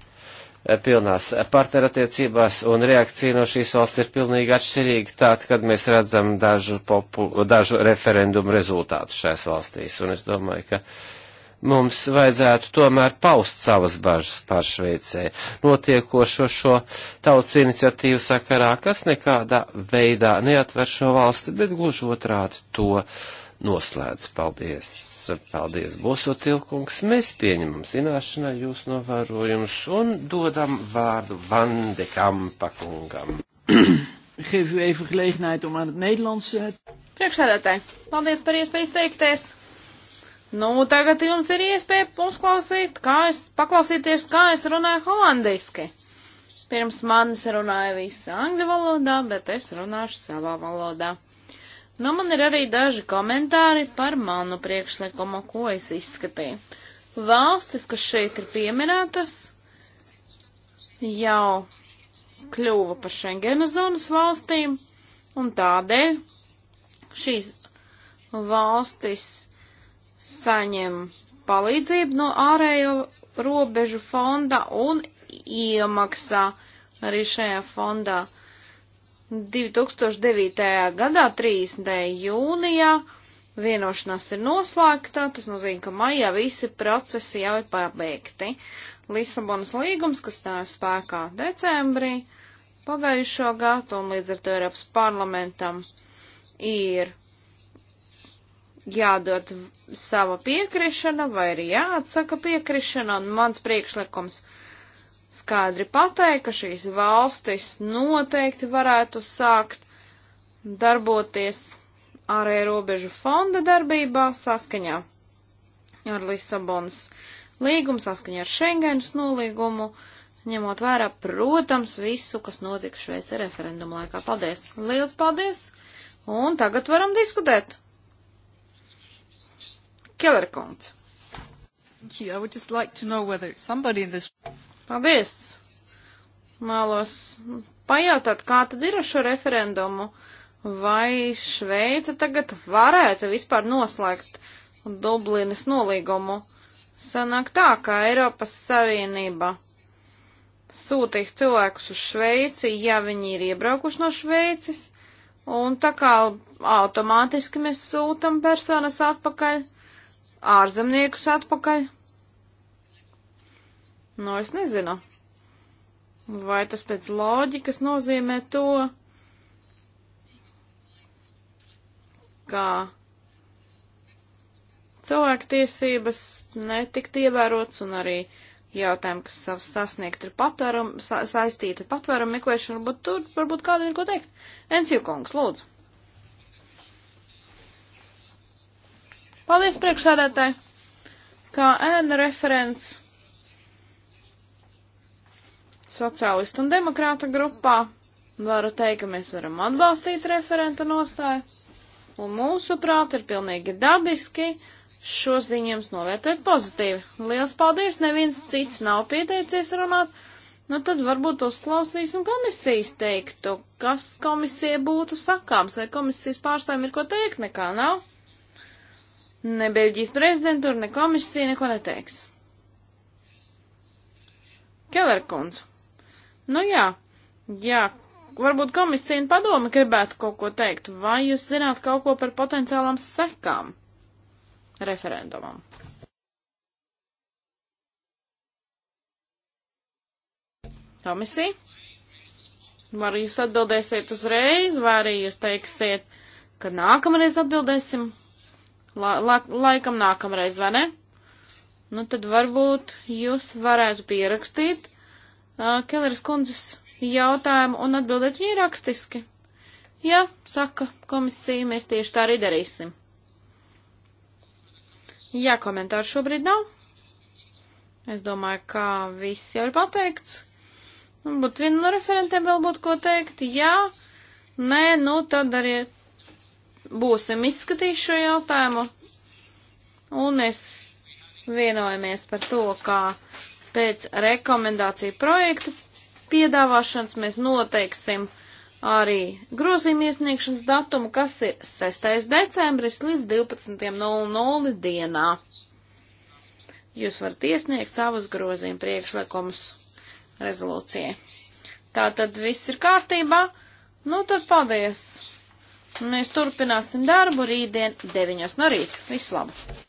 Eh, pilnās partnerattiecībās, un reakcija no šīs valsts ir pilnīgi atšķirīga tāda, kad mēs redzam dažu, popu, dažu referendumu rezultātus šajās valstīs. Un es domāju, ka mums vajadzētu tomēr paust savas bažas par Šveicē notiekošo šo tautas iniciatīvu sakarā, kas nekādā veidā neatver šo valsti, bet gluži otrādi to uh, noslēdz. Paldies, paldies, Bosotilkungs. Mēs pieņemam zināšanai jūs novērojums un dodam vārdu Vandekampa kungam. Geef u even gelegenheid om aan het Nederlands. Eh, Priekšsēdētāji, paldies par iespēju izteikties. Nu, tagad jums ir iespēja uzklausīt, kā es, paklausīties, kā es runāju holandiski. Pirms manis runāja visi angļu valodā, bet es runāšu savā valodā. Nu, man ir arī daži komentāri par manu priekšlikumu, ko es izskatīju. Valstis, kas šeit ir pieminētas, jau kļuva par Schengenas zonas valstīm, un tādēļ šīs valstis saņem palīdzību no ārējo robežu fonda un iemaksā arī šajā fondā. 2009. gadā, 30. jūnijā, vienošanās ir noslēgta, tas nozīmē, ka maijā visi procesi jau ir pabeigti. Lisabonas līgums, kas stāja spēkā decembrī pagājušo gadu, un līdz ar to Eiropas parlamentam ir jādod sava piekrišana vai arī jāatsaka piekrišana, un mans priekšlikums skaidri pateikt, ka šīs valstis noteikti varētu sākt darboties ārēja robežu fonda darbībā saskaņā ar Lisabonas līgumu, saskaņā ar Schengenas nolīgumu, ņemot vērā, protams, visu, kas notika Šveicē referenduma laikā. Paldies! Liels paldies! Un tagad varam diskutēt! Keller Konts. Thank you. I would just like to know whether somebody in this Paldies! Mālos pajautāt, kā tad ir ar šo referendumu? Vai Šveica tagad varētu vispār noslēgt Dublinas nolīgumu? Sanāk tā, ka Eiropas Savienība sūtīs cilvēkus uz Šveici, ja viņi ir iebraukuši no Šveicis, un tā kā automātiski mēs sūtam personas atpakaļ, ārzemniekus atpakaļ. Nu, es nezinu. Vai tas pēc loģikas nozīmē to, ka cilvēktiesības netikt ievērots un arī jautājumi, kas sasniegt ir patvaram, sa saistīti ar patvaram meklēšanu, varbūt tur varbūt kādam ir ko teikt. Enciju kungs, lūdzu. Paldies priekšsādātāji, kā ēna referents sociālistu un demokrāta grupā varu teikt, ka mēs varam atbalstīt referenta nostāju, un mūsuprāt ir pilnīgi dabiski šo ziņojums novērtēt pozitīvi. Liels paldies, neviens cits nav pieteicies runāt, nu tad varbūt uzklausīsim komisijas teiktu, kas komisija būtu sakāms, vai komisijas pārstāvjiem ir ko teikt, nekā nav. Ne Beļģijas prezidentūra, ne komisija neko neteiks. Kelerkundze. Nu jā, jā, varbūt komisija un padoma gribētu kaut ko teikt. Vai jūs zināt kaut ko par potenciālām sekām referendumam? Komisija? Vai jūs atbildēsiet uzreiz, vai arī jūs teiksiet, ka nākamreiz atbildēsim? La, la, laikam nākamreiz, vai ne? Nu tad varbūt jūs varētu pierakstīt uh, Kelleras kundzes jautājumu un atbildēt viņai rakstiski. Jā, saka komisija, mēs tieši tā arī darīsim. Jā, komentāru šobrīd nav. Es domāju, ka viss jau ir pateikts. Varbūt nu, viena no referentiem vēl būtu ko teikt. Jā, nē, nu tad arī būsim izskatījuši šo jautājumu. Un mēs vienojamies par to, kā Pēc rekomendāciju projekta piedāvāšanas mēs noteiksim arī grozījuma iesniegšanas datumu, kas ir 6. decembris līdz 12.00 dienā. Jūs varat iesniegt savus grozījuma priekšlikumus rezolūcijai. Tā tad viss ir kārtībā. Nu, tad paldies! Mēs turpināsim darbu rītdien 9 no rīta. Visu labu!